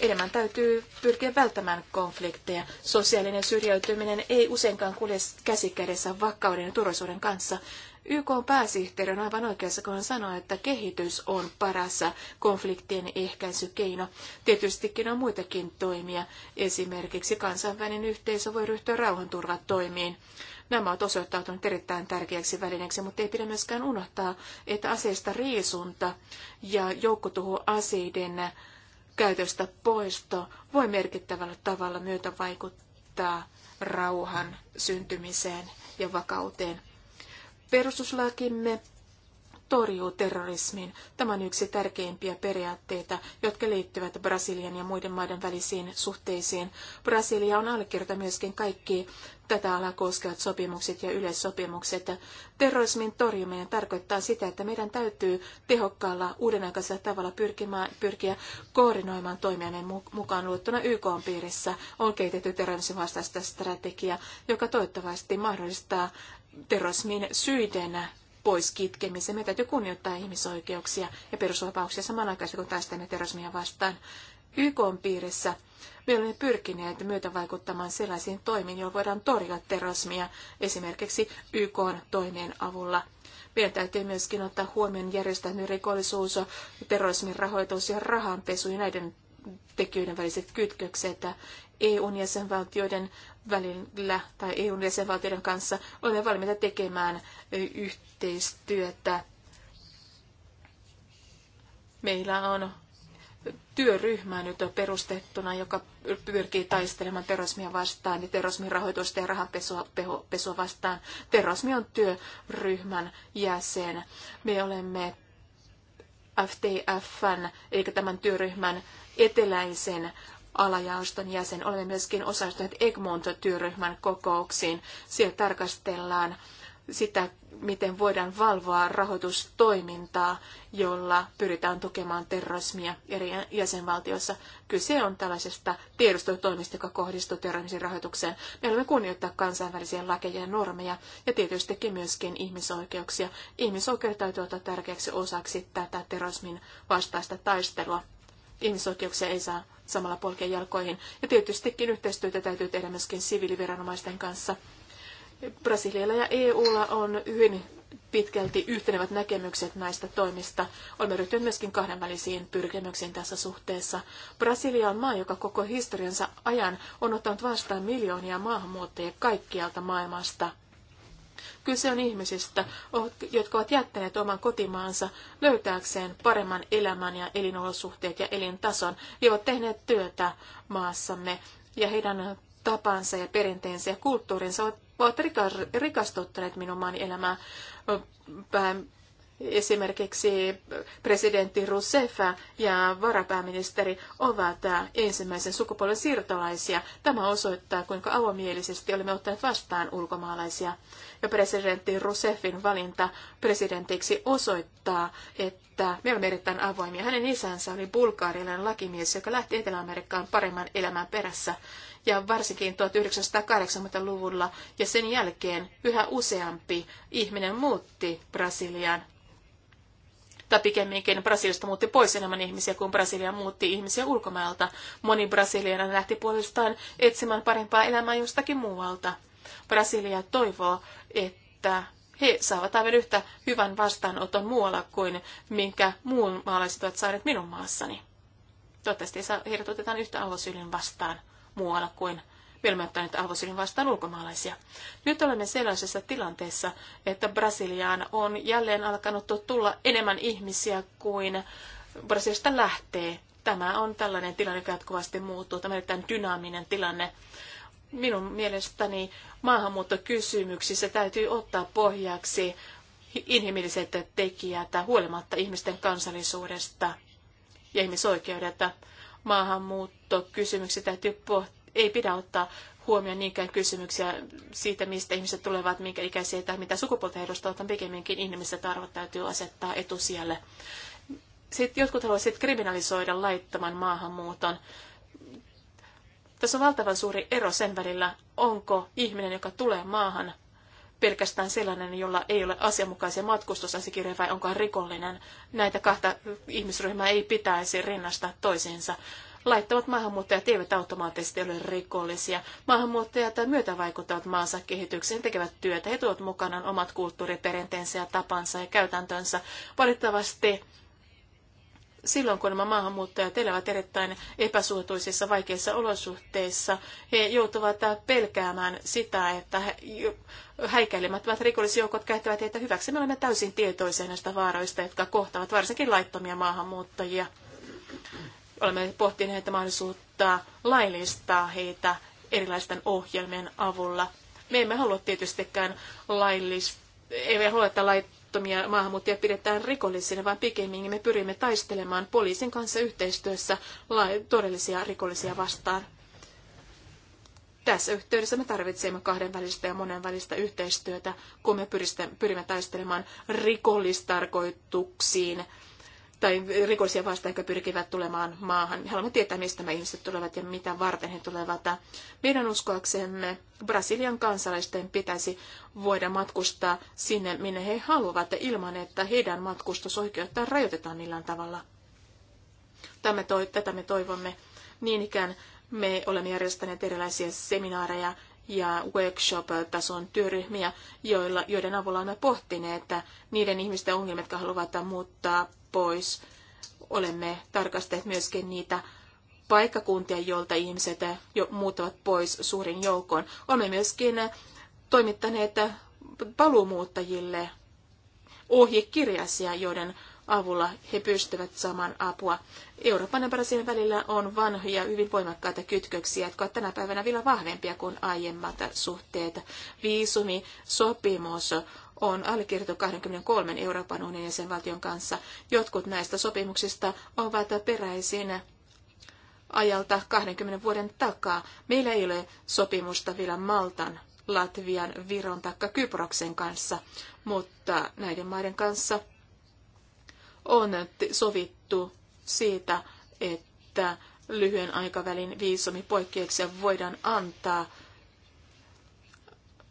Enemmän täytyy pyrkiä välttämään konflikteja. Sosiaalinen syrjäytyminen ei useinkaan kulje käsikädessä vakauden ja turvallisuuden kanssa. YK pääsihteeri on aivan oikeassa, kun hän sanoo, että kehitys on paras konfliktien ehkäisykeino. Tietystikin on muitakin toimia. Esimerkiksi kansainvälinen yhteisö voi ryhtyä rauhanturvatoimiin. Nämä ovat osoittautuneet erittäin tärkeäksi välineeksi, mutta ei pidä myöskään unohtaa, että aseista riisunta ja joukkotuhoaseiden käytöstä poisto voi merkittävällä tavalla myötä vaikuttaa rauhan syntymiseen ja vakauteen. Perustuslakimme torjuu terrorismin. Tämä on yksi tärkeimpiä periaatteita, jotka liittyvät Brasilian ja muiden maiden välisiin suhteisiin. Brasilia on allekirjoittanut myöskin kaikki tätä alaa koskevat sopimukset ja yleissopimukset. Terrorismin torjuminen tarkoittaa sitä, että meidän täytyy tehokkaalla uudenaikaisella tavalla pyrkiä koordinoimaan toimijamme mukaan luettuna YK on piirissä. On kehitetty terrorismin vastaista strategiaa, joka toivottavasti mahdollistaa terrorismin syitenä pois kitkemiseen. Meidän täytyy kunnioittaa ihmisoikeuksia ja perusvapauksia samanaikaisesti, kun taistelemme terrorismia vastaan. YK on piirissä me olemme pyrkineet myötä vaikuttamaan sellaisiin toimiin, joilla voidaan torjua terrorismia esimerkiksi YK toimien avulla. Meidän täytyy myöskin ottaa huomioon järjestäytynyt rikollisuus, terrorismin rahoitus ja rahanpesu ja näiden tekijöiden väliset kytkökset. EUn jäsenvaltioiden välillä tai EUn jäsenvaltioiden kanssa olemme valmiita tekemään yhteistyötä. Meillä on työryhmä nyt on perustettuna, joka pyrkii taistelemaan terrorismia vastaan ja terrorismin rahoitusta ja rahanpesua vastaan. Terrorismi on työryhmän jäsen. Me olemme FTFn, eli tämän työryhmän eteläisen alajaoston jäsen. Olemme myöskin osallistuneet Egmont-työryhmän kokouksiin. Siellä tarkastellaan sitä, miten voidaan valvoa rahoitustoimintaa, jolla pyritään tukemaan terrorismia eri jäsenvaltioissa. Kyse on tällaisesta tiedostotoimista, joka kohdistuu terrorismin rahoitukseen. Me olemme kunnioittaa kansainvälisiä lakeja ja normeja ja tietystikin myöskin ihmisoikeuksia. Ihmisoikeudet täytyy ottaa tärkeäksi osaksi tätä terrorismin vastaista taistelua. Ihmisoikeuksia ei saa samalla polkea jalkoihin. Ja tietystikin yhteistyötä täytyy tehdä myöskin siviiliviranomaisten kanssa. Brasilialla ja EUlla on hyvin pitkälti yhtenevät näkemykset näistä toimista. Olemme ryhtyneet myöskin kahdenvälisiin pyrkimyksiin tässä suhteessa. Brasilia on maa, joka koko historiansa ajan on ottanut vastaan miljoonia maahanmuuttajia kaikkialta maailmasta – Kyse on ihmisistä, oh, jotka ovat jättäneet oman kotimaansa löytääkseen paremman elämän ja elinolosuhteet ja elintason, ja ovat tehneet työtä maassamme, ja heidän tapansa ja perinteensä ja kulttuurinsa ovat, rikastuttaneet minun maan elämää. Esimerkiksi presidentti Rousseff ja varapääministeri ovat ensimmäisen sukupolven siirtolaisia. Tämä osoittaa, kuinka avomielisesti olemme ottaneet vastaan ulkomaalaisia ja presidentti Rusefin valinta presidentiksi osoittaa, että me olemme erittäin avoimia. Hänen isänsä oli bulgaarilainen lakimies, joka lähti Etelä-Amerikkaan paremman elämän perässä. Ja varsinkin 1980-luvulla ja sen jälkeen yhä useampi ihminen muutti Brasilian. tai pikemminkin Brasiliasta muutti pois enemmän ihmisiä kuin Brasilia muutti ihmisiä ulkomailta. Moni brasiliana lähti puolestaan etsimään parempaa elämää jostakin muualta. Brasilia toivoo, että he saavat aivan yhtä hyvän vastaanoton muualla kuin minkä muun maalaiset ovat saaneet minun maassani. Toivottavasti heidät otetaan yhtä avosylin vastaan muualla kuin me avosylin vastaan ulkomaalaisia. Nyt olemme sellaisessa tilanteessa, että Brasiliaan on jälleen alkanut tulla enemmän ihmisiä kuin Brasiliasta lähtee. Tämä on tällainen tilanne, joka jatkuvasti muuttuu. Tämä on erittäin dynaaminen tilanne minun mielestäni maahanmuuttokysymyksissä täytyy ottaa pohjaksi inhimilliset tekijät huolimatta ihmisten kansallisuudesta ja ihmisoikeudet. Maahanmuuttokysymyksiä täytyy pohtia. Ei pidä ottaa huomioon niinkään kysymyksiä siitä, mistä ihmiset tulevat, minkä ikäisiä tai mitä sukupuolta edustavat, vaan pikemminkin ihmisten tarvot täytyy asettaa etusijalle. Sitten jotkut haluaisivat kriminalisoida laittoman maahanmuuton. Tässä on valtavan suuri ero sen välillä, onko ihminen, joka tulee maahan pelkästään sellainen, jolla ei ole asianmukaisia matkustusasikirjoja vai onko hän rikollinen. Näitä kahta ihmisryhmää ei pitäisi rinnastaa toisiinsa. Laittavat maahanmuuttajat eivät automaattisesti ole rikollisia. Maahanmuuttajat vaikuttavat maansa kehitykseen, tekevät työtä. He tuovat mukanaan omat kulttuuriperinteensä ja tapansa ja käytäntönsä. Valitettavasti silloin, kun nämä maahanmuuttajat elävät erittäin epäsuotuisissa, vaikeissa olosuhteissa, he joutuvat pelkäämään sitä, että häikäilemättömät rikollisjoukot käyttävät heitä hyväksi. Me olemme täysin tietoisia näistä vaaroista, jotka kohtavat varsinkin laittomia maahanmuuttajia. Olemme pohtineet mahdollisuutta laillistaa heitä erilaisten ohjelmien avulla. Me emme halua tietystikään laillistaa, ei halua, että lait, laittomia maahanmuuttajia pidetään rikollisina, vaan pikemminkin me pyrimme taistelemaan poliisin kanssa yhteistyössä todellisia rikollisia vastaan. Tässä yhteydessä me tarvitsemme kahdenvälistä ja monenvälistä yhteistyötä, kun me pyrimme taistelemaan rikollistarkoituksiin tai rikollisia vastaan, jotka pyrkivät tulemaan maahan. Haluamme tietää, mistä me ihmiset tulevat ja mitä varten he tulevat. Meidän uskoaksemme Brasilian kansalaisten pitäisi voida matkustaa sinne, minne he haluavat, ilman että heidän matkustusoikeuttaan rajoitetaan millään tavalla. Tämä tätä me toivomme. Niin ikään me olemme järjestäneet erilaisia seminaareja ja workshop-tason työryhmiä, joilla, joiden avulla olemme pohtineet että niiden ihmisten ongelmat, jotka haluavat muuttaa pois. Olemme tarkastaneet myöskin niitä paikkakuntia, joilta ihmiset jo muuttavat pois suurin joukoon. Olemme myöskin toimittaneet paluumuuttajille ohjekirjaisia, joiden avulla he pystyvät saamaan apua. Euroopan ja Brasilian välillä on vanhoja, hyvin voimakkaita kytköksiä, jotka ovat tänä päivänä vielä vahvempia kuin aiemmat suhteet. Viisumi, sopimus on allekirjoitettu 23 Euroopan unionin jäsenvaltion kanssa. Jotkut näistä sopimuksista ovat peräisin ajalta 20 vuoden takaa. Meillä ei ole sopimusta vielä Maltan, Latvian, Viron tai Kyproksen kanssa, mutta näiden maiden kanssa on sovittu siitä, että lyhyen aikavälin viisumipoikkeuksia voidaan antaa –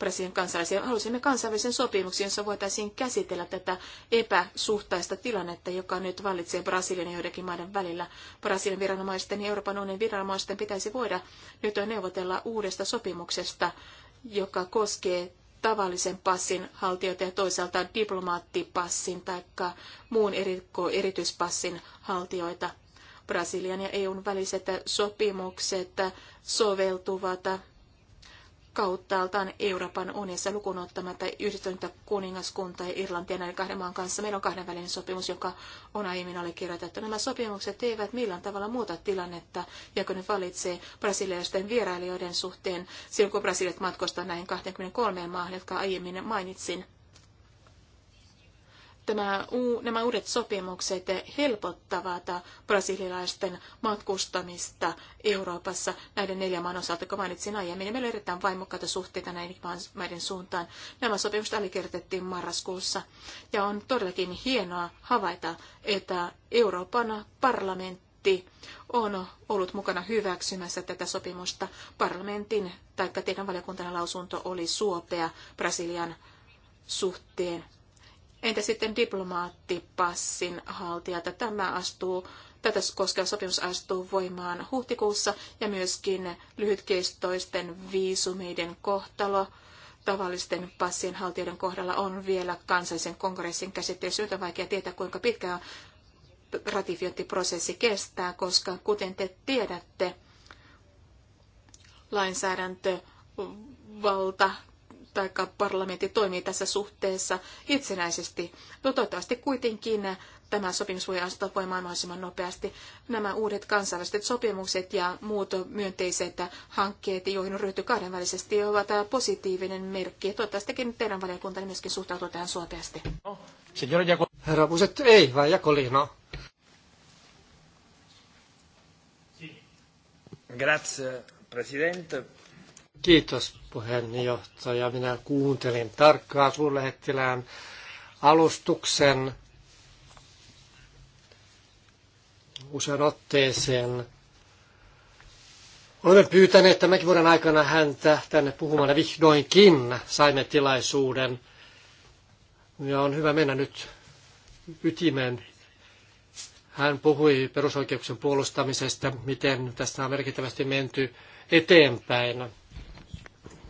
Brasilian kansalaisia. Halusimme kansainvälisen sopimuksen, jossa voitaisiin käsitellä tätä epäsuhtaista tilannetta, joka nyt vallitsee Brasilian ja joidenkin maiden välillä. Brasilian viranomaisten ja Euroopan unionin viranomaisten pitäisi voida nyt neuvotella uudesta sopimuksesta, joka koskee tavallisen passin haltijoita ja toisaalta diplomaattipassin tai muun erityispassin haltijoita. Brasilian ja EUn väliset sopimukset soveltuvat kauttaaltaan Euroopan unissa lukuun ottamatta yhdistynyttä kuningaskunta ja Irlantia näiden kahden maan kanssa. Meillä on kahdenvälinen sopimus, joka on aiemmin allekirjoitettu. Nämä sopimukset eivät millään tavalla muuta tilannetta, joka ne valitsee brasilialaisten vierailijoiden suhteen, silloin kun brasiliat matkustaa näihin 23 maahan, jotka aiemmin mainitsin tämä, nämä uudet sopimukset helpottavat brasilialaisten matkustamista Euroopassa näiden neljän maan osalta, kun mainitsin aiemmin. Meillä on erittäin vaimokkaita suhteita näiden maiden suuntaan. Nämä sopimukset alikirjoitettiin marraskuussa. Ja on todellakin hienoa havaita, että Euroopan parlamentti on ollut mukana hyväksymässä tätä sopimusta. Parlamentin tai teidän valiokuntana lausunto oli suopea Brasilian suhteen Entä sitten diplomaattipassin haltijat? Tämä astuu, tätä koskeva sopimus astuu voimaan huhtikuussa ja myöskin lyhytkestoisten viisumeiden kohtalo tavallisten passien haltijoiden kohdalla on vielä kansallisen kongressin käsittelyssä. Nyt on vaikea tietää, kuinka pitkä ratifiointiprosessi kestää, koska kuten te tiedätte, lainsäädäntövalta valta tai parlamentti toimii tässä suhteessa itsenäisesti. No toivottavasti kuitenkin tämä sopimus voi astua voimaan mahdollisimman nopeasti. Nämä uudet kansainväliset sopimukset ja muut myönteiset hankkeet, joihin on ryhty kahdenvälisesti, ovat positiivinen merkki. Toivottavastikin teidän valiokuntanne myöskin suhtautuu tähän suopeasti. No, Herra Buset, ei, vai Jakolino? Grazie, Presidente. Kiitos puheenjohtaja. Minä kuuntelin tarkkaan suurlähettilään alustuksen usean otteeseen. Olemme pyytäneet tämänkin vuoden aikana häntä tänne puhumaan vihdoinkin saimme tilaisuuden. Ja on hyvä mennä nyt ytimeen. Hän puhui perusoikeuksien puolustamisesta, miten tästä on merkittävästi menty eteenpäin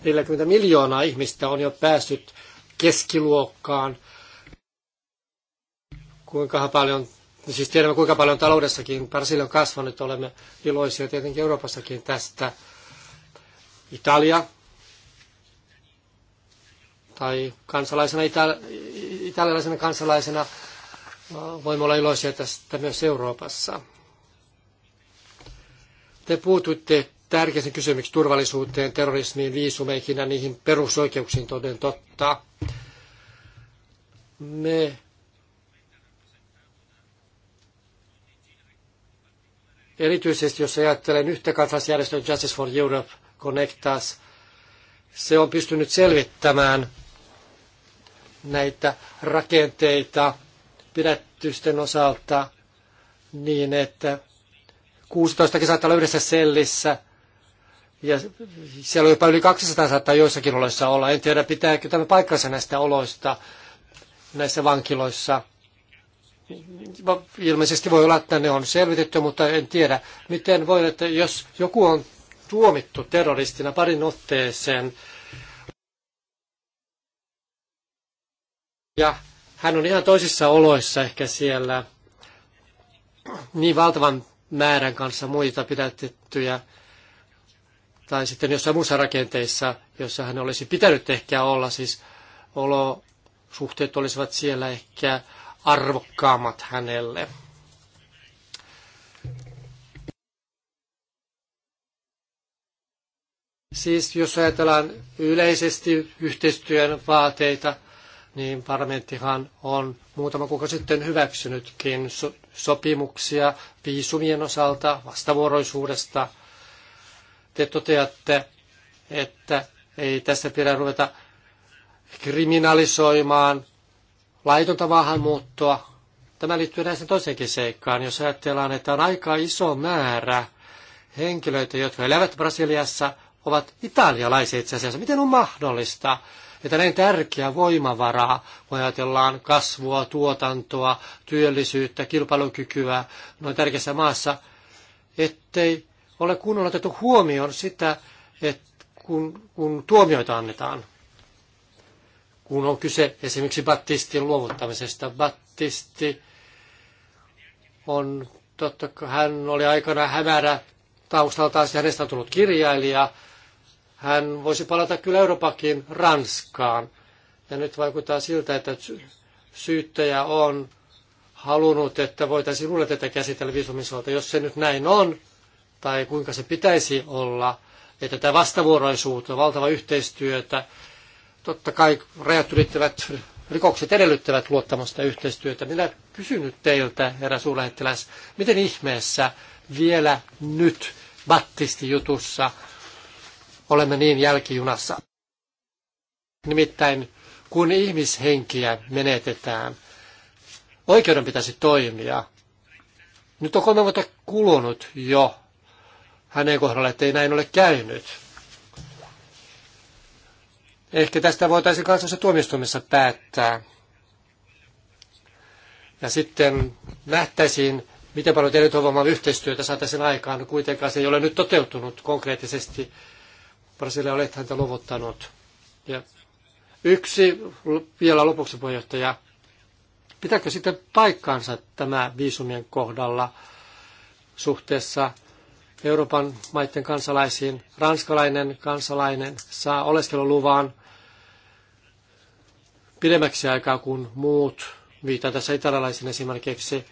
40 miljoonaa ihmistä on jo päässyt keskiluokkaan. Kuinka paljon, siis tiedämme kuinka paljon taloudessakin Brasilia on kasvanut, olemme iloisia tietenkin Euroopassakin tästä. Italia tai kansalaisena, ita, italialaisena kansalaisena äh, voimme olla iloisia tästä myös Euroopassa. Te puhutte tärkeisiin kysymyksiin turvallisuuteen, terrorismiin, viisumeihin ja niihin perusoikeuksiin toden totta. Me erityisesti jos ajattelen yhtä kansalaisjärjestöä Justice for Europe Connectas, se on pystynyt selvittämään näitä rakenteita pidätysten osalta niin, että 16 saattaa olla yhdessä sellissä – ja siellä on jopa yli 200 saattaa joissakin oloissa olla. En tiedä, pitääkö tämä paikkansa näistä oloista näissä vankiloissa. Ilmeisesti voi olla, että ne on selvitetty, mutta en tiedä, miten voi, että jos joku on tuomittu terroristina parin otteeseen ja hän on ihan toisissa oloissa ehkä siellä niin valtavan määrän kanssa muita pidätettyjä, tai sitten jossain muussa rakenteissa, jossa hän olisi pitänyt ehkä olla, siis olosuhteet olisivat siellä ehkä arvokkaammat hänelle. Siis jos ajatellaan yleisesti yhteistyön vaateita, niin parlamenttihan on muutama kuukausi sitten hyväksynytkin sopimuksia viisumien osalta, vastavuoroisuudesta – te toteatte, että ei tässä pidä ruveta kriminalisoimaan laitonta maahanmuuttoa. Tämä liittyy näihin toiseenkin seikkaan. Jos ajatellaan, että on aika iso määrä henkilöitä, jotka elävät Brasiliassa, ovat italialaisia itse asiassa. Miten on mahdollista, että näin tärkeä voimavara, kun ajatellaan kasvua, tuotantoa, työllisyyttä, kilpailukykyä noin tärkeässä maassa, ettei ole kunnolla otettu huomioon sitä, että kun, kun tuomioita annetaan. Kun on kyse esimerkiksi Battistin luovuttamisesta. Battisti on totta hän oli aikana hämärä Taustalta ja siis hänestä on tullut kirjailija. Hän voisi palata kyllä Euroopakin Ranskaan. Ja nyt vaikuttaa siltä, että syyttäjä on halunnut, että voitaisiin uudelleen tätä käsitellä viisumisolta. Jos se nyt näin on, tai kuinka se pitäisi olla, ja tätä vastavuoroisuutta, valtava yhteistyötä. Totta kai rajat ylittävät rikokset edellyttävät luottamusta ja yhteistyötä. Minä kysyn nyt teiltä, herra suurlähettiläs, miten ihmeessä vielä nyt Battisti-jutussa olemme niin jälkijunassa? Nimittäin kun ihmishenkiä menetetään, oikeuden pitäisi toimia. Nyt on kolme vuotta kulunut jo hänen kohdalla, ettei näin ole käynyt. Ehkä tästä voitaisiin kansallisessa tuomioistuimessa päättää. Ja sitten nähtäisiin, miten paljon teidän toivomaan yhteistyötä saataisiin aikaan. No kuitenkaan se ei ole nyt toteutunut konkreettisesti. Brasilia olet häntä luvuttanut. Ja yksi vielä lopuksi puheenjohtaja. Pitääkö sitten paikkaansa tämä viisumien kohdalla suhteessa Euroopan maiden kansalaisiin. Ranskalainen kansalainen saa oleskeluluvan pidemmäksi aikaa kuin muut. Viitan tässä italialaisen esimerkiksi.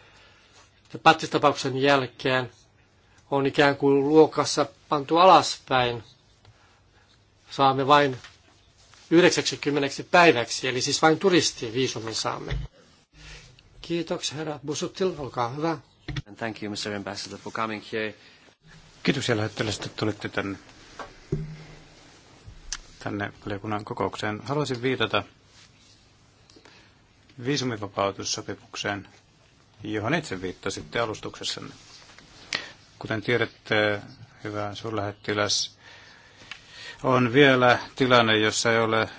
Pattistapauksen jälkeen on ikään kuin luokassa pantu alaspäin. Saamme vain 90 päiväksi, eli siis vain turistiviisumin saamme. Kiitoksia herra Busuttil, olkaa hyvä. And thank you, Mr. Ambassador, for coming here. Kiitoksia lähettilästä, että tulitte tänne, tänne valiokunnan kokoukseen. Haluaisin viitata viisumivapautussopimukseen, johon itse viittasitte alustuksessanne. Kuten tiedätte, hyvä suurlähettiläs, on vielä tilanne, jossa ei ole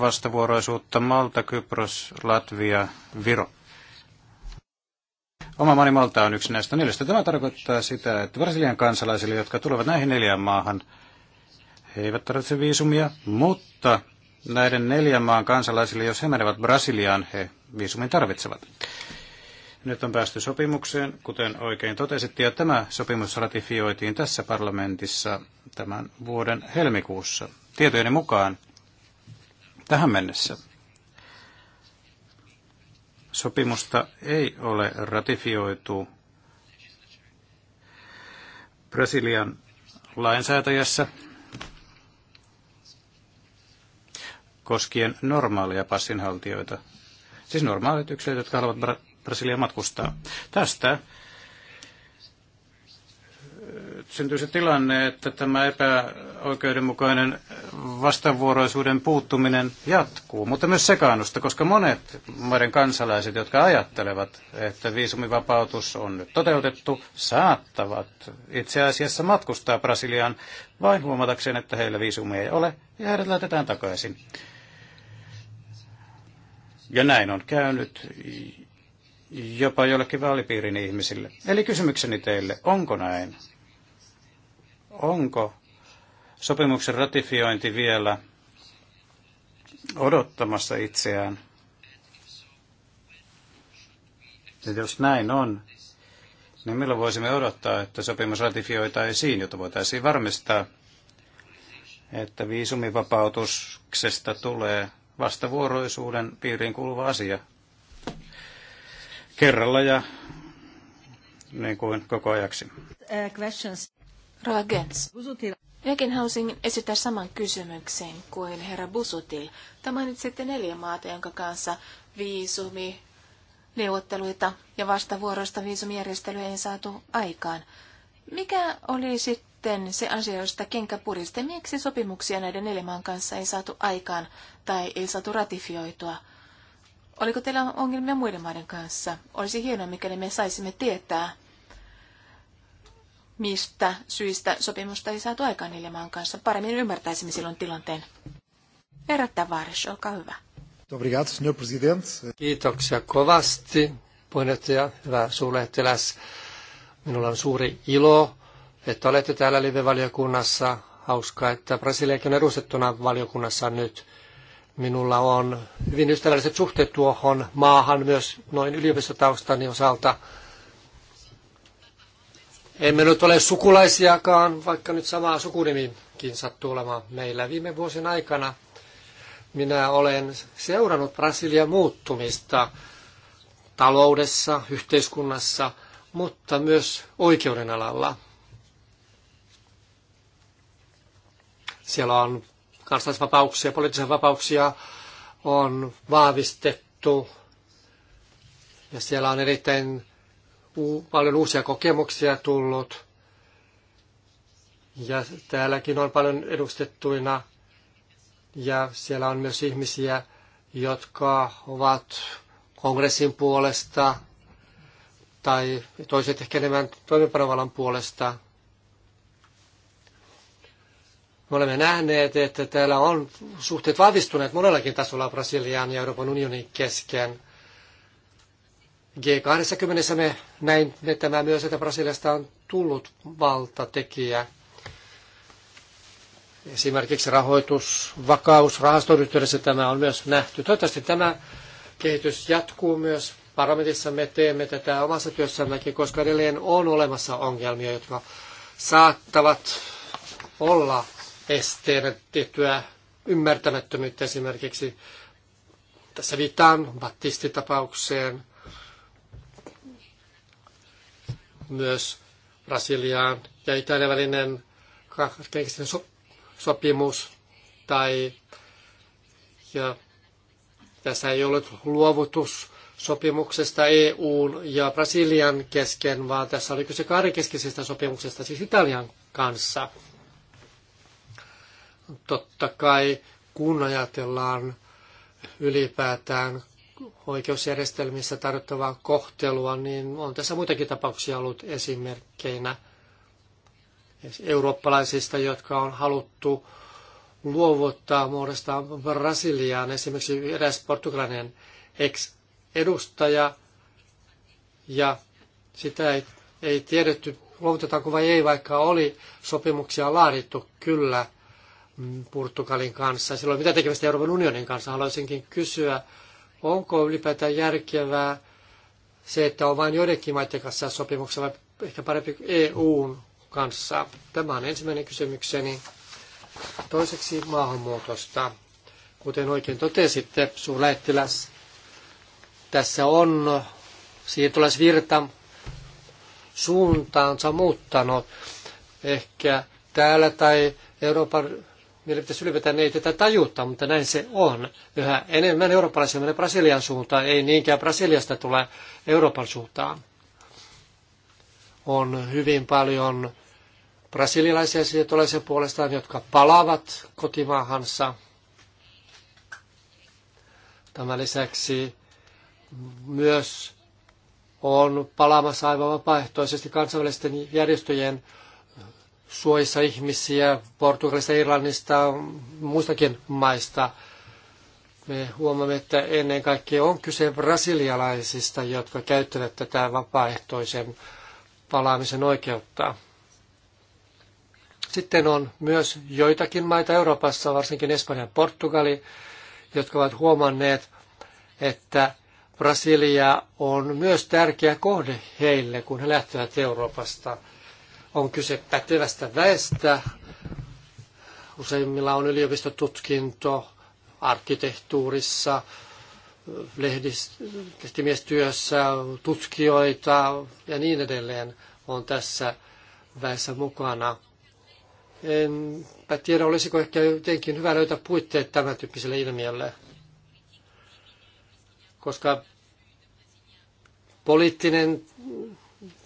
vastavuoroisuutta Malta, Kypros, Latvia, Viro. Oma maani Malta on yksi näistä neljästä. Tämä tarkoittaa sitä, että Brasilian kansalaisille, jotka tulevat näihin neljään maahan, he eivät tarvitse viisumia, mutta näiden neljän maan kansalaisille, jos he menevät Brasiliaan, he viisumin tarvitsevat. Nyt on päästy sopimukseen, kuten oikein totesitte, ja tämä sopimus ratifioitiin tässä parlamentissa tämän vuoden helmikuussa. Tietojeni mukaan tähän mennessä Sopimusta ei ole ratifioitu Brasilian lainsäätäjässä koskien normaaleja passinhaltijoita. Siis normaalit yksilöt, jotka haluavat Brasiliaan matkustaa. Tästä syntyy se tilanne, että tämä epäoikeudenmukainen vastavuoroisuuden puuttuminen jatkuu, mutta myös sekaannusta, koska monet maiden kansalaiset, jotka ajattelevat, että viisumivapautus on nyt toteutettu, saattavat itse asiassa matkustaa Brasiliaan vain huomatakseen, että heillä viisumi ei ole ja heidät lähetetään takaisin. Ja näin on käynyt jopa jollekin vaalipiirin ihmisille. Eli kysymykseni teille, onko näin? onko sopimuksen ratifiointi vielä odottamassa itseään. Ja jos näin on, niin milloin voisimme odottaa, että sopimus ratifioitaisiin, jotta voitaisiin varmistaa, että viisumivapautuksesta tulee vastavuoroisuuden piiriin kuuluva asia kerralla ja niin kuin koko ajaksi. Uh, Ragens. Gens. Minäkin halusin esittää saman kysymyksen kuin herra Busutil. Tämä mainitsitte neljä maata, jonka kanssa viisumi, neuvotteluita ja vastavuoroista viisumijärjestelyä ei saatu aikaan. Mikä oli sitten se asia, josta kenkä puriste? Miksi sopimuksia näiden neljän maan kanssa ei saatu aikaan tai ei saatu ratifioitua? Oliko teillä ongelmia muiden maiden kanssa? Olisi hienoa, mikäli me saisimme tietää mistä syistä sopimusta ei saatu aikaan Ilmaan kanssa. Paremmin ymmärtäisimme silloin tilanteen. Herra Tavares, olkaa hyvä. Kiitoksia kovasti, puheenjohtaja, hyvä suurlähettiläs. Minulla on suuri ilo, että olette täällä live-valiokunnassa. Hauskaa, että Brasiliakin on edustettuna valiokunnassa nyt. Minulla on hyvin ystävälliset suhteet tuohon maahan myös noin yliopistotaustani osalta emme nyt ole sukulaisiakaan, vaikka nyt samaa sukunimikin sattuu olemaan meillä. Viime vuosien aikana minä olen seurannut Brasilian muuttumista taloudessa, yhteiskunnassa, mutta myös oikeuden alalla. Siellä on kansalaisvapauksia, poliittisia vapauksia on vahvistettu ja siellä on erittäin paljon uusia kokemuksia tullut. Ja täälläkin on paljon edustettuina. Ja siellä on myös ihmisiä, jotka ovat kongressin puolesta tai toiset ehkä enemmän toimipanovallan puolesta. Me olemme nähneet, että täällä on suhteet vahvistuneet monellakin tasolla Brasilian ja Euroopan unionin kesken. G20 me näin me tämä myös, että Brasiliasta on tullut valtatekijä. Esimerkiksi rahoitus, vakaus, rahaston yhteydessä tämä on myös nähty. Toivottavasti tämä kehitys jatkuu myös. Parlamentissa me teemme tätä omassa työssämmekin, koska edelleen on olemassa ongelmia, jotka saattavat olla esteenä tiettyä ymmärtämättömyyttä esimerkiksi. Tässä viittaan Battistitapaukseen. tapaukseen myös Brasiliaan ja Italian välinen sopimus tai ja tässä ei ollut luovutus sopimuksesta EUn ja Brasilian kesken, vaan tässä oli kyse kahdenkeskisestä sopimuksesta, siis Italian kanssa. Totta kai kun ajatellaan ylipäätään oikeusjärjestelmissä tarjottavaa kohtelua, niin on tässä muitakin tapauksia ollut esimerkkeinä eurooppalaisista, jotka on haluttu luovuttaa muodostaa Brasiliaan. Esimerkiksi eräs portugalainen ex-edustaja, ja sitä ei, ei tiedetty, luovutetaanko vai ei, vaikka oli sopimuksia laadittu kyllä mm, Portugalin kanssa. Silloin mitä tekemistä Euroopan unionin kanssa haluaisinkin kysyä, onko ylipäätään järkevää se, että on vain joidenkin maiden kanssa sopimuksia vai ehkä parempi EUn kanssa. Tämä on ensimmäinen kysymykseni. Toiseksi maahanmuutosta. Kuten oikein totesitte, suurlähettiläs, tässä on siirtolaisvirta suuntaansa muuttanut. Ehkä täällä tai Euroopan meidän pitäisi ylipäätään ei tätä tajuta, mutta näin se on. Yhä enemmän eurooppalaisia menee Brasilian suuntaan, ei niinkään Brasiliasta tule Euroopan suuntaan. On hyvin paljon brasilialaisia siirtolaisia puolestaan, jotka palaavat kotimaahansa. Tämän lisäksi myös on palaamassa aivan vapaaehtoisesti kansainvälisten järjestöjen suojissa ihmisiä Portugalista, Irlannista, muistakin maista. Me huomaamme, että ennen kaikkea on kyse brasilialaisista, jotka käyttävät tätä vapaaehtoisen palaamisen oikeutta. Sitten on myös joitakin maita Euroopassa, varsinkin Espanja ja Portugali, jotka ovat huomanneet, että Brasilia on myös tärkeä kohde heille, kun he lähtevät Euroopasta – on kyse pätevästä väestä. Useimmilla on yliopistotutkinto arkkitehtuurissa, lehtimiestyössä, tutkijoita ja niin edelleen on tässä väessä mukana. En tiedä, olisiko ehkä jotenkin hyvä löytää puitteet tämän tyyppiselle ilmiölle, koska poliittinen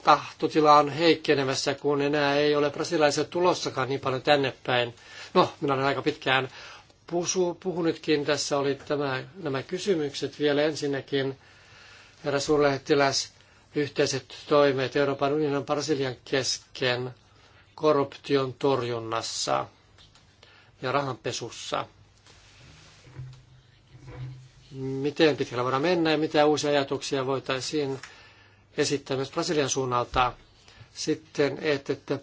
tahtotila on heikkenemässä, kun enää ei ole brasilaisia tulossakaan niin paljon tänne päin. No, minä olen aika pitkään puhunutkin. Tässä oli tämä, nämä kysymykset vielä ensinnäkin. Herra suurlähettiläs, yhteiset toimet Euroopan unionin Brasilian kesken korruption torjunnassa ja rahanpesussa. Miten pitkällä voidaan mennä ja mitä uusia ajatuksia voitaisiin esittää myös Brasilian suunnalta sitten, että, että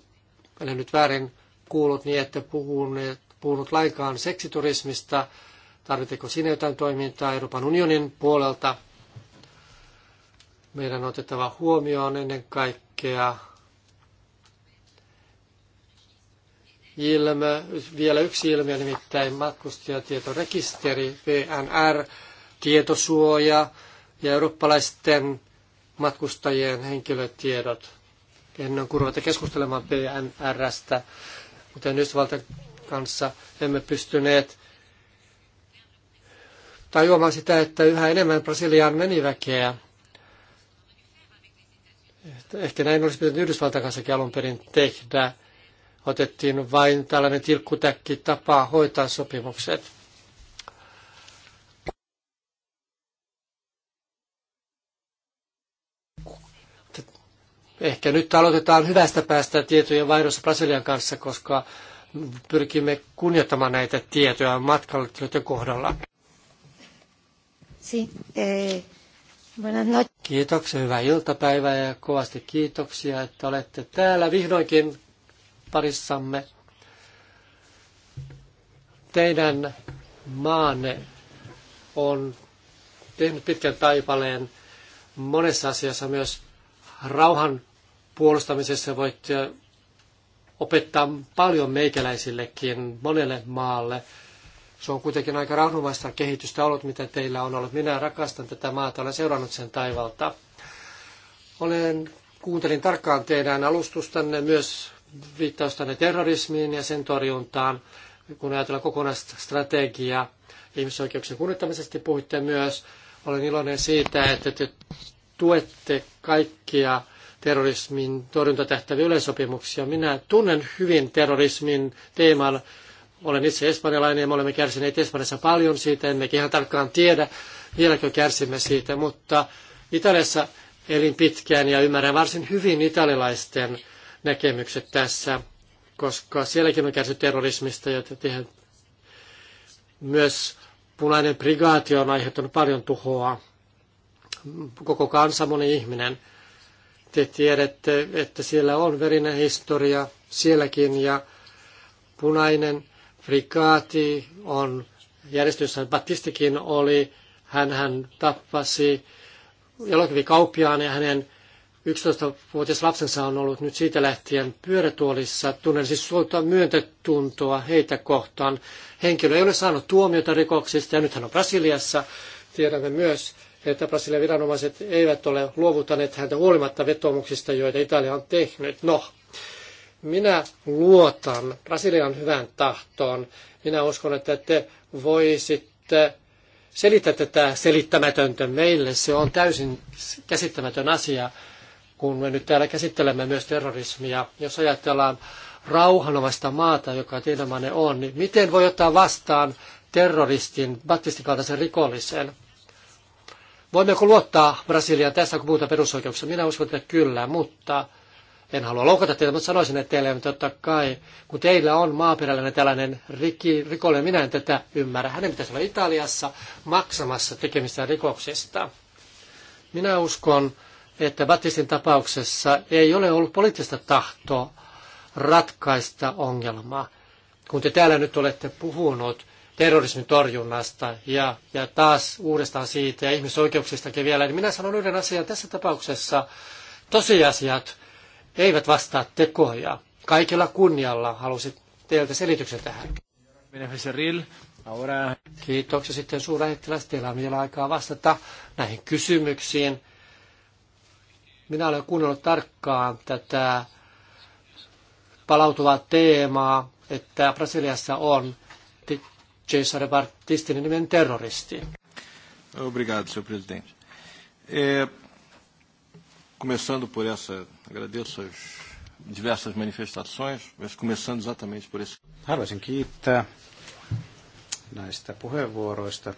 olen nyt väärin kuullut niin, että puhunut, puhunut lainkaan seksiturismista, tarvitseeko sinne jotain toimintaa Euroopan unionin puolelta. Meidän on otettava huomioon ennen kaikkea ilme, vielä yksi ilmiö, nimittäin matkustajatietorekisteri, VNR, tietosuoja ja eurooppalaisten matkustajien henkilötiedot. Ennen kuin ruveta keskustelemaan PNRstä, kuten Yhdysvaltain kanssa emme pystyneet tajuamaan sitä, että yhä enemmän Brasiliaan meni väkeä. Ehkä näin olisi pitänyt Yhdysvaltain kanssa alun perin tehdä. Otettiin vain tällainen tilkkutäkki tapaa hoitaa sopimukset. Ehkä nyt aloitetaan hyvästä päästä tietojen vaihdossa Brasilian kanssa, koska pyrkimme kunnioittamaan näitä tietoja matkailijoiden kohdalla. Si, eh, Kiitoksia, hyvää iltapäivää ja kovasti kiitoksia, että olette täällä vihdoinkin parissamme. Teidän maanne on tehnyt pitkän taipaleen monessa asiassa myös rauhan puolustamisessa voit opettaa paljon meikäläisillekin monelle maalle. Se on kuitenkin aika rauhanomaista kehitystä ollut, mitä teillä on ollut. Minä rakastan tätä maata, olen seurannut sen taivalta. Olen, kuuntelin tarkkaan teidän alustustanne, myös viittaustanne terrorismiin ja sen torjuntaan, kun ajatellaan kokonaista strategiaa ihmisoikeuksien kunnittamisesta puhuitte myös. Olen iloinen siitä, että te tuette kaikkia terrorismin torjunta tähtäviä yleisopimuksia. Minä tunnen hyvin terrorismin teeman. Olen itse espanjalainen ja me olemme kärsineet Espanjassa paljon siitä, Emme ihan tarkkaan tiedä, vieläkö kärsimme siitä, mutta Italiassa elin pitkään ja ymmärrän varsin hyvin italialaisten näkemykset tässä, koska sielläkin on kärsinyt terrorismista ja myös punainen brigaatio on aiheuttanut paljon tuhoa. Koko kansa, moni ihminen. Te tiedätte, että siellä on verinen historia sielläkin ja punainen frikaati on järjestössä. Battistikin oli, hän, hän tappasi elokuvikauppiaan ja hänen 11-vuotias lapsensa on ollut nyt siitä lähtien pyörätuolissa. Tunnen siis suolta myöntetuntoa heitä kohtaan. Henkilö ei ole saanut tuomiota rikoksista ja nyt hän on Brasiliassa. Tiedämme myös, että Brasilian viranomaiset eivät ole luovuttaneet häntä huolimatta vetoomuksista, joita Italia on tehnyt. No, minä luotan Brasilian hyvään tahtoon. Minä uskon, että te voisitte selittää tätä selittämätöntä meille. Se on täysin käsittämätön asia, kun me nyt täällä käsittelemme myös terrorismia. Jos ajatellaan rauhanomaista maata, joka teidän maanne on, niin miten voi ottaa vastaan terroristin, battistikaltaisen rikollisen? Voimmeko luottaa Brasiliaan tässä, kun puhutaan perusoikeuksia? Minä uskon, että kyllä, mutta en halua loukata teitä, mutta sanoisin että teille, että totta kai, kun teillä on maaperällinen tällainen rikollinen, minä en tätä ymmärrä. Hänen pitäisi olla Italiassa maksamassa tekemistä rikoksista. Minä uskon, että Batistin tapauksessa ei ole ollut poliittista tahtoa ratkaista ongelmaa. Kun te täällä nyt olette puhunut terrorismin torjunnasta ja, ja taas uudestaan siitä ja ihmisoikeuksistakin vielä, niin minä sanon yhden asian. Tässä tapauksessa tosiasiat eivät vastaa tekoja. Kaikella kunnialla halusin teiltä selityksen tähän. Kiitoksia sitten suurlähettiläs. Teillä on vielä aikaa vastata näihin kysymyksiin. Minä olen kuunnellut tarkkaan tätä palautuvaa teemaa, että Brasiliassa on Cesare Battistin nimen terroristi. Obrigado, senhor presidente. É, começando por essa, agradeço as diversas manifestações, mas começando exatamente por esse. Haluaisin kiittää näistä puheenvuoroista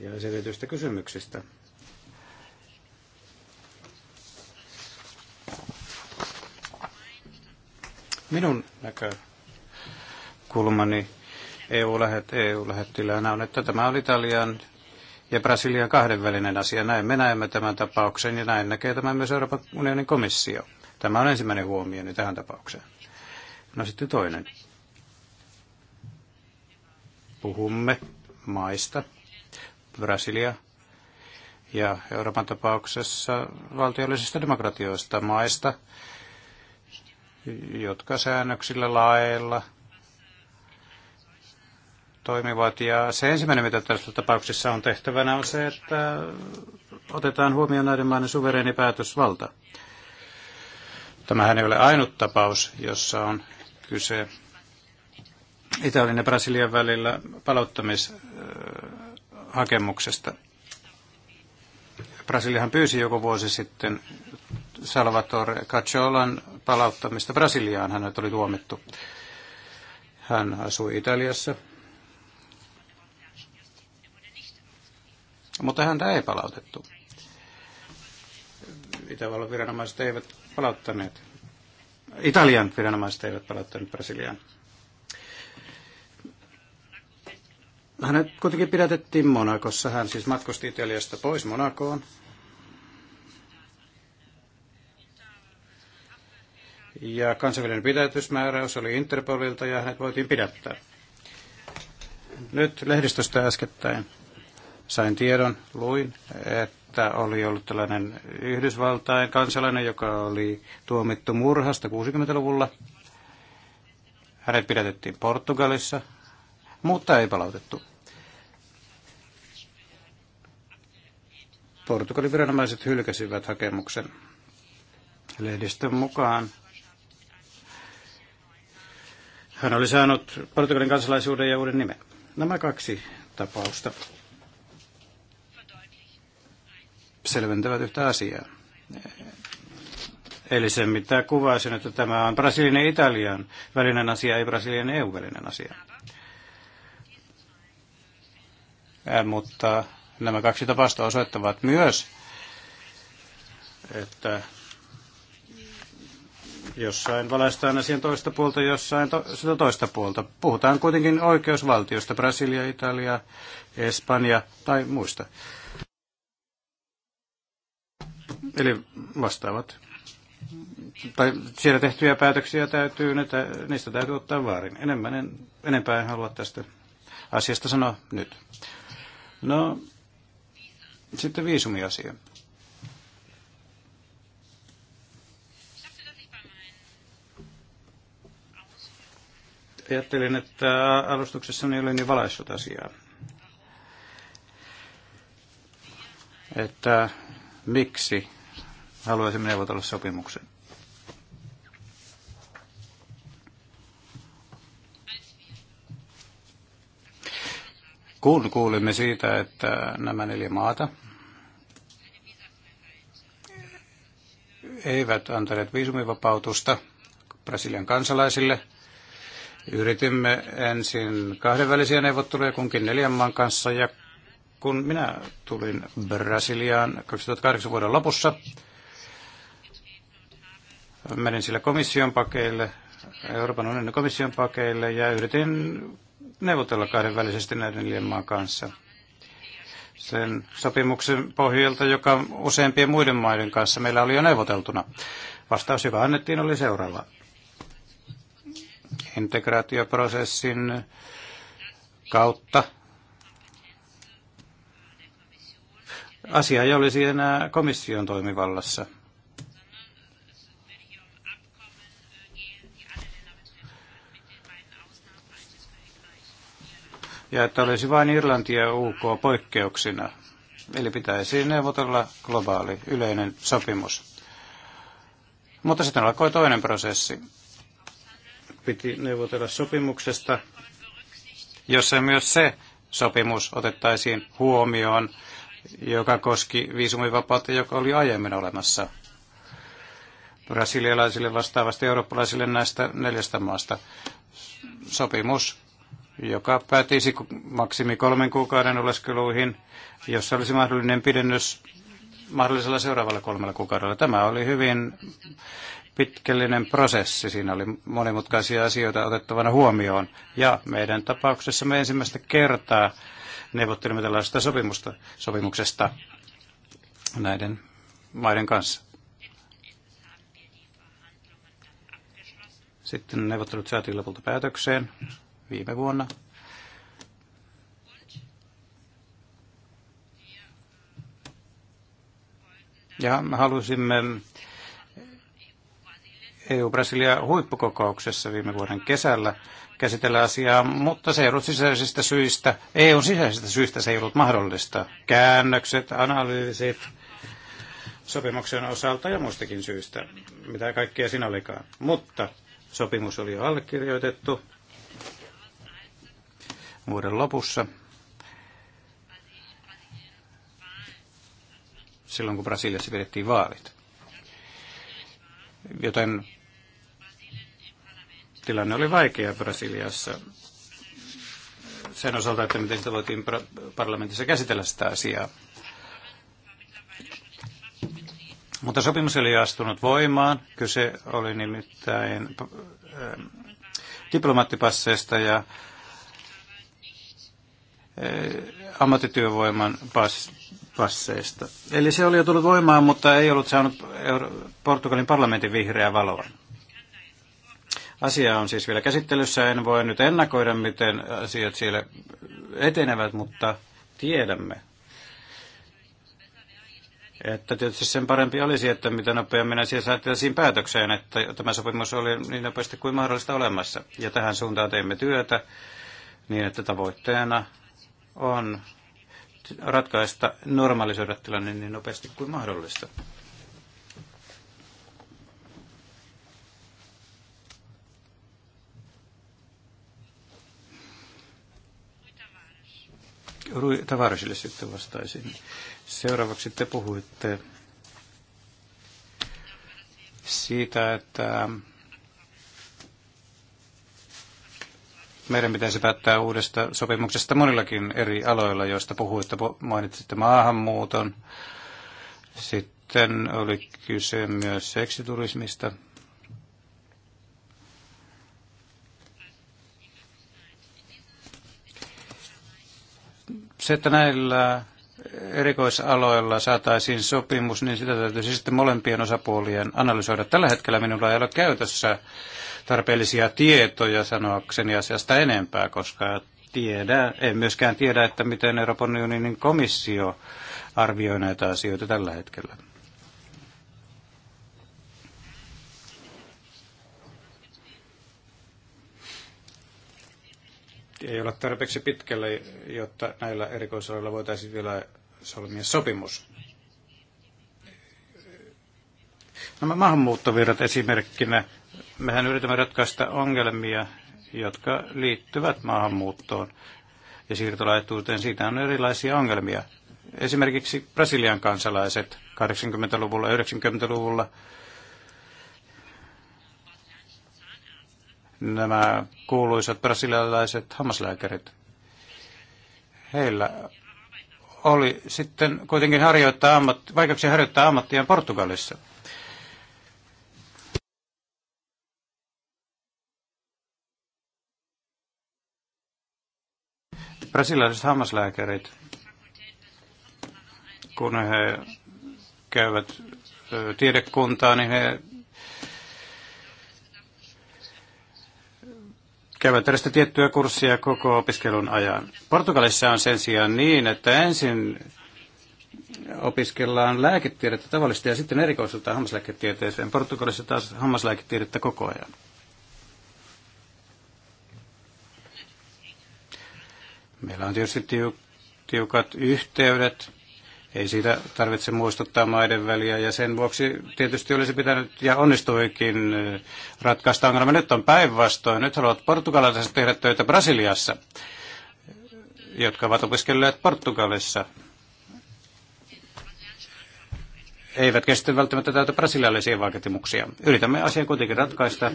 ja esitetyistä kysymyksistä. Minun näkökulmani EU-lähet, EU-lähettiläänä on, että tämä oli Italian ja Brasilian kahdenvälinen asia. Näin me näemme tämän tapauksen ja näin näkee tämän myös Euroopan unionin komissio. Tämä on ensimmäinen niin tähän tapaukseen. No sitten toinen. Puhumme maista. Brasilia ja Euroopan tapauksessa valtiollisista demokratioista maista, jotka säännöksillä laeilla – toimivat. Ja se ensimmäinen, mitä tässä tapauksessa on tehtävänä, on se, että otetaan huomioon näiden maiden suvereeni päätösvalta. Tämähän ei ole ainut tapaus, jossa on kyse Italian ja Brasilian välillä palauttamishakemuksesta. Brasiliahan pyysi joku vuosi sitten Salvatore Cacciolan palauttamista Brasiliaan. Hänet oli tuomittu. Hän asui Italiassa Mutta häntä ei palautettu. Itävallan viranomaiset eivät palauttaneet. Italian viranomaiset eivät palauttaneet Brasiliaan. Hänet kuitenkin pidätettiin Monakossa. Hän siis matkusti Italiasta pois Monakoon. Ja kansainvälinen pidätysmääräys oli Interpolilta ja hänet voitiin pidättää. Nyt lehdistöstä äskettäin sain tiedon, luin, että oli ollut tällainen Yhdysvaltain kansalainen, joka oli tuomittu murhasta 60-luvulla. Hänet pidätettiin Portugalissa, mutta ei palautettu. Portugalin viranomaiset hylkäsivät hakemuksen. Lehdistön mukaan hän oli saanut Portugalin kansalaisuuden ja uuden nimen. Nämä kaksi tapausta selventävät yhtä asiaa. Eli se, mitä kuvasin, että tämä on Brasilian ja Italian välinen asia, ei Brasilian ja EU-välinen asia. Ja, mutta nämä kaksi tapausta osoittavat myös, että jossain valaistaan asian toista puolta, jossain to, sitä toista puolta. Puhutaan kuitenkin oikeusvaltiosta, Brasilia, Italia, Espanja tai muista. Eli vastaavat. Tai siellä tehtyjä päätöksiä täytyy, ne, niistä täytyy ottaa vaarin. Enemmän en, enempää en halua tästä asiasta sanoa nyt. No, sitten viisumiasia. Ajattelin, että alustuksessani olin niin valaissut asiaa. Että miksi haluaisimme neuvotella sopimuksen. Kun kuulimme siitä, että nämä neljä maata eivät antaneet viisumivapautusta Brasilian kansalaisille, Yritimme ensin kahdenvälisiä neuvotteluja kunkin neljän maan kanssa ja kun minä tulin Brasiliaan 2008 vuoden lopussa, Menin sille komission pakeille, Euroopan unionin komission pakeille ja yritin neuvotella kahdenvälisesti näiden neljän kanssa sen sopimuksen pohjalta, joka useimpien muiden maiden kanssa meillä oli jo neuvoteltuna. Vastaus, joka annettiin, oli seuraava. Integraatioprosessin kautta asia ei olisi enää komission toimivallassa. ja että olisi vain Irlanti ja UK poikkeuksina. Eli pitäisi neuvotella globaali yleinen sopimus. Mutta sitten alkoi toinen prosessi. Piti neuvotella sopimuksesta, jossa myös se sopimus otettaisiin huomioon, joka koski viisumivapautta, joka oli aiemmin olemassa brasilialaisille vastaavasti eurooppalaisille näistä neljästä maasta. Sopimus joka päätisi maksimi kolmen kuukauden oleskeluihin, jossa olisi mahdollinen pidennys mahdollisella seuraavalla kolmella kuukaudella. Tämä oli hyvin pitkällinen prosessi. Siinä oli monimutkaisia asioita otettavana huomioon. Ja meidän tapauksessa me ensimmäistä kertaa neuvottelimme tällaista sopimusta, sopimuksesta näiden maiden kanssa. Sitten neuvottelut saatiin lopulta päätökseen viime vuonna. Ja halusimme EU-Brasilia huippukokouksessa viime vuoden kesällä käsitellä asiaa, mutta se ei ollut sisäisistä syistä, EUn sisäisistä syistä se ei ollut mahdollista. Käännökset, analyysit, sopimuksen osalta ja muistakin syistä, mitä kaikkea siinä olikaan. Mutta sopimus oli jo allekirjoitettu, vuoden lopussa. silloin, kun Brasiliassa vedettiin vaalit. Joten tilanne oli vaikea Brasiliassa sen osalta, että miten sitä voitiin parlamentissa käsitellä sitä asiaa. Mutta sopimus oli astunut voimaan. Kyse oli nimittäin ähm, diplomaattipassista ja ammattityövoiman passeista. Eli se oli jo tullut voimaan, mutta ei ollut saanut Portugalin parlamentin vihreää valoa. Asia on siis vielä käsittelyssä. En voi nyt ennakoida, miten asiat siellä etenevät, mutta tiedämme, että tietysti sen parempi olisi, että mitä nopeammin asia saataisiin päätökseen, että tämä sopimus oli niin nopeasti kuin mahdollista olemassa. Ja tähän suuntaan teimme työtä niin, että tavoitteena on ratkaista normalisoida tilanne niin nopeasti kuin mahdollista. Tavarisille sitten vastaisin. Seuraavaksi te puhuitte siitä, että meidän pitäisi päättää uudesta sopimuksesta monillakin eri aloilla, joista puhuitte, mainitsitte maahanmuuton. Sitten oli kyse myös seksiturismista. Se, että näillä erikoisaloilla saataisiin sopimus, niin sitä täytyisi sitten molempien osapuolien analysoida. Tällä hetkellä minulla ei ole käytössä tarpeellisia tietoja sanoakseni asiasta enempää, koska tiedä, en myöskään tiedä, että miten Euroopan unionin komissio arvioi näitä asioita tällä hetkellä. Ei ole tarpeeksi pitkälle, jotta näillä erikoisaloilla voitaisiin vielä solmia sopimus. Nämä maahanmuuttovirrat esimerkkinä Mehän yritämme ratkaista ongelmia, jotka liittyvät maahanmuuttoon ja siirtolaituuteen. Siitä on erilaisia ongelmia. Esimerkiksi Brasilian kansalaiset 80-luvulla, 90-luvulla nämä kuuluisat brasilialaiset hammaslääkärit. Heillä oli sitten kuitenkin harjoittaa ammatti, vaikeuksia harjoittaa ammattia Portugalissa. Brasilialaiset hammaslääkärit, kun he käyvät tiedekuntaa, niin he käyvät tästä tiettyä kurssia koko opiskelun ajan. Portugalissa on sen sijaan niin, että ensin opiskellaan lääketiedettä tavallisesti ja sitten erikoisuutta hammaslääketieteeseen. Portugalissa taas hammaslääketiedettä koko ajan. Meillä on tietysti tiukat yhteydet. Ei siitä tarvitse muistuttaa maiden väliä ja sen vuoksi tietysti olisi pitänyt ja onnistuikin ratkaista ongelma. Nyt on päinvastoin. Nyt haluat portugalaiset tehdä töitä Brasiliassa, jotka ovat opiskelleet Portugalissa. Eivät kestä välttämättä täytä brasilialaisia vaatimuksia. Yritämme asian kuitenkin ratkaista.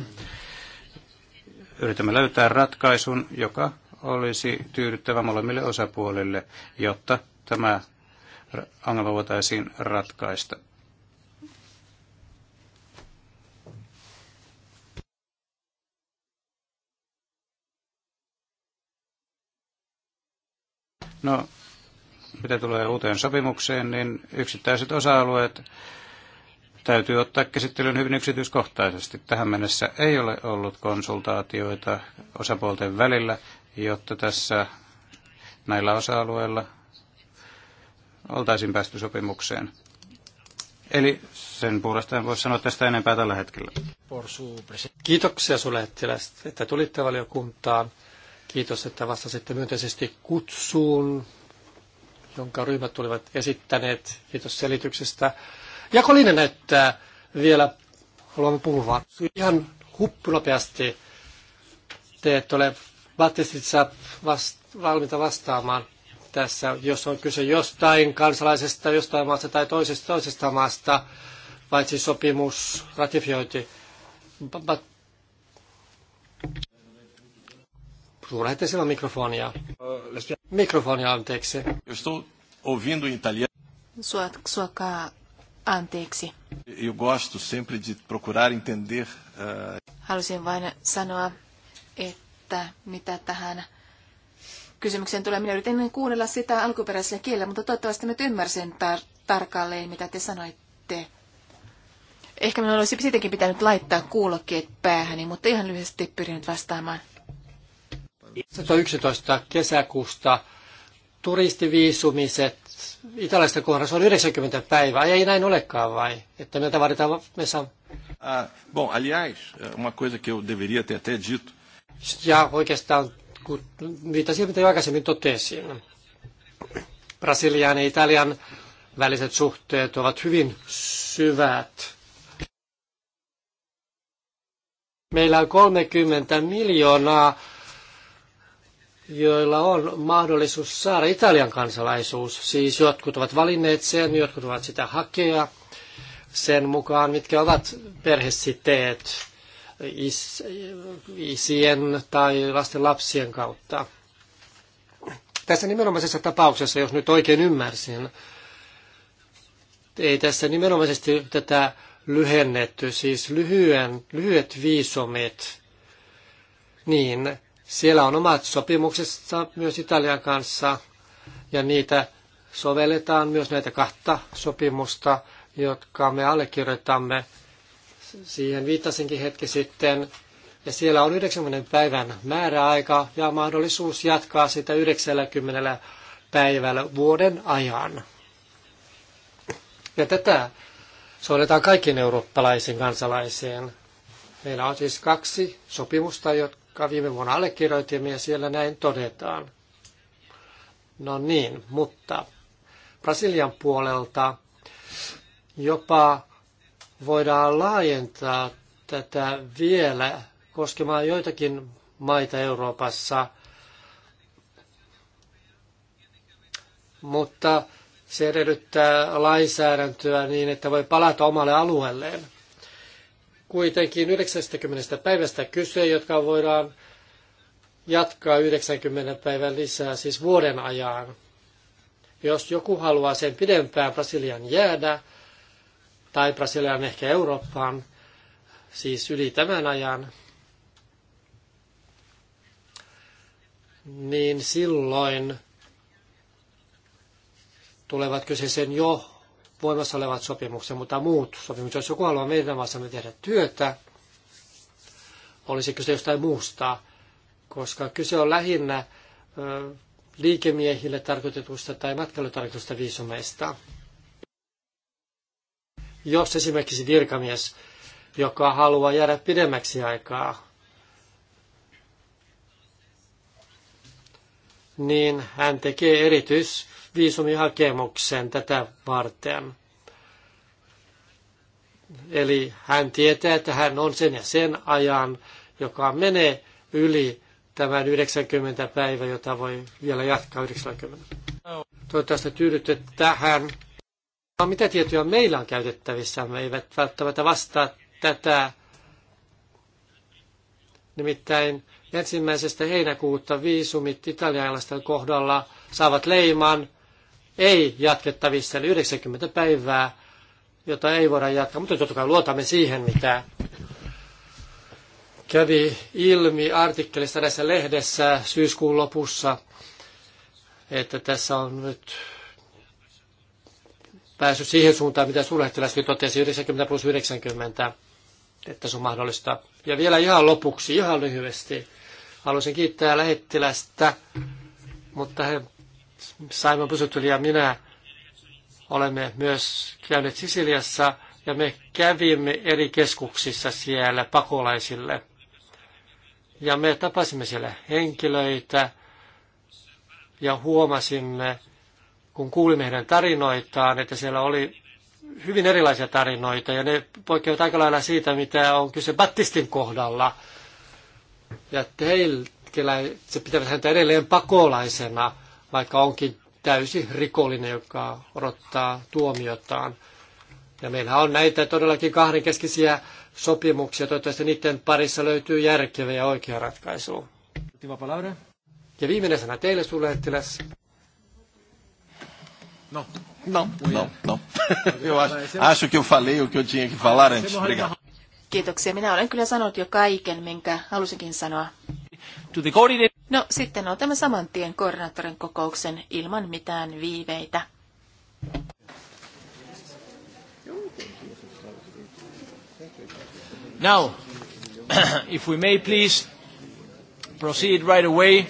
Yritämme löytää ratkaisun, joka olisi tyydyttävä molemmille osapuolille, jotta tämä ongelma voitaisiin ratkaista. No, mitä tulee uuteen sopimukseen, niin yksittäiset osa-alueet täytyy ottaa käsittelyyn hyvin yksityiskohtaisesti. Tähän mennessä ei ole ollut konsultaatioita osapuolten välillä jotta tässä näillä osa-alueilla oltaisiin päästy sopimukseen. Eli sen puolesta en voi sanoa tästä enempää tällä hetkellä. Kiitoksia sinulle, että tulitte valiokuntaan. Kiitos, että vastasitte myönteisesti kutsuun, jonka ryhmät tulivat esittäneet. Kiitos selityksestä. Ja Kolina näyttää vielä, haluamme puhua ihan huppunopeasti. Te ette ole Valtiossa valmiita vastaamaan tässä, jos on kyse jostain kansalaisesta, jostain maasta tai toisesta, toisesta maasta, paitsi sopimus, ratifiointi. But... Suurehti sillä mikrofonia. Mikrofonia, anteeksi. Estou ouvindo italiano. Suokaa anteeksi. Eu gosto sempre de procurar entender. Ah, Halusin vain sanoa, että että mitä tähän kysymykseen tulee. Minä yritin kuunnella sitä alkuperäisellä kielellä, mutta toivottavasti nyt ymmärsin tar- tarkalleen, mitä te sanoitte. Ehkä minun olisi sittenkin pitänyt laittaa kuulokkeet päähäni, mutta ihan lyhyesti pyrin nyt vastaamaan. 111. kesäkuusta turistiviisumiset italaisten kohdassa on 90 päivää. Ei näin olekaan vai? Että meiltä vaaditaan, me saa... Ah, bom, aliás, uma coisa que eu deveria ter até dito ja oikeastaan, kun viitasin, mitä jo aikaisemmin totesin, Brasilian ja Italian väliset suhteet ovat hyvin syvät. Meillä on 30 miljoonaa, joilla on mahdollisuus saada Italian kansalaisuus. Siis jotkut ovat valinneet sen, jotkut ovat sitä hakea sen mukaan, mitkä ovat perhesiteet isien tai lasten lapsien kautta. Tässä nimenomaisessa tapauksessa, jos nyt oikein ymmärsin, ei tässä nimenomaisesti tätä lyhennetty, siis lyhyen, lyhyet viisumit, niin siellä on omat sopimuksessa myös Italian kanssa, ja niitä sovelletaan myös näitä kahta sopimusta, jotka me allekirjoitamme – Siihen viittasinkin hetki sitten. Ja siellä on 90 päivän määräaika ja mahdollisuus jatkaa sitä 90 päivällä vuoden ajan. Ja tätä sovelletaan kaikkiin eurooppalaisiin kansalaisiin. Meillä on siis kaksi sopimusta, jotka viime vuonna allekirjoitimme ja siellä näin todetaan. No niin, mutta Brasilian puolelta jopa voidaan laajentaa tätä vielä koskemaan joitakin maita Euroopassa. Mutta se edellyttää lainsäädäntöä niin, että voi palata omalle alueelleen. Kuitenkin 90 päivästä kyse, jotka voidaan jatkaa 90 päivän lisää, siis vuoden ajan. Jos joku haluaa sen pidempään Brasilian jäädä, tai Brasilian ehkä Eurooppaan, siis yli tämän ajan, niin silloin tulevat kyseisen jo voimassa olevat sopimukset, mutta muut sopimukset. Jos joku haluaa meidän maassamme tehdä työtä, olisi kyse jostain muusta, koska kyse on lähinnä liikemiehille tarkoitetusta tai matkailutarkoitusta viisumeista. Jos esimerkiksi virkamies, joka haluaa jäädä pidemmäksi aikaa, niin hän tekee erityisviisumihakemuksen tätä varten. Eli hän tietää, että hän on sen ja sen ajan, joka menee yli tämän 90 päivä, jota voi vielä jatkaa 90. Toivottavasti tyydytte tähän mitä tietoja meillä on käytettävissä, me eivät välttämättä vastaa tätä. Nimittäin ensimmäisestä heinäkuuta viisumit italialaisten kohdalla saavat leiman ei jatkettavissa, eli 90 päivää, jota ei voida jatkaa, mutta totta kai luotamme siihen, mitä kävi ilmi artikkelista tässä lehdessä syyskuun lopussa, että tässä on nyt päässyt siihen suuntaan, mitä suurlähettiläskin totesi, 90 plus 90, että se on mahdollista. Ja vielä ihan lopuksi, ihan lyhyesti, haluaisin kiittää lähettilästä, mutta he, Simon Pysytyli ja minä olemme myös käyneet Sisiliassa ja me kävimme eri keskuksissa siellä pakolaisille. Ja me tapasimme siellä henkilöitä ja huomasimme, kun kuulimme heidän tarinoitaan, että siellä oli hyvin erilaisia tarinoita ja ne poikkeavat aika lailla siitä, mitä on kyse Battistin kohdalla. Ja teillä se pitävät häntä edelleen pakolaisena, vaikka onkin täysi rikollinen, joka odottaa tuomiotaan. Ja meillä on näitä todellakin kahdenkeskisiä sopimuksia. Toivottavasti niiden parissa löytyy järkevä ja oikea ratkaisu. Ja viimeinen sana teille, suurlähettiläs. Não. Não, não, não. Eu acho, acho que eu falei o que eu tinha que falar antes. Obrigado. Kiitoksia. Minä olen kyllä sanonut jo kaiken, minkä halusinkin sanoa. No sitten otamme saman tien koordinaattorin kokouksen ilman mitään viiveitä. Now, if we may please proceed right away,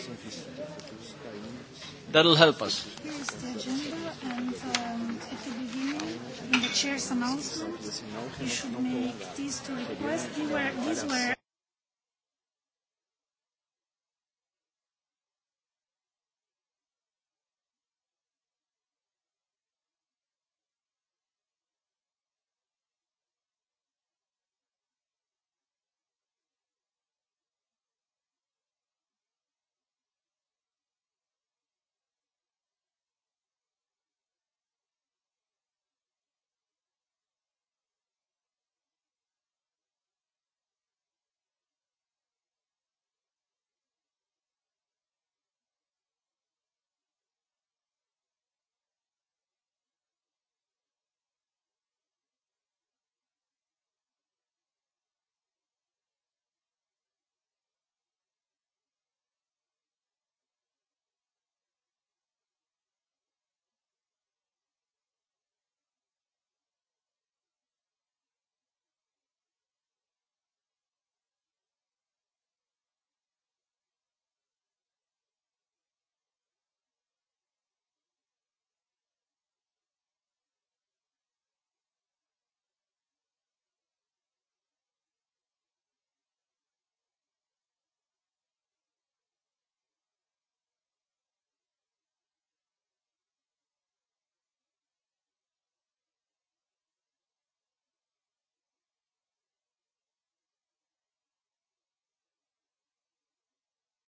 that'll help us. in the chair's announcement, you should make these two requests. These were, these were